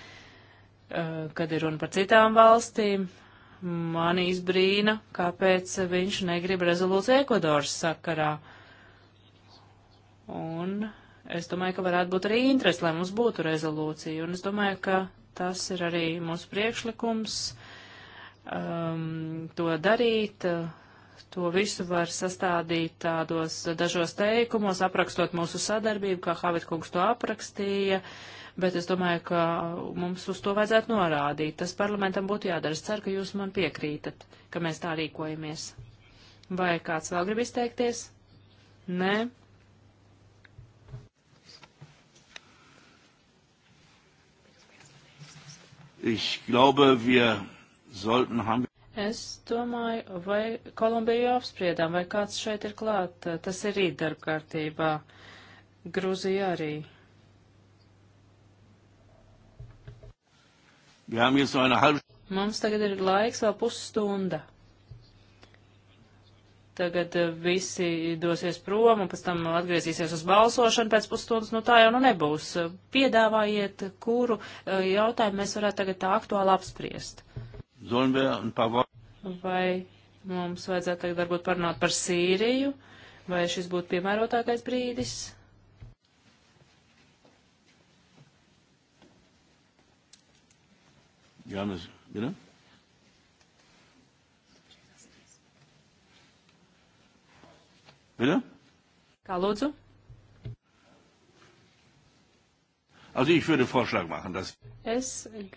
kad ir runa par citām valstīm. Mani izbrīna, kāpēc viņš negrib rezolūciju Ekvadoras sakarā. Un es domāju, ka varētu būt arī interesi, lai mums būtu rezolūcija. Un es domāju, ka tas ir arī mūsu priekšlikums um, to darīt. To visu var sastādīt tādos dažos teikumos, aprakstot mūsu sadarbību, kā Havit kungs to aprakstīja, bet es domāju, ka mums uz to vajadzētu norādīt. Tas parlamentam būtu jādara. Es ceru, ka jūs man piekrītat, ka mēs tā rīkojamies. Vai kāds vēl grib izteikties? Nē. Ich glaube, wir sollten haben. Es domāju, vai Kolumbiju apspriedām, vai kāds šeit ir klāt. Tas ir rīt darbkārtībā. Grūzija arī. Mums tagad ir laiks vēl pusstunda tagad eh, visi dosies prom un pēc tam atgriezīsies uz balsošanu pēc pusstundas, nu tā jau nu nebūs. Piedāvājiet, kuru eh, jautājumu mēs varētu tagad tā aktuāli apspriest. Vai mums vajadzētu tagad varbūt parunāt par Sīriju, vai šis būtu piemērotākais brīdis? Jānis, ja? Bitte? Kā lūdzu? Also ich würde Vorschlag machen, dass es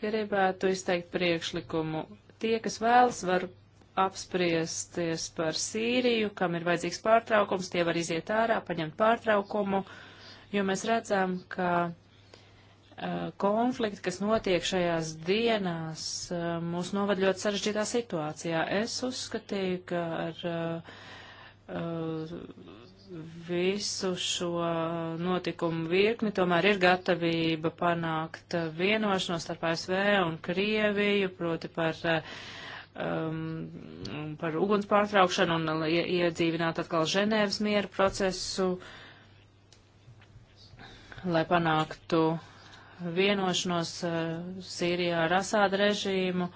gribētu izteikt priekšlikumu. Tie, kas vēlas, var apspriesties par Sīriju, kam ir vajadzīgs pārtraukums, tie var iziet ārā, paņemt pārtraukumu, jo mēs redzam, ka uh, konflikti, kas notiek šajās dienās, uh, mūs novad ļoti sarežģītā situācijā. Es uzskatīju, ka ar uh, Uh, visu šo notikumu virkni, tomēr ir gatavība panākt vienošanos starp ASV un Krieviju, proti par, uh, um, par uguns pārtraukšanu un uh, iedzīvināt atkal Ženēvas miera procesu, lai panāktu uh, vienošanos eh, Sīrijā ar Asāda režīmu,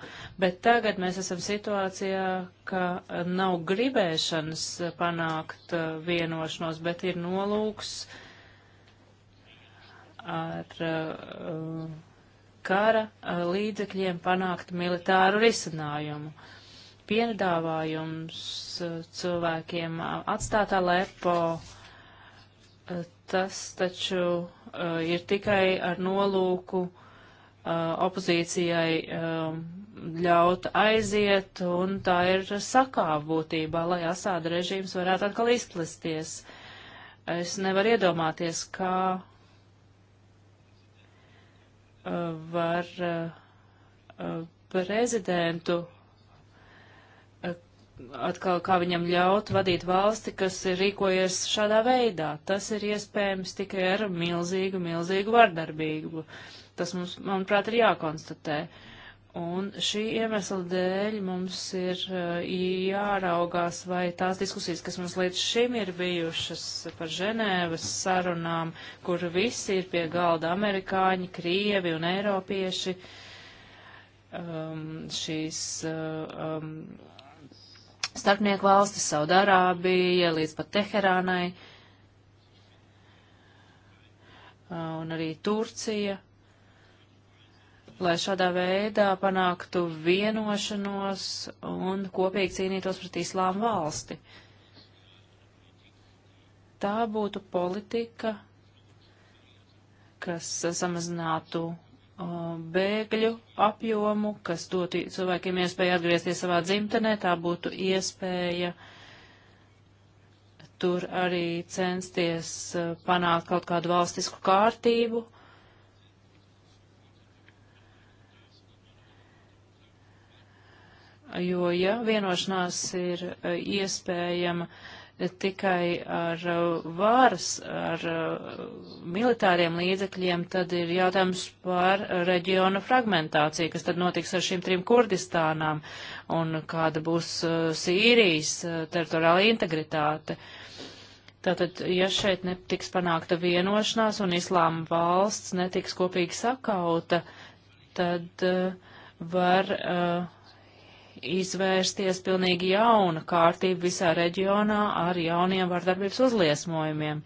bet tagad mēs esam situācijā, ka nav gribēšanas panākt eh, vienošanos, bet ir nolūks ar eh, kara līdzekļiem panākt militāru risinājumu. Piedāvājums cilvēkiem atstāt Alepo, tas taču Eh, ir tikai ar nolūku eh, opozīcijai eh, ļaut aiziet, un tā ir sakāva būtībā, lai Asāda režīms varētu atkal izplasties. Es nevaru iedomāties, kā var prezidentu atkal kā viņam ļaut vadīt valsti, kas ir rīkojies šādā veidā. Tas ir iespējams tikai ar milzīgu, milzīgu vardarbību. Tas mums, manuprāt, ir jākonstatē. Un šī iemesla dēļ mums ir jāraugās, vai tās diskusijas, kas mums līdz šim ir bijušas par Ženēvas sarunām, kur visi ir pie galda amerikāņi, krievi un eiropieši, um, šīs um, starpnieku valstis, Saudārābija līdz pat Teherānai un arī Turcija, lai šādā veidā panāktu vienošanos un kopīgi cīnītos pret islāmu valsti. Tā būtu politika, kas samazinātu bēgļu apjomu, kas dotu cilvēkiem iespēju atgriezties savā dzimtenē, tā būtu iespēja tur arī censties e, panākt kaut kādu valstisku kārtību. Jo, ja vienošanās ir e, iespējama, uh, tikai ar uh, varas, ar uh, militāriem līdzekļiem, tad ir jautājums par reģionu fragmentāciju, kas tad notiks ar šīm trim Kurdistānām un kāda būs uh, Sīrijas teritoriāla integritāte. Tātad, ja šeit netiks panākta vienošanās un islāma valsts netiks kopīgi sakauta, tad uh, var uh, izvērsties pilnīgi jauna kārtība visā reģionā ar jauniem vardarbības uzliesmojumiem.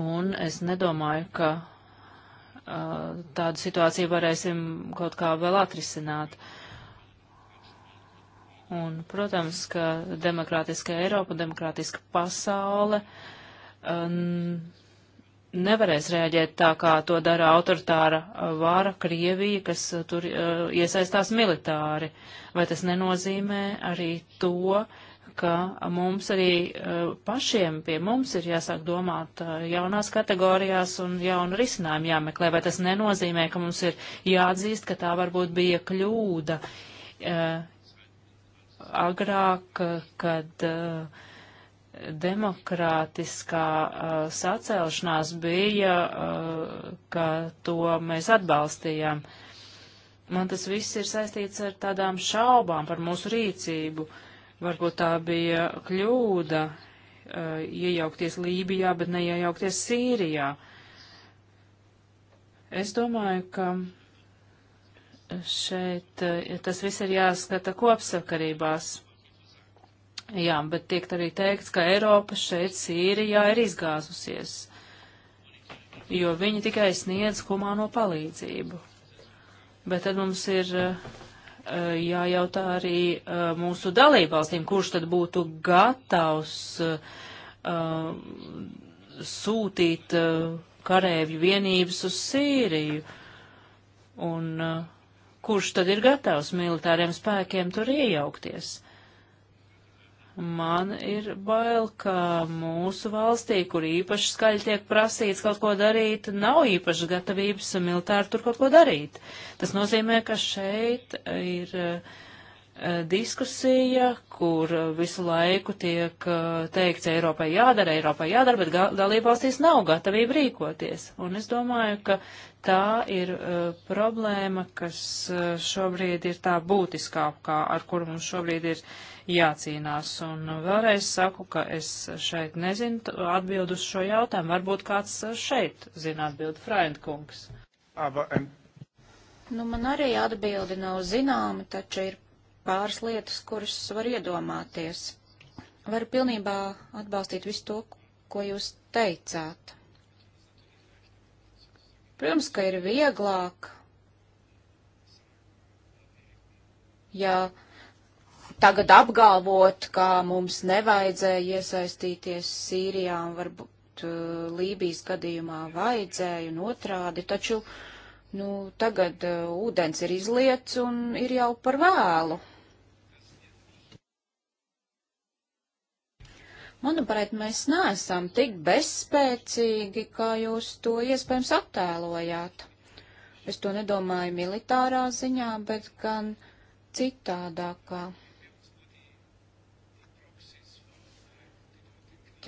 Un es nedomāju, ka uh, tādu situāciju varēsim kaut kā vēl atrisināt. Un, protams, ka demokrātiska Eiropa, demokrātiska pasaule um, nevarēs rēģēt tā, kā to dara autoritāra vāra Krievija, kas uh, tur uh, iesaistās militāri. Vai tas nenozīmē arī to, ka mums arī uh, pašiem pie mums ir jāsāk domāt uh, jaunās kategorijās un jaunu risinājumu jāmeklē? Vai tas nenozīmē, ka mums ir jāatzīst, ka tā varbūt bija kļūda uh, agrāk, uh, kad. Uh, demokrātiskā uh, sacēlšanās bija, uh, ka to mēs atbalstījām. Man tas viss ir saistīts ar tādām šaubām par mūsu rīcību. Varbūt tā bija kļūda uh, iejaukties Lībijā, bet neiejaukties Sīrijā. Es domāju, ka šeit ja uh, tas viss ir jāskata kopsakarībās Jā, bet tiek arī teikts, ka Eiropa šeit Sīrijā ir izgāzusies, jo viņi tikai sniedz humāno palīdzību. Bet tad mums ir eh, jājautā arī eh, mūsu dalībvalstīm, kurš tad būtu gatavs uh, sūtīt uh, karēvju vienības uz Sīriju. Un uh, kurš tad ir gatavs militāriem spēkiem tur iejaukties? Uh, Man ir bail, ka mūsu valstī, kur īpaši skaļi tiek prasīts kaut ko darīt, nav īpaši gatavības militāri tur kaut ko darīt. Tas nozīmē, ka šeit ir uh, diskusija, kur visu laiku tiek uh, teikts Eiropai jādara, Eiropai jādara, bet dalībvalstīs nav gatavība rīkoties. Un es domāju, ka tā ir uh, problēma, kas uh, šobrīd ir tā būtiskākā, ar kuru mums šobrīd ir jācīnās. Un uh, vēlreiz saku, ka es šeit nezinu atbildu uz šo jautājumu. Varbūt kāds uh, šeit zina atbildu, Fraindkungs. Nu, man arī atbildi nav zināma, taču ir pāris lietas, kuras var iedomāties. Varu pilnībā atbalstīt visu to, ko jūs teicāt. Protams, ka ir vieglāk, ja tagad apgalvot, kā mums nevajadzēja iesaistīties Sīrijā un varbūt uh, Lībijas gadījumā vajadzēja un otrādi, taču nu, tagad uh, ūdens ir izliets un ir jau par vēlu. Manuprāt, mēs neesam tik bezspēcīgi, kā jūs to iespējams attēlojāt. Es to nedomāju militārā ziņā, bet gan citādākā.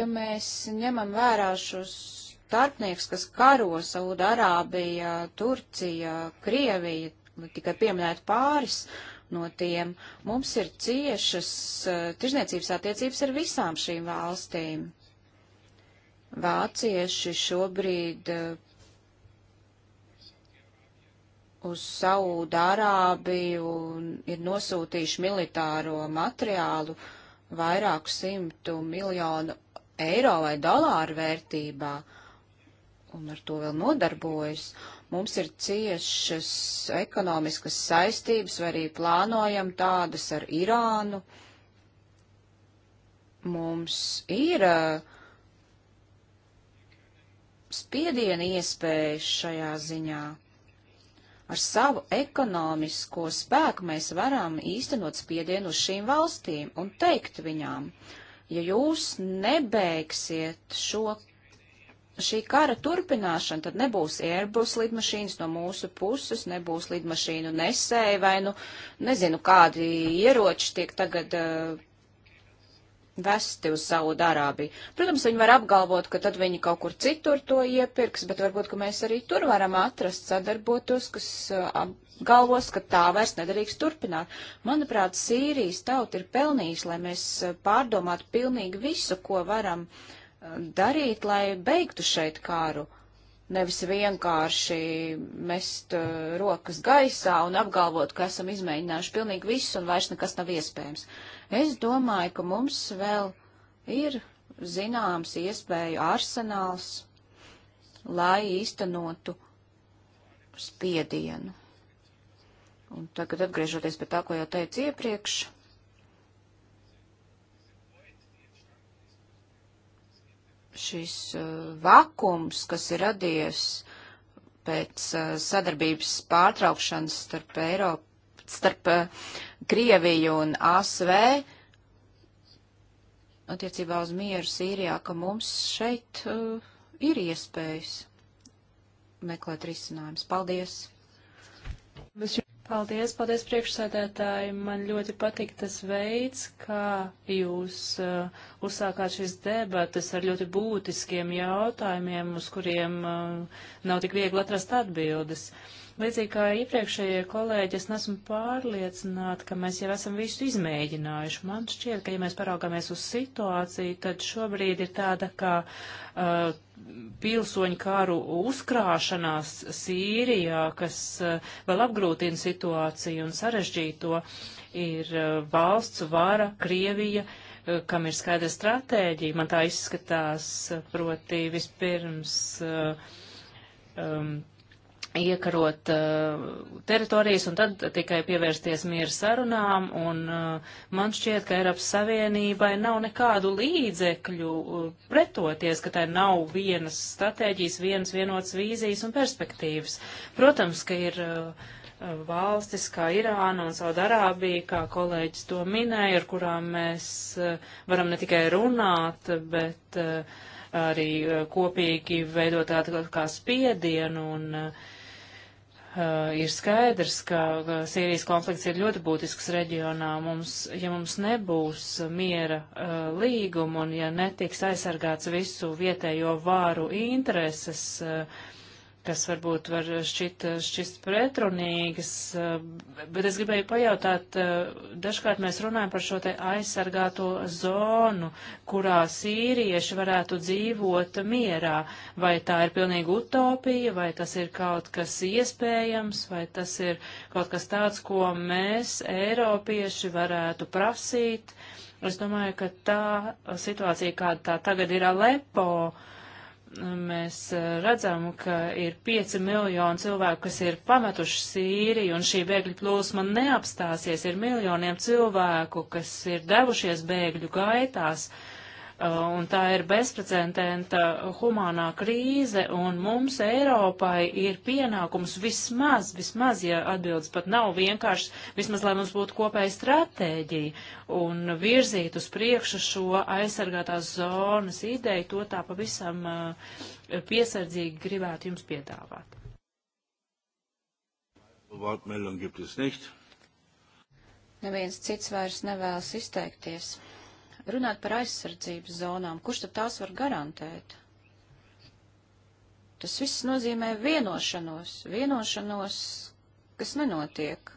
Ja mēs ņemam vērā šos starpnieks, kas karo Saudārābija, Turcija, Krievija, tikai pieminēt pāris, uh, no tiem. Mums ir ciešas eh, tirzniecības attiecības ar visām šīm valstīm. Vācieši šobrīd eh, uz Saudārābiju ir nosūtījuši militāro materiālu vairāku simtu miljonu eiro vai dolāru vērtībā, un ar to vēl nodarbojas. Mums ir ciešas ekonomiskas saistības, vai arī plānojam tādas ar Irānu. Mums ir uh, spiediena iespēja šajā ziņā. Ar savu ekonomisko spēku mēs varam īstenot spiedienu uz šīm valstīm un teikt viņām, ja jūs nebeigsiet šo šī kara turpināšana, tad nebūs Airbus lidmašīnas no mūsu puses, nebūs lidmašīnu nesēji vai, nu, nezinu, kādi ieroči tiek tagad uh, vesti uz Saudārābiju. Protams, viņi var apgalvot, ka tad viņi kaut kur citur to iepirks, bet varbūt, ka mēs arī tur varam atrast sadarbotos, kas uh, apgalvos, ka tā vairs nedarīgs turpināt. Manuprāt, Sīrijas tauta ir pelnījusi, lai mēs eh, pārdomātu pilnīgi visu, ko varam uh, darīt, lai beigtu šeit kāru? Nevis vienkārši mest uh, rokas gaisā un apgalvot, ka esam izmēģinājuši pilnīgi visu un vairs nekas nav iespējams. Es domāju, ka mums vēl ir zināms iespēju arsenāls, lai īstenotu spiedienu. Un tagad atgriežoties pie tā, ko jau teicu iepriekš, šis uh, vakums, kas ir radies pēc uh, sadarbības pārtraukšanas starp Eiropu, starp uh, Krieviju un ASV, attiecībā uz mieru Sīrijā, ka mums šeit uh, ir iespējas meklēt risinājums. Paldies! Paldies, paldies priekšsēdētāji. Man ļoti patīk tas veids, kā jūs uh, uzsākāt šīs debates ar ļoti būtiskiem jautājumiem, uz kuriem uh, nav tik viegli atrast atbildes. Līdzīgi kā iepriekšējie kolēģi, es nesmu pārliecināta, ka mēs jau esam visu izmēģinājuši. Man šķiet, ka, ja mēs paraugāmies uz situāciju, tad šobrīd ir tāda kā uh, pilsoņu kāru uzkrāšanās Sīrijā, kas eh, vēl apgrūtina situāciju un sarežģīto, ir eh, valsts vara, Krievija, eh, kam ir skaidra stratēģija. Man tā izskatās, proti vispirms um, iekarot uh, teritorijas un tad tikai pievērsties mieru sarunām. Un, uh, man šķiet, ka Eiropas Savienībai nav nekādu līdzekļu uh, pretoties, ka tai nav vienas stratēģijas, vienas vienotas vīzijas un perspektīvas. Protams, ka ir uh, uh valstis kā Irāna un Saudarābija, kā kolēģis to minēja, ar kurām mēs uh, varam ne tikai runāt, bet uh, arī uh, kopīgi veidot tādu kā spiedienu un uh, Eh, ir skaidrs, ka Sīrijas konflikts ir ļoti būtisks reģionā. Mums, ja mums nebūs miera uh, līguma un ja netiks aizsargāts visu vietējo vāru intereses, uh, kas varbūt var šķit, šķist pretrunīgas, eh, bet es gribēju pajautāt, eh, dažkārt mēs runājam par šo te aizsargāto zonu, kurā sīrieši varētu dzīvot mierā. Vai tā ir pilnīgi utopija, vai tas ir kaut kas iespējams, vai tas ir kaut kas tāds, ko mēs, eiropieši, varētu prasīt. Es domāju, ka tā situācija, kāda tā tagad ir Alepo, uh, mēs eh, redzam, ka ir 5 miljoni cilvēku, kas ir pametuši Sīriju, un šī bēgļu plūsma neapstāsies. Ir miljoniem cilvēku, kas ir devušies bēgļu gaitās. Uh, Uh, un tā ir bezprecedenta humānā krīze, un mums Eiropai ir pienākums vismaz, vismaz, ja atbildes pat nav vienkārši, vismaz, lai mums būtu kopēja stratēģija un virzīt uz priekšu šo aizsargātās zonas ideju, to tā pavisam uh, piesardzīgi gribētu jums piedāvāt. Neviens cits vairs nevēlas izteikties. Runāt par aizsardzības zonām, kurš tad tās var garantēt? Tas viss nozīmē vienošanos, vienošanos, kas nenotiek.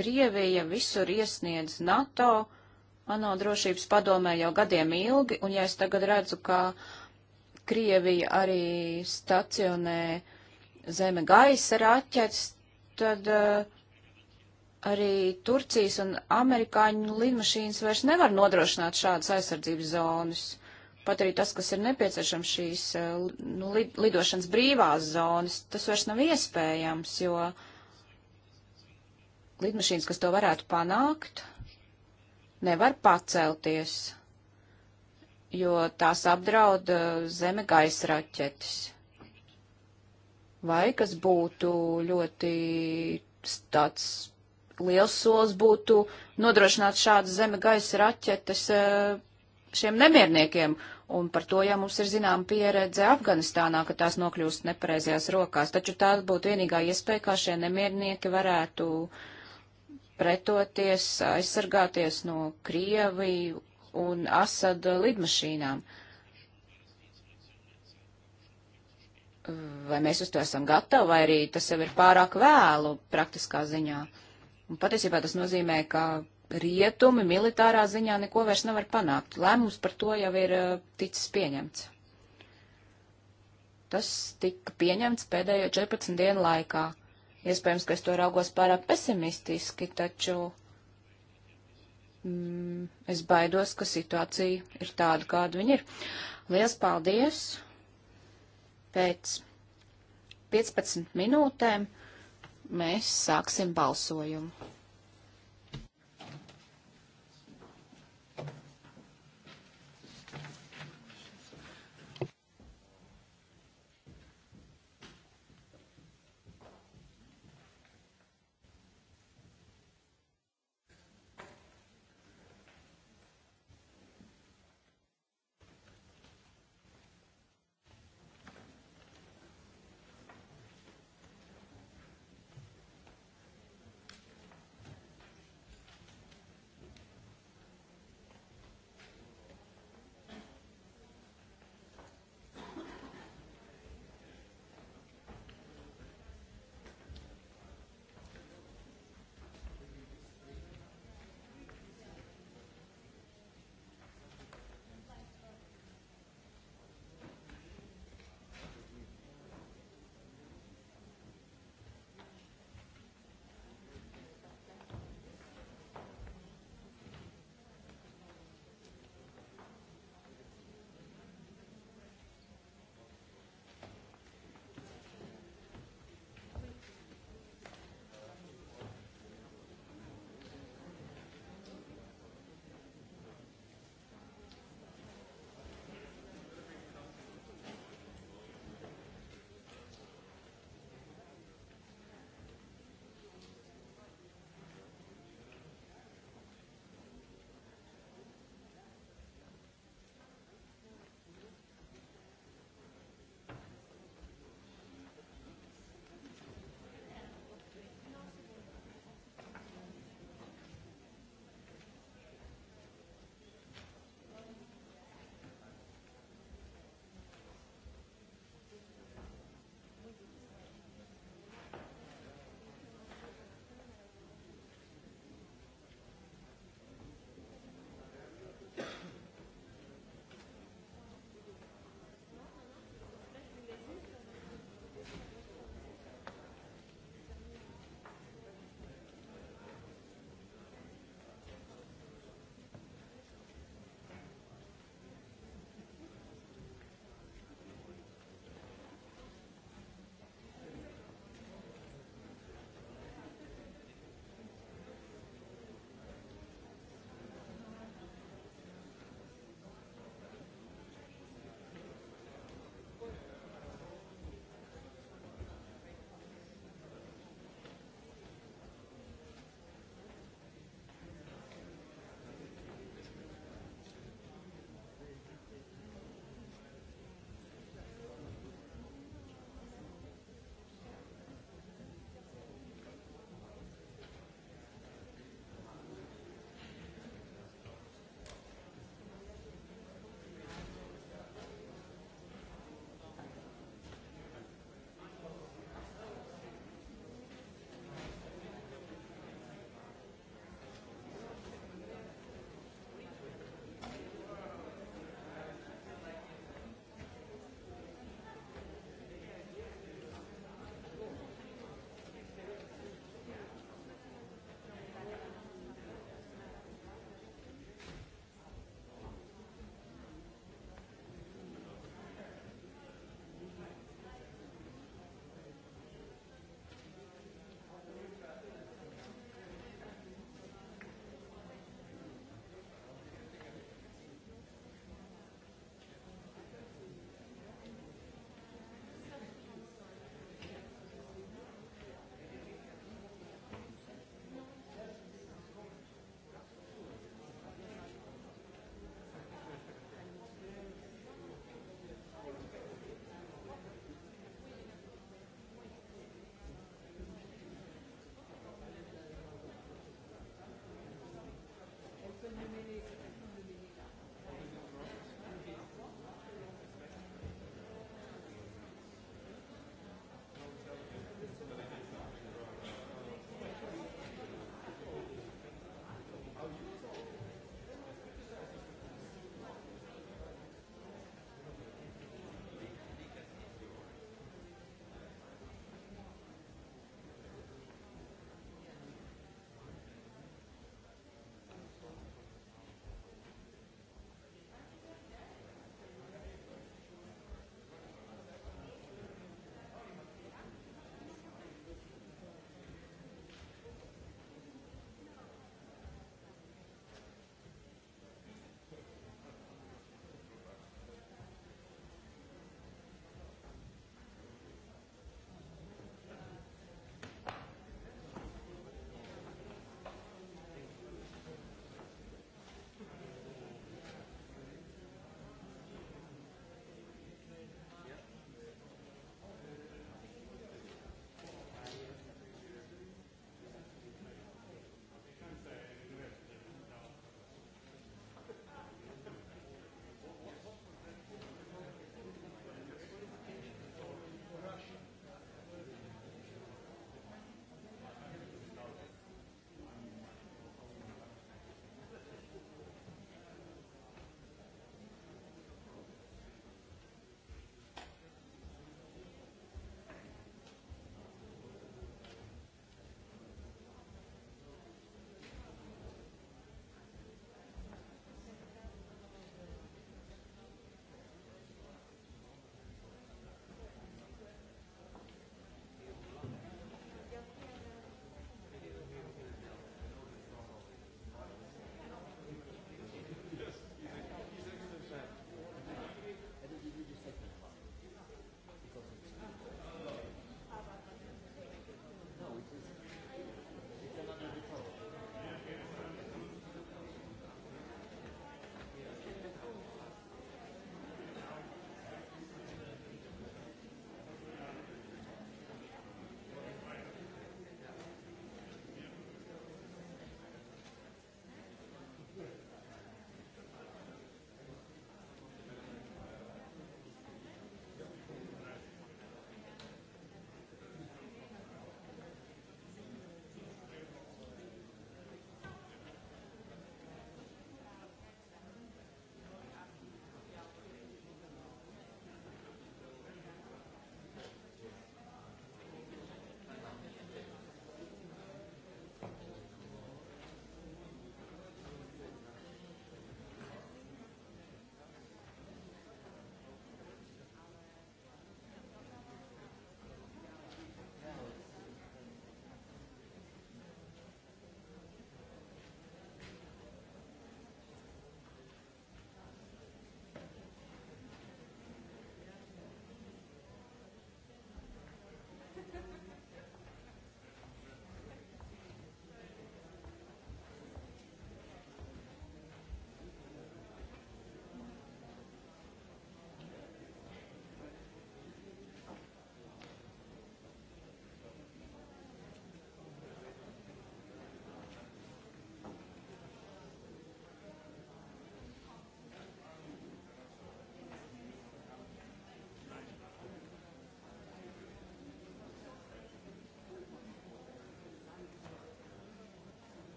Krievija visur iesniedz NATO, ANO drošības padomē jau gadiem ilgi, un ja es tagad redzu, ka Krievija arī stacionē zeme gaisa raķets, tad uh, arī Turcijas un amerikāņu lidmašīnas vairs nevar nodrošināt šādas aizsardzības zonas. Pat arī tas, kas ir nepieciešams šīs eh, nu, lidošanas brīvās zonas, tas vairs nav iespējams, jo lidmašīnas, kas to varētu panākt, nevar pacelties, jo tās apdraud eh, zeme gaisa raķetes. Vai kas būtu ļoti tāds liels solis būtu nodrošināt šādu zeme gaisa raķetes eh, šiem nemierniekiem. Un par to jau mums ir zinām pieredze Afganistānā, ka tās nokļūst nepareizajās rokās. Taču tā būtu vienīgā iespēja, kā šie nemiernieki varētu pretoties, aizsargāties no Krieviju un Asada lidmašīnām. Vai mēs uz to esam gatavi, vai arī tas jau ir pārāk vēlu praktiskā ziņā? Un patiesībā tas nozīmē, ka rietumi militārā ziņā neko vairs nevar panākt. Lēmums par to jau ir uh, ticis pieņemts. Tas tika pieņemts pēdējo 14 dienu laikā. Iespējams, ka es to raugos pārāk pesimistiski, taču mm, es baidos, ka situācija ir tāda, kāda viņa ir. Lielas paldies! Pēc 15 minūtēm mēs sāksim balsojumu.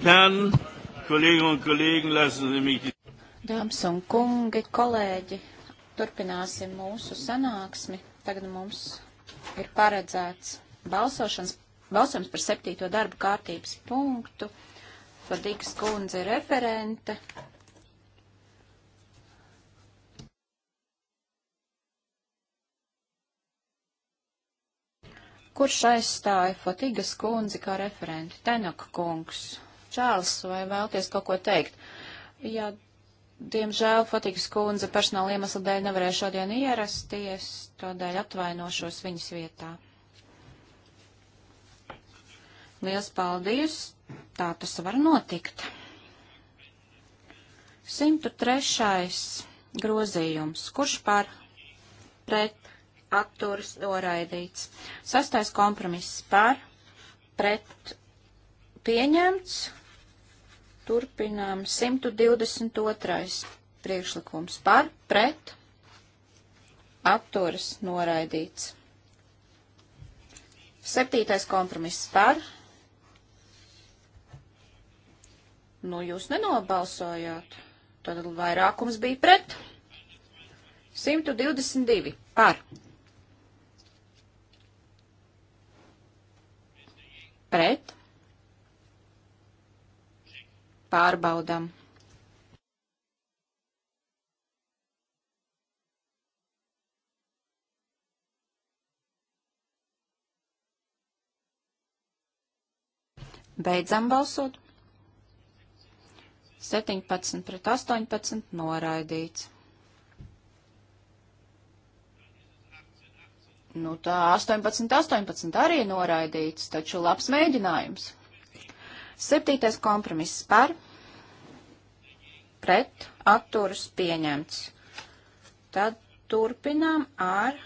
Herren, Kolleginnen und Kollegen, lassen Sie mich. Dāmas un kungi, kolēģi, turpināsim mūsu sanāksmi. Tagad mums ir paredzēts balsošanas, balsojums par septīto darba kārtības punktu. Vadīgas kundze ir referente. Kurš aizstāja Fatigas kundzi kā referenti? Tenaka kungs. Čārls, vai vēlties kaut ko teikt? Jā, diemžēl Fatikas kundze personāla iemesla dēļ nevarēja šodien ierasties, tādēļ atvainošos viņas vietā. Liels paldies! Tā tas var notikt. 103. grozījums. Kurš par pret atturas noraidīts? Sastais kompromiss par pret pieņemts. Turpinām 122. priekšlikums par, pret, atturas noraidīts. Septītais kompromiss par. Nu, jūs nenobalsojāt. Tad vairākums bija pret. 122 par. Pret pārbaudam. Beidzam balsot. 17 pret 18 noraidīts. Nu tā 18, 18 arī noraidīts, taču labs mēģinājums. Septītais kompromiss par, pret, atturas pieņemts. Tad turpinām ar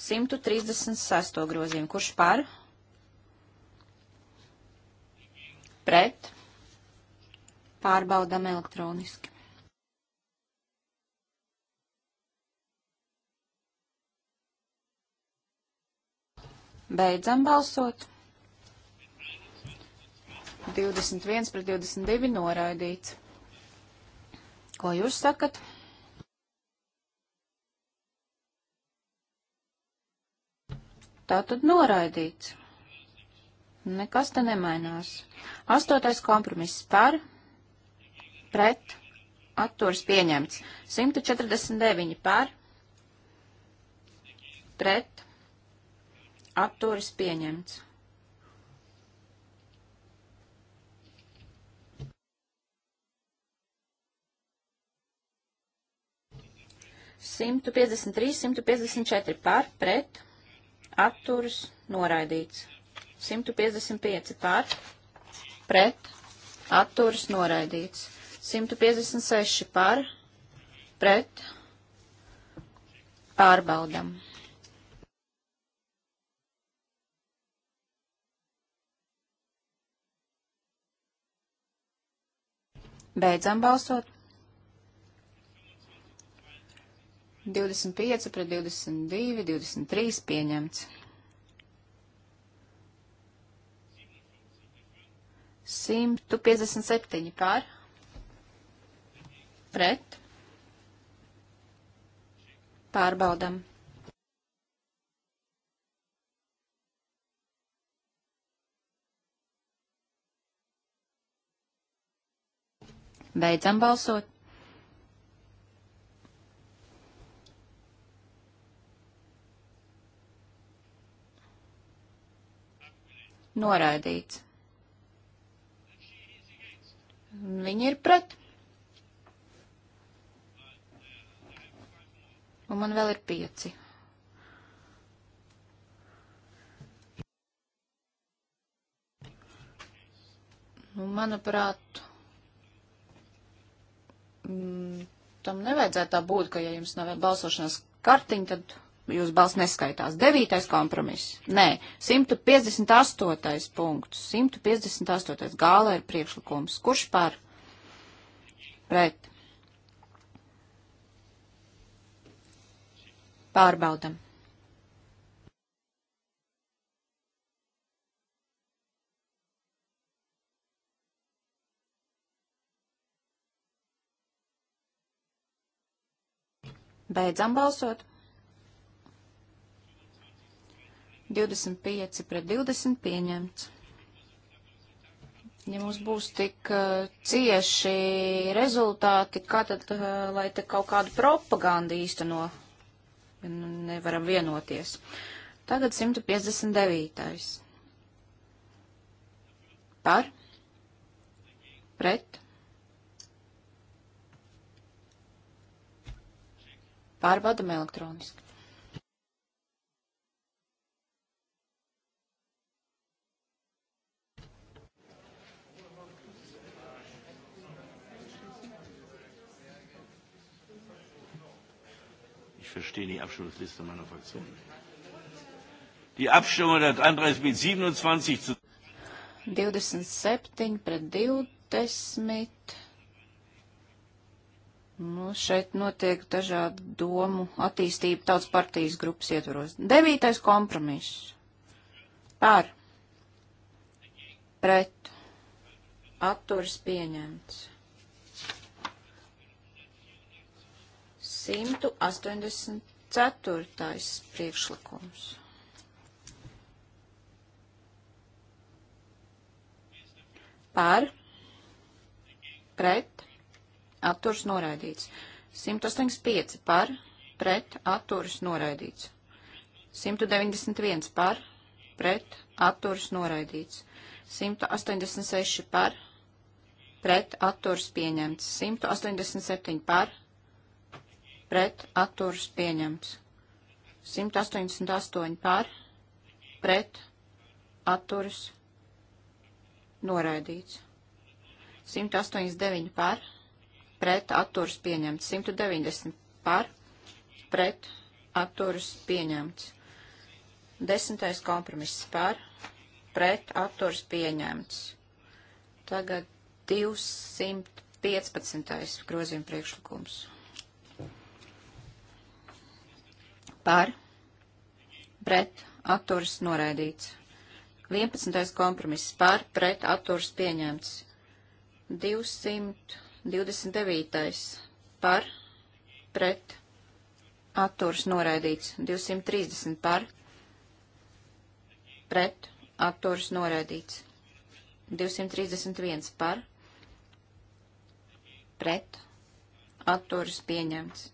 136. grozījumu. Kurš par? Pret. Pārbaudām elektroniski. Beidzam balsot. 21 pret 22 noraidīts. Ko jūs sakat? Tā tad noraidīts. Nekas te nemainās. Astotais kompromiss par, pret, atturs pieņemts. 149 par, pret, atturs pieņemts. 153, 154 par, pret, atturas, noraidīts. 155 par, pret, atturas, noraidīts. 156 par, pret, pārbaudam. Beidzam balsot. 25 pret 22, 23 pieņemts. 157 pār. Pret. Pārbaudam. Beidzam balsot. Noraidīts. Viņi ir pret. Un man vēl ir pieci. Nu, manuprāt, mm, tam nevajadzētu tā būt, ka ja jums nav balsošanas kartiņa, tad jūs balss neskaitās. Devītais kompromiss. Nē, 158. punkts. 158. gāla ir priekšlikums. Kurš par? Pret. Pārbaudam. Beidzam balsot. 25 pret 20 pieņemts. Ja mums būs tik uh, cieši rezultāti, kā tad, uh, lai te kaut kādu propagandu īsteno, ja nu nevaram vienoties. Tagad 159. Par? Pret? Pārbaudam elektroniski. verstehe die Abstimmungsliste meiner Fraktion. Die Abstimmung hat Andreas mit 27 zu 27 pret 20. Nu, šeit notiek dažādu domu attīstība tautas partijas grupas ietvaros. Devītais kompromiss. Par. Pret. Atturis pieņemts. 184. priekšlikums. Par, pret, atturs noraidīts. 185 par, pret, atturs noraidīts. 191 par, pret, atturs noraidīts. 186 par, pret, atturs pieņemts. 187 par, pret atturas pieņemts. 188 par pret atturas noraidīts. 189 par pret atturas pieņemts. 190 par pret atturas pieņemts. Desmitais kompromiss par pret atturas pieņemts. Tagad 215. grozījuma priekšlikums. par, pret, atturs noraidīts. 11. kompromiss par, pret, atturs pieņemts. 229. par, pret, atturs noraidīts. 230 par, pret, atturs noraidīts. 231 par, pret, atturs pieņemts.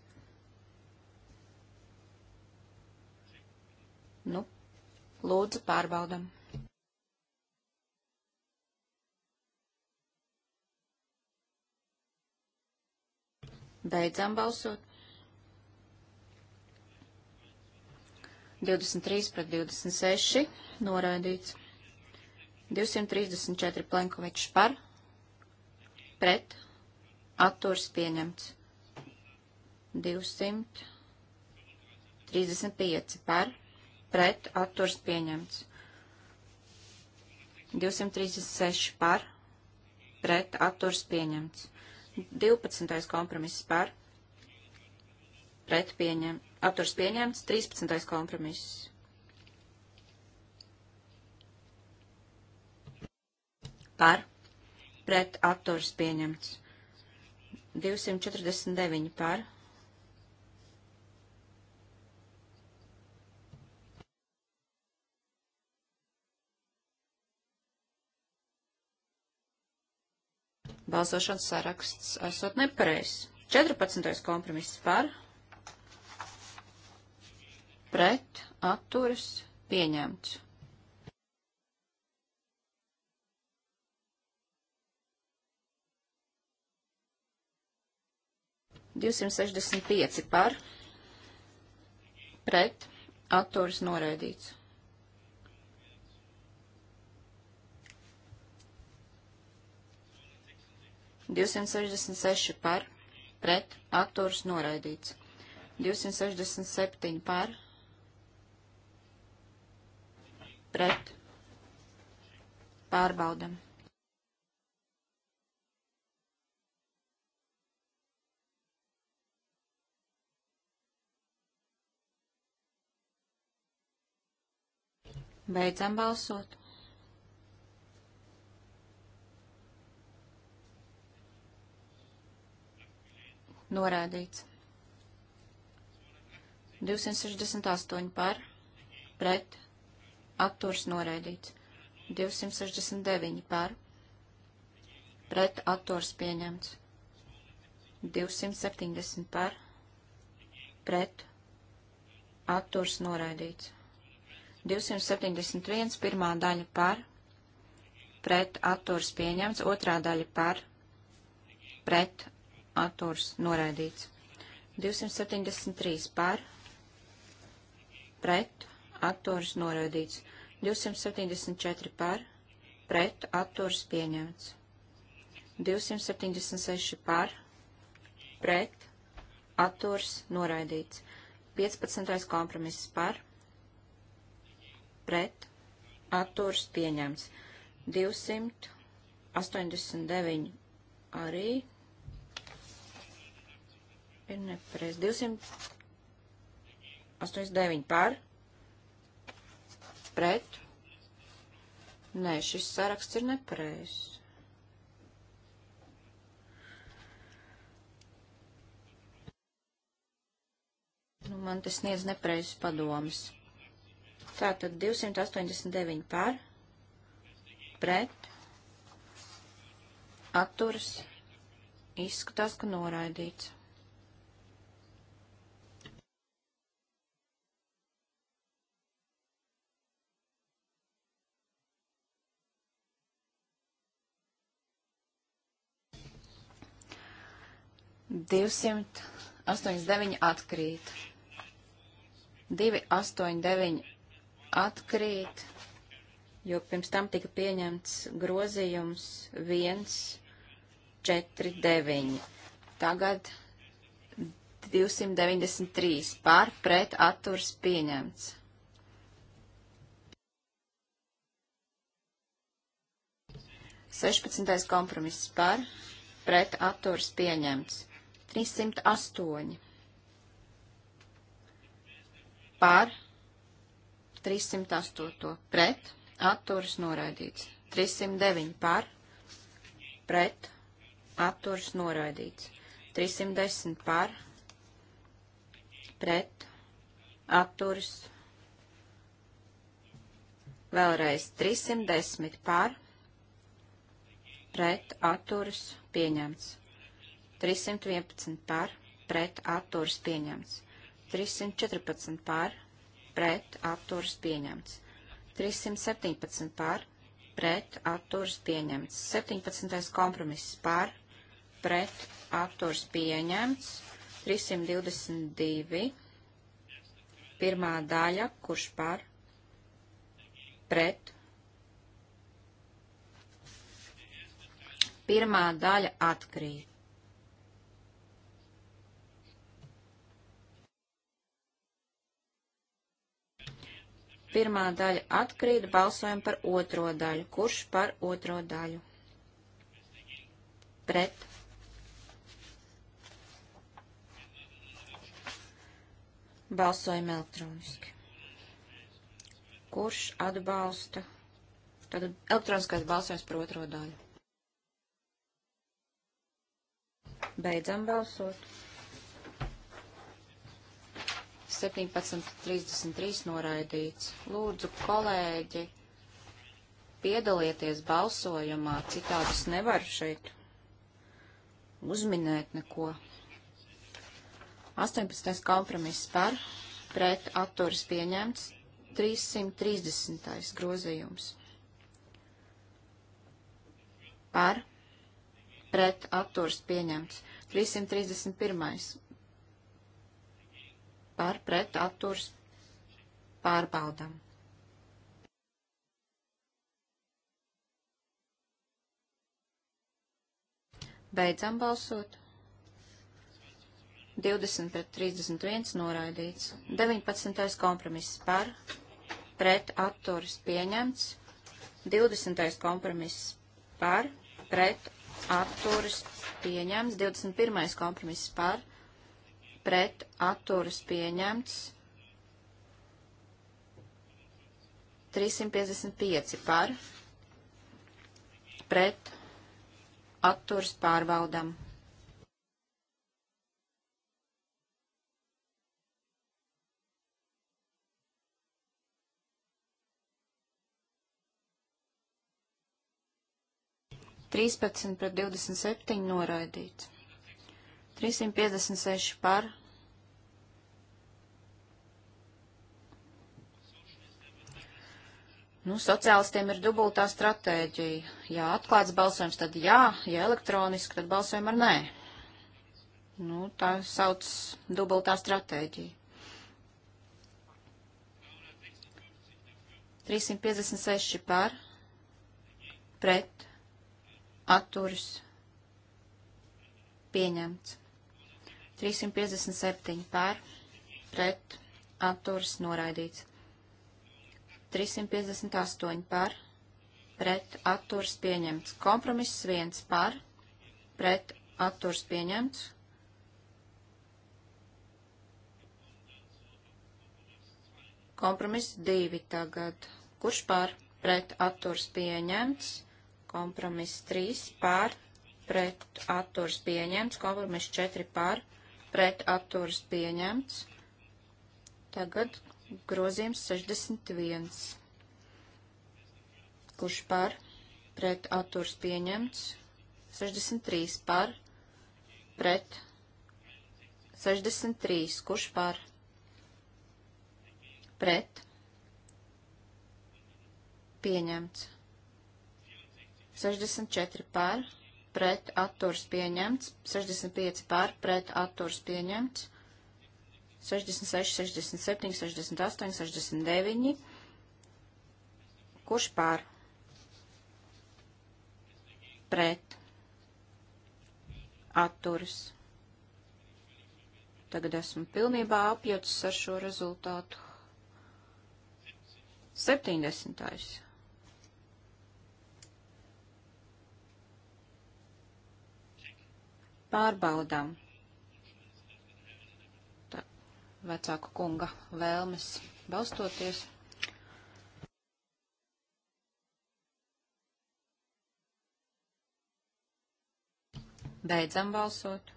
Nu, lūdzu, pārbaudam. Beidzām balsot. 23 pret 26 noraidīts. 234 Plenkovičs par, pret, atturs pieņemts. 235 par, pret atturs pieņemts. 236 par, pret atturs pieņemts. 12. kompromiss par, pret pieņem, atturs pieņemts. 13. kompromiss. Par, pret atturs pieņemts. 249 par, balsošanas saraksts esot nepareizs. 14. kompromiss par, pret, atturas, pieņemts. Divsimt sešdesmit pieci par, pret, atturas noraidīts. 266 par, pret, atturs noraidīts. 267 par, pret, pārbaudam. Beidzam balsot. Norādīts. 268 par, pret, atturs noraidīts. 269 par, pret, atturs pieņemts. 270 par, pret, atturs noraidīts. 271 pirmā daļa par, pret, atturs pieņemts, otrā daļa par, pret, atturs noraidīts. 273 par, pret, atturs noraidīts. 274 par, pret, atturs pieņemts. 276 par, pret, atturs noraidīts. 15. kompromiss par, pret, atturs pieņemts. 289 arī ir nepareiz. 289 par, pret. Nē, šis saraksts ir nepareiz. Nu, man tas sniedz nepareizes padomas. Tātad 289 par, pret, atturas, izskatās, ka noraidīts. 289 atkrīt. 289 atkrīt, jo pirms tam tika pieņemts grozījums 149. Tagad 293 pār pret atturs pieņemts. Sešpadsmitais kompromiss par pret atturs pieņemts. 308 par 308 pret atturas noraidīts. 309 par pret atturas noraidīts. 310 par pret atturas noraidīts. Vēlreiz 310 pār, pret atturas pieņemts. 311 par, pret atturas pieņemts. 314 par, pret atturas pieņemts. 317 par, pret atturas pieņemts. 17. kompromiss par, pret atturas pieņemts. 322. Pirmā daļa, kurš par, pret. Pirmā daļa atkrīt. pirmā daļa atkrīt, balsojam par otro daļu. Kurš par otro daļu? Pret. Balsojam elektroniski. Kurš atbalsta? Tad elektroniskais balsojums par otro daļu. Beidzam balsot. 17.33 noraidīts. Lūdzu, kolēģi, piedalieties balsojumā, citādi es nevaru šeit uzminēt neko. 18. kompromiss par, pret atturis pieņemts, 330. grozījums. Par, pret atturis pieņemts, 331 par pret atturs pārbaudam. Beidzam balsot. 20 pret 31 noraidīts. 19. kompromiss par, pret atturis pieņemts. 20. kompromiss par, pret atturis pieņemts. 21. kompromiss par, pret atturas pieņemts. 355 par pret atturas pārbaudam. Trīspadsmit pret divdesmit septiņi noraidīts. 356 par Nu, sociālistiem ir dubultā stratēģija. Ja atklāts balsojums, tad jā, ja elektroniski, tad balsojam ar nē. Nu, tā sauc dubultā stratēģija. 356 par, pret, atturis, pieņemts. 357 par, pret, atturis, noraidīts. 358 par, pret atturs pieņemts. Kompromiss 1 par, pret atturs pieņemts. Kompromiss 2 tagad. Kurš par, pret atturs pieņemts? Kompromiss 3 par, pret atturs pieņemts. Kompromiss 4 par, pret atturs pieņemts. Tagad grozījums 61. Kurš par? Pret atturs pieņemts. 63 par. Pret. 63. Kurš par? Pret. Pieņemts. 64 par. Pret atturs pieņemts. 65 par. Pret atturs pieņemts. 66, 67, 68, 69. Kurš pār? Pret. Atturis. Tagad esmu pilnībā apjūts ar šo rezultātu. 70. Pārbaudām vecāku kunga vēlmes balstoties. Beidzam balsot.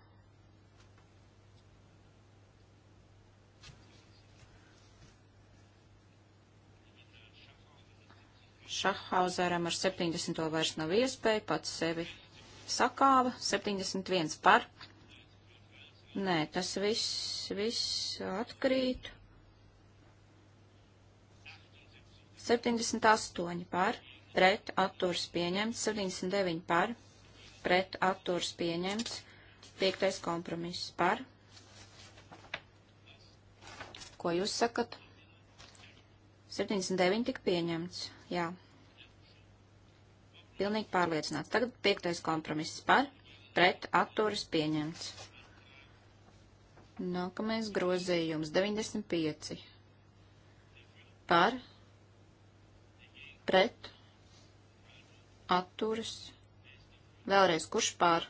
Šahhauzeram ar 70. vairs nav iespēja, pats sevi sakāva, 71 par Nē, tas viss, viss atkrīt. 78 par, pret atturs pieņemts, 79 par, pret atturs pieņemts, 5. kompromiss par. Ko jūs sakat? 79 tik pieņemts, jā. Pilnīgi pārliecināts. Tagad 5. kompromiss par, pret atturs pieņemts. Nākamais grozījums 95. Par, pret, atturas, vēlreiz kurš par,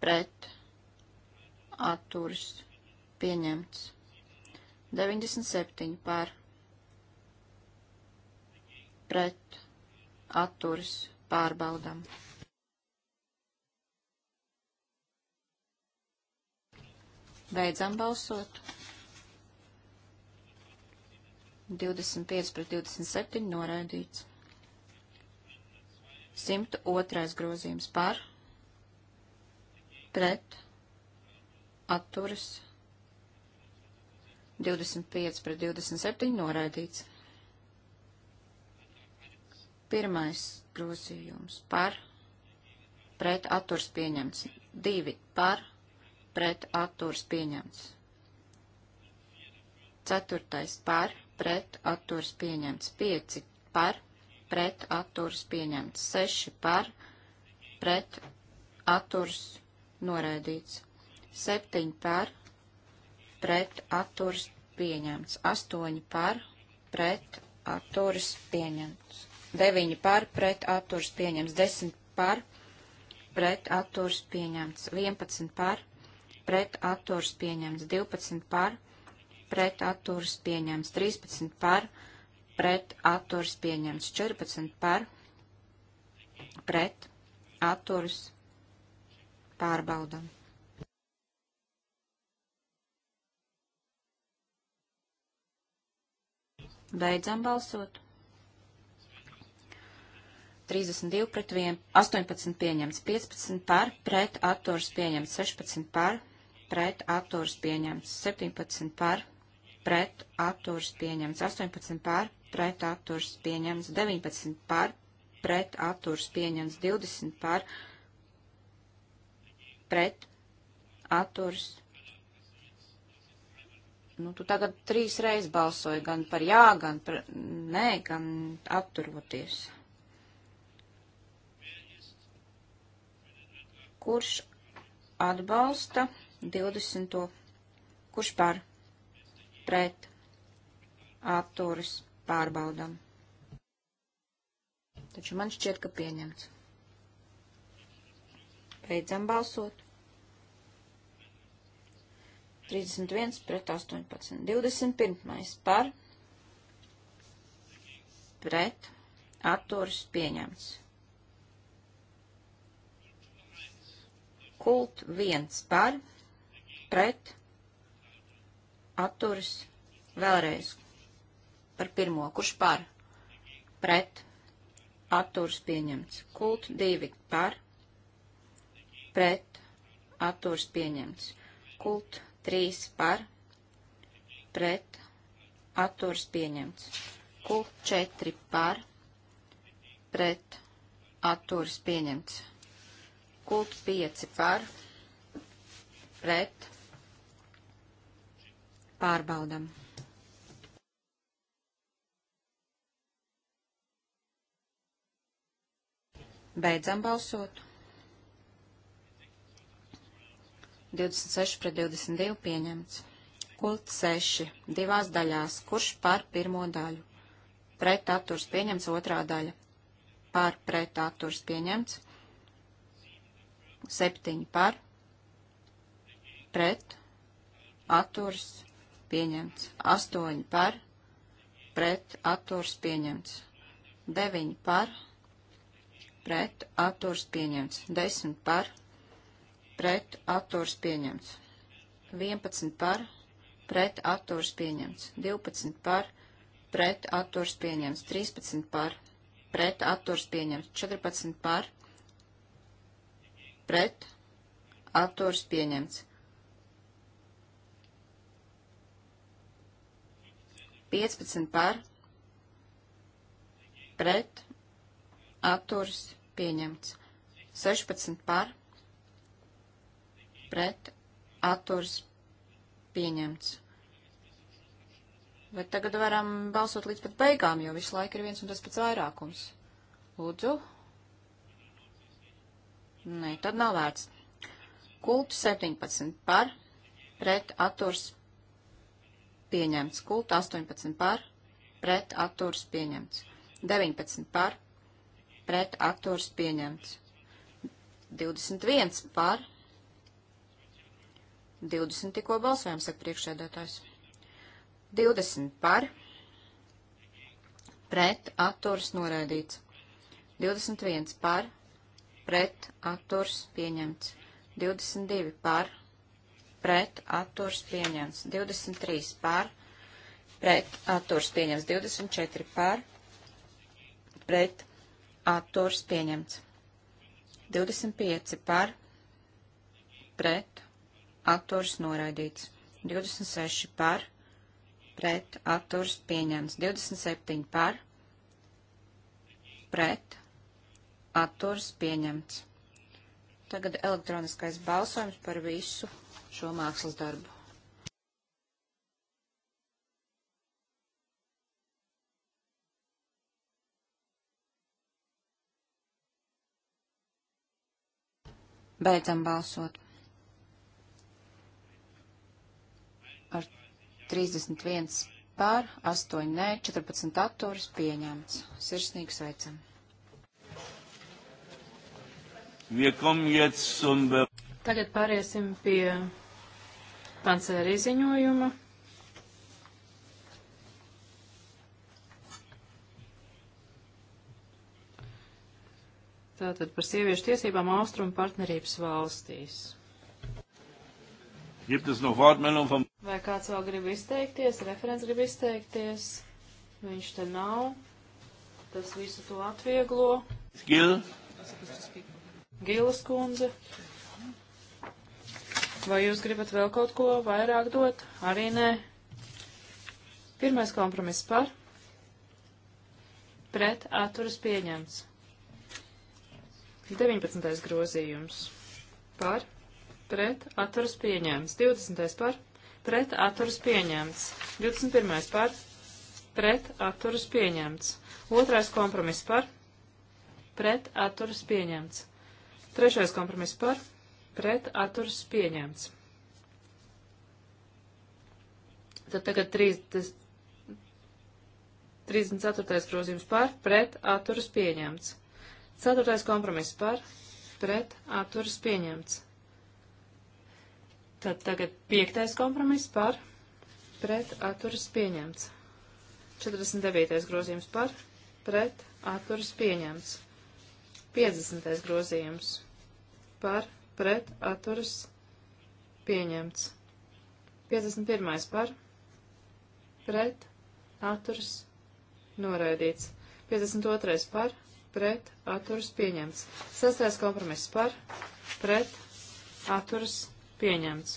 pret, atturas, pieņemts. 97 par, pret, atturas, pārbaudam. Beidzam balsot. 25 pret 27 noraidīts. 102. grozījums par, pret, atturas, 25 pret 27 noraidīts. Pirmais grozījums par, pret, atturs pieņemts, divi par, pret atturs pieņemts. Ceturtais par pret atturs pieņemts. Pieci par pret atturs pieņemts. Seši par pret atturs noraidīts. Septiņi par pret atturs pieņemts. Astoņi par pret atturs pieņemts. Deviņi par pret atturs pieņemts. Desmit par pret atturs pieņemts. Vienpadsmit par pret pret atturs pieņemts 12 par, pret atturs pieņemts 13 par, pret atturs pieņemts 14 par, pret atturs pārbaudam. Beidzam balsot. 32 pret 1, 18 pieņemts, 15 par, pret atturs pieņemts, 16 par, pret atturs pieņemts 17 par, pret atturs pieņemts 18 par, pret atturs pieņemts 19 par, pret atturs pieņemts 20 par, pret atturs. Nu, tu tagad trīs reizes balsoji gan par jā, gan par nē, gan atturoties. Kurš atbalsta 20. Kurš par? Pret. Atturis. Pārbaudam. Taču man šķiet, ka pieņemts. Beidzam balsot. 31 pret 18. 21. par. Pret. Atturis pieņemts. Kult 1 par pret, atturas, vēlreiz par pirmo, kurš par, pret, atturas pieņemts. Kult divi par, pret, atturas pieņemts. Kult trīs par, pret, atturas pieņemts. Kult četri par, pret, atturas pieņemts. Kult pieci par, pret, Pārbaudam. Beidzam balsot. 26 pret 22 pieņemts. Kult 6. Divās daļās. Kurš par pirmo daļu? Pret atturs pieņemts otrā daļa. Par pret atturs pieņemts. 7 par. Pret atturs pieņemts. 8 par, pret atturs pieņemts. 9 par, pret atturs pieņemts. 10 par, pret atturs pieņemts. 11 par, pret atturs pieņemts. 12 par, pret atturs pieņemts. 13 par, pret atturs pieņemts. 14 par, pret atturs pieņemts. 15 par, pret, atturas pieņemts. 16 par, pret, atturas pieņemts. Bet tagad varam balsot līdz pat beigām, jo visu laiku ir viens un tas pats vairākums. Lūdzu. Nē, tad nav vērts. Kultu 17 par, pret, atturas pieņemts pieņemts. Kult 18 par, pret atturs pieņemts. 19 par, pret atturs pieņemts. 21 par, 20 tikko balsojām, saka priekšēdētājs. 20 par, pret atturs noraidīts. 21 par, pret atturs pieņemts. 22 par, pret atturs pieņemts 23 par, pret atturs pieņemts 24 par, pret atturs pieņemts 25 par, pret atturs noraidīts 26 par, pret atturs pieņemts 27 par, pret atturs pieņemts. Tagad elektroniskais balsojums par visu šo mākslas darbu. Beidzam balsot. Ar 31 pār, 8 nē, 14 atturis pieņemts. Sirsnīgi sveicam. Tagad pāriesim pie pancērī ziņojuma. Tātad par sieviešu tiesībām austrumu partnerības valstīs. Vai kāds vēl grib izteikties? Referents grib izteikties. Viņš te nav. Tas visu to atvieglo. Gil. Gilas kundze. Vai jūs gribat vēl kaut ko vairāk dot? Arī nē. Pirmais kompromiss par. Pret atturas pieņemts. 19. grozījums. Par. Pret atturas pieņemts. 20. par. Pret atturas pieņemts. 21. par. Pret atturas pieņemts. Otrais kompromiss par. Pret atturas pieņemts. Trešais kompromiss par pret atturas pieņemts. Tad tagad 30, 34. grozījums par, pret atturas pieņemts. 4. kompromiss par, pret atturas pieņemts. Tad tagad 5. kompromiss par, pret atturas pieņemts. 49. grozījums par, pret atturas pieņemts. 50. grozījums par, pret atturas pieņemts. 51. par pret atturas noraidīts. 52. par pret atturas pieņemts. 6. kompromiss par pret atturas pieņemts.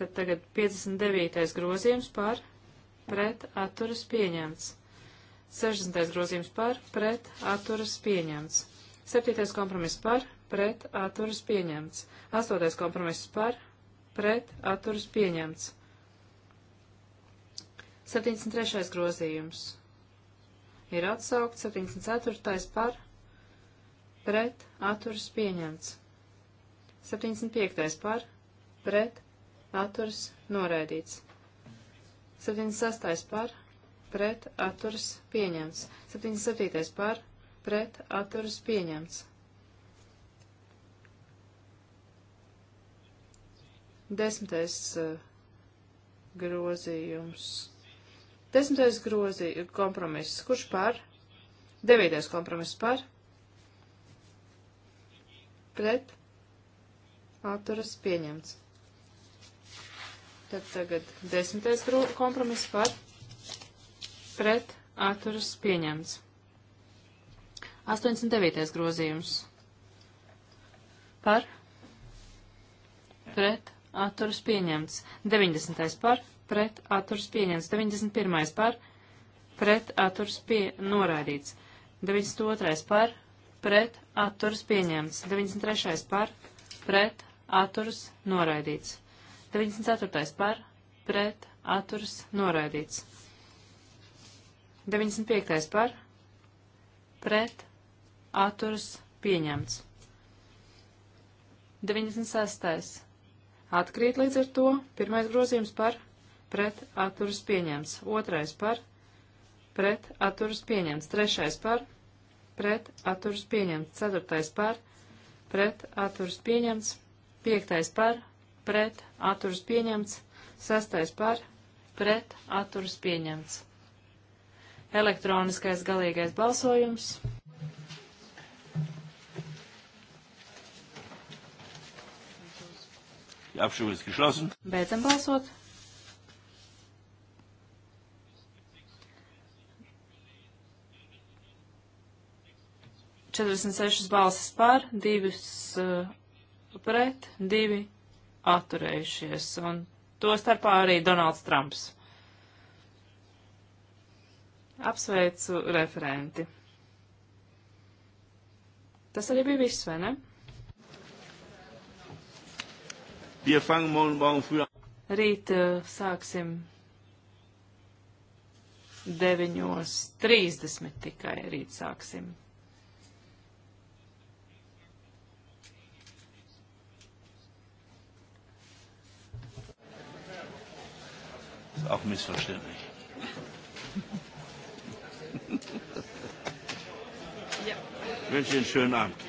Tad tagad 59. grozījums par pret atturas pieņemts. 60. grozījums par pret atturas pieņemts. 7. kompromiss par pret atturas pieņemts. Astotais kompromiss par pret atturas pieņemts. 73. grozījums ir atsaukt, 74. par pret atturas pieņemts. 75. par pret atturas noraidīts. 76. par pret atturas pieņemts. 77. par pret atturas pieņemts. Desmitais eh, grozījums. Desmitais grozī, kompromiss. Kurš par? Devītais kompromiss par? Pret? Atturas pieņemts. Tad tagad desmitais kompromiss par? Pret? Atturas pieņemts. 89. grozījums. Par? Pret? atturas pieņemts. 90. par pret atturas pieņemts. 91. par pret atturas pie noraidīts. 92. par pret atturas pieņemts. 93. par pret atturas noraidīts. 94. par pret atturas noraidīts. 95. par pret atturas pieņemts. 96. Atkrīt līdz ar to pirmais grozījums par pret atturas pieņemts, otrais par pret atturas pieņemts, trešais par pret atturas pieņemts, ceturtais par pret atturas pieņemts, piektais par pret atturas pieņemts, sastais par pret atturas pieņemts. Elektroniskais galīgais balsojums. Die Abstimmung ist geschlossen. Beidzam balsot. Četrdesmit sešas balsis par, divas uh, pret, divi atturējušies. Un to starpā arī Donalds Trumps. Apsveicu referenti. Tas arī bija viss, vai ne? Wir fangen morgen, morgen früh an. Rīt uh, sāksim 9.30 tikai rīt sāksim. Auch missverständlich. ja. Ich wünsche Ihnen einen schönen Abend.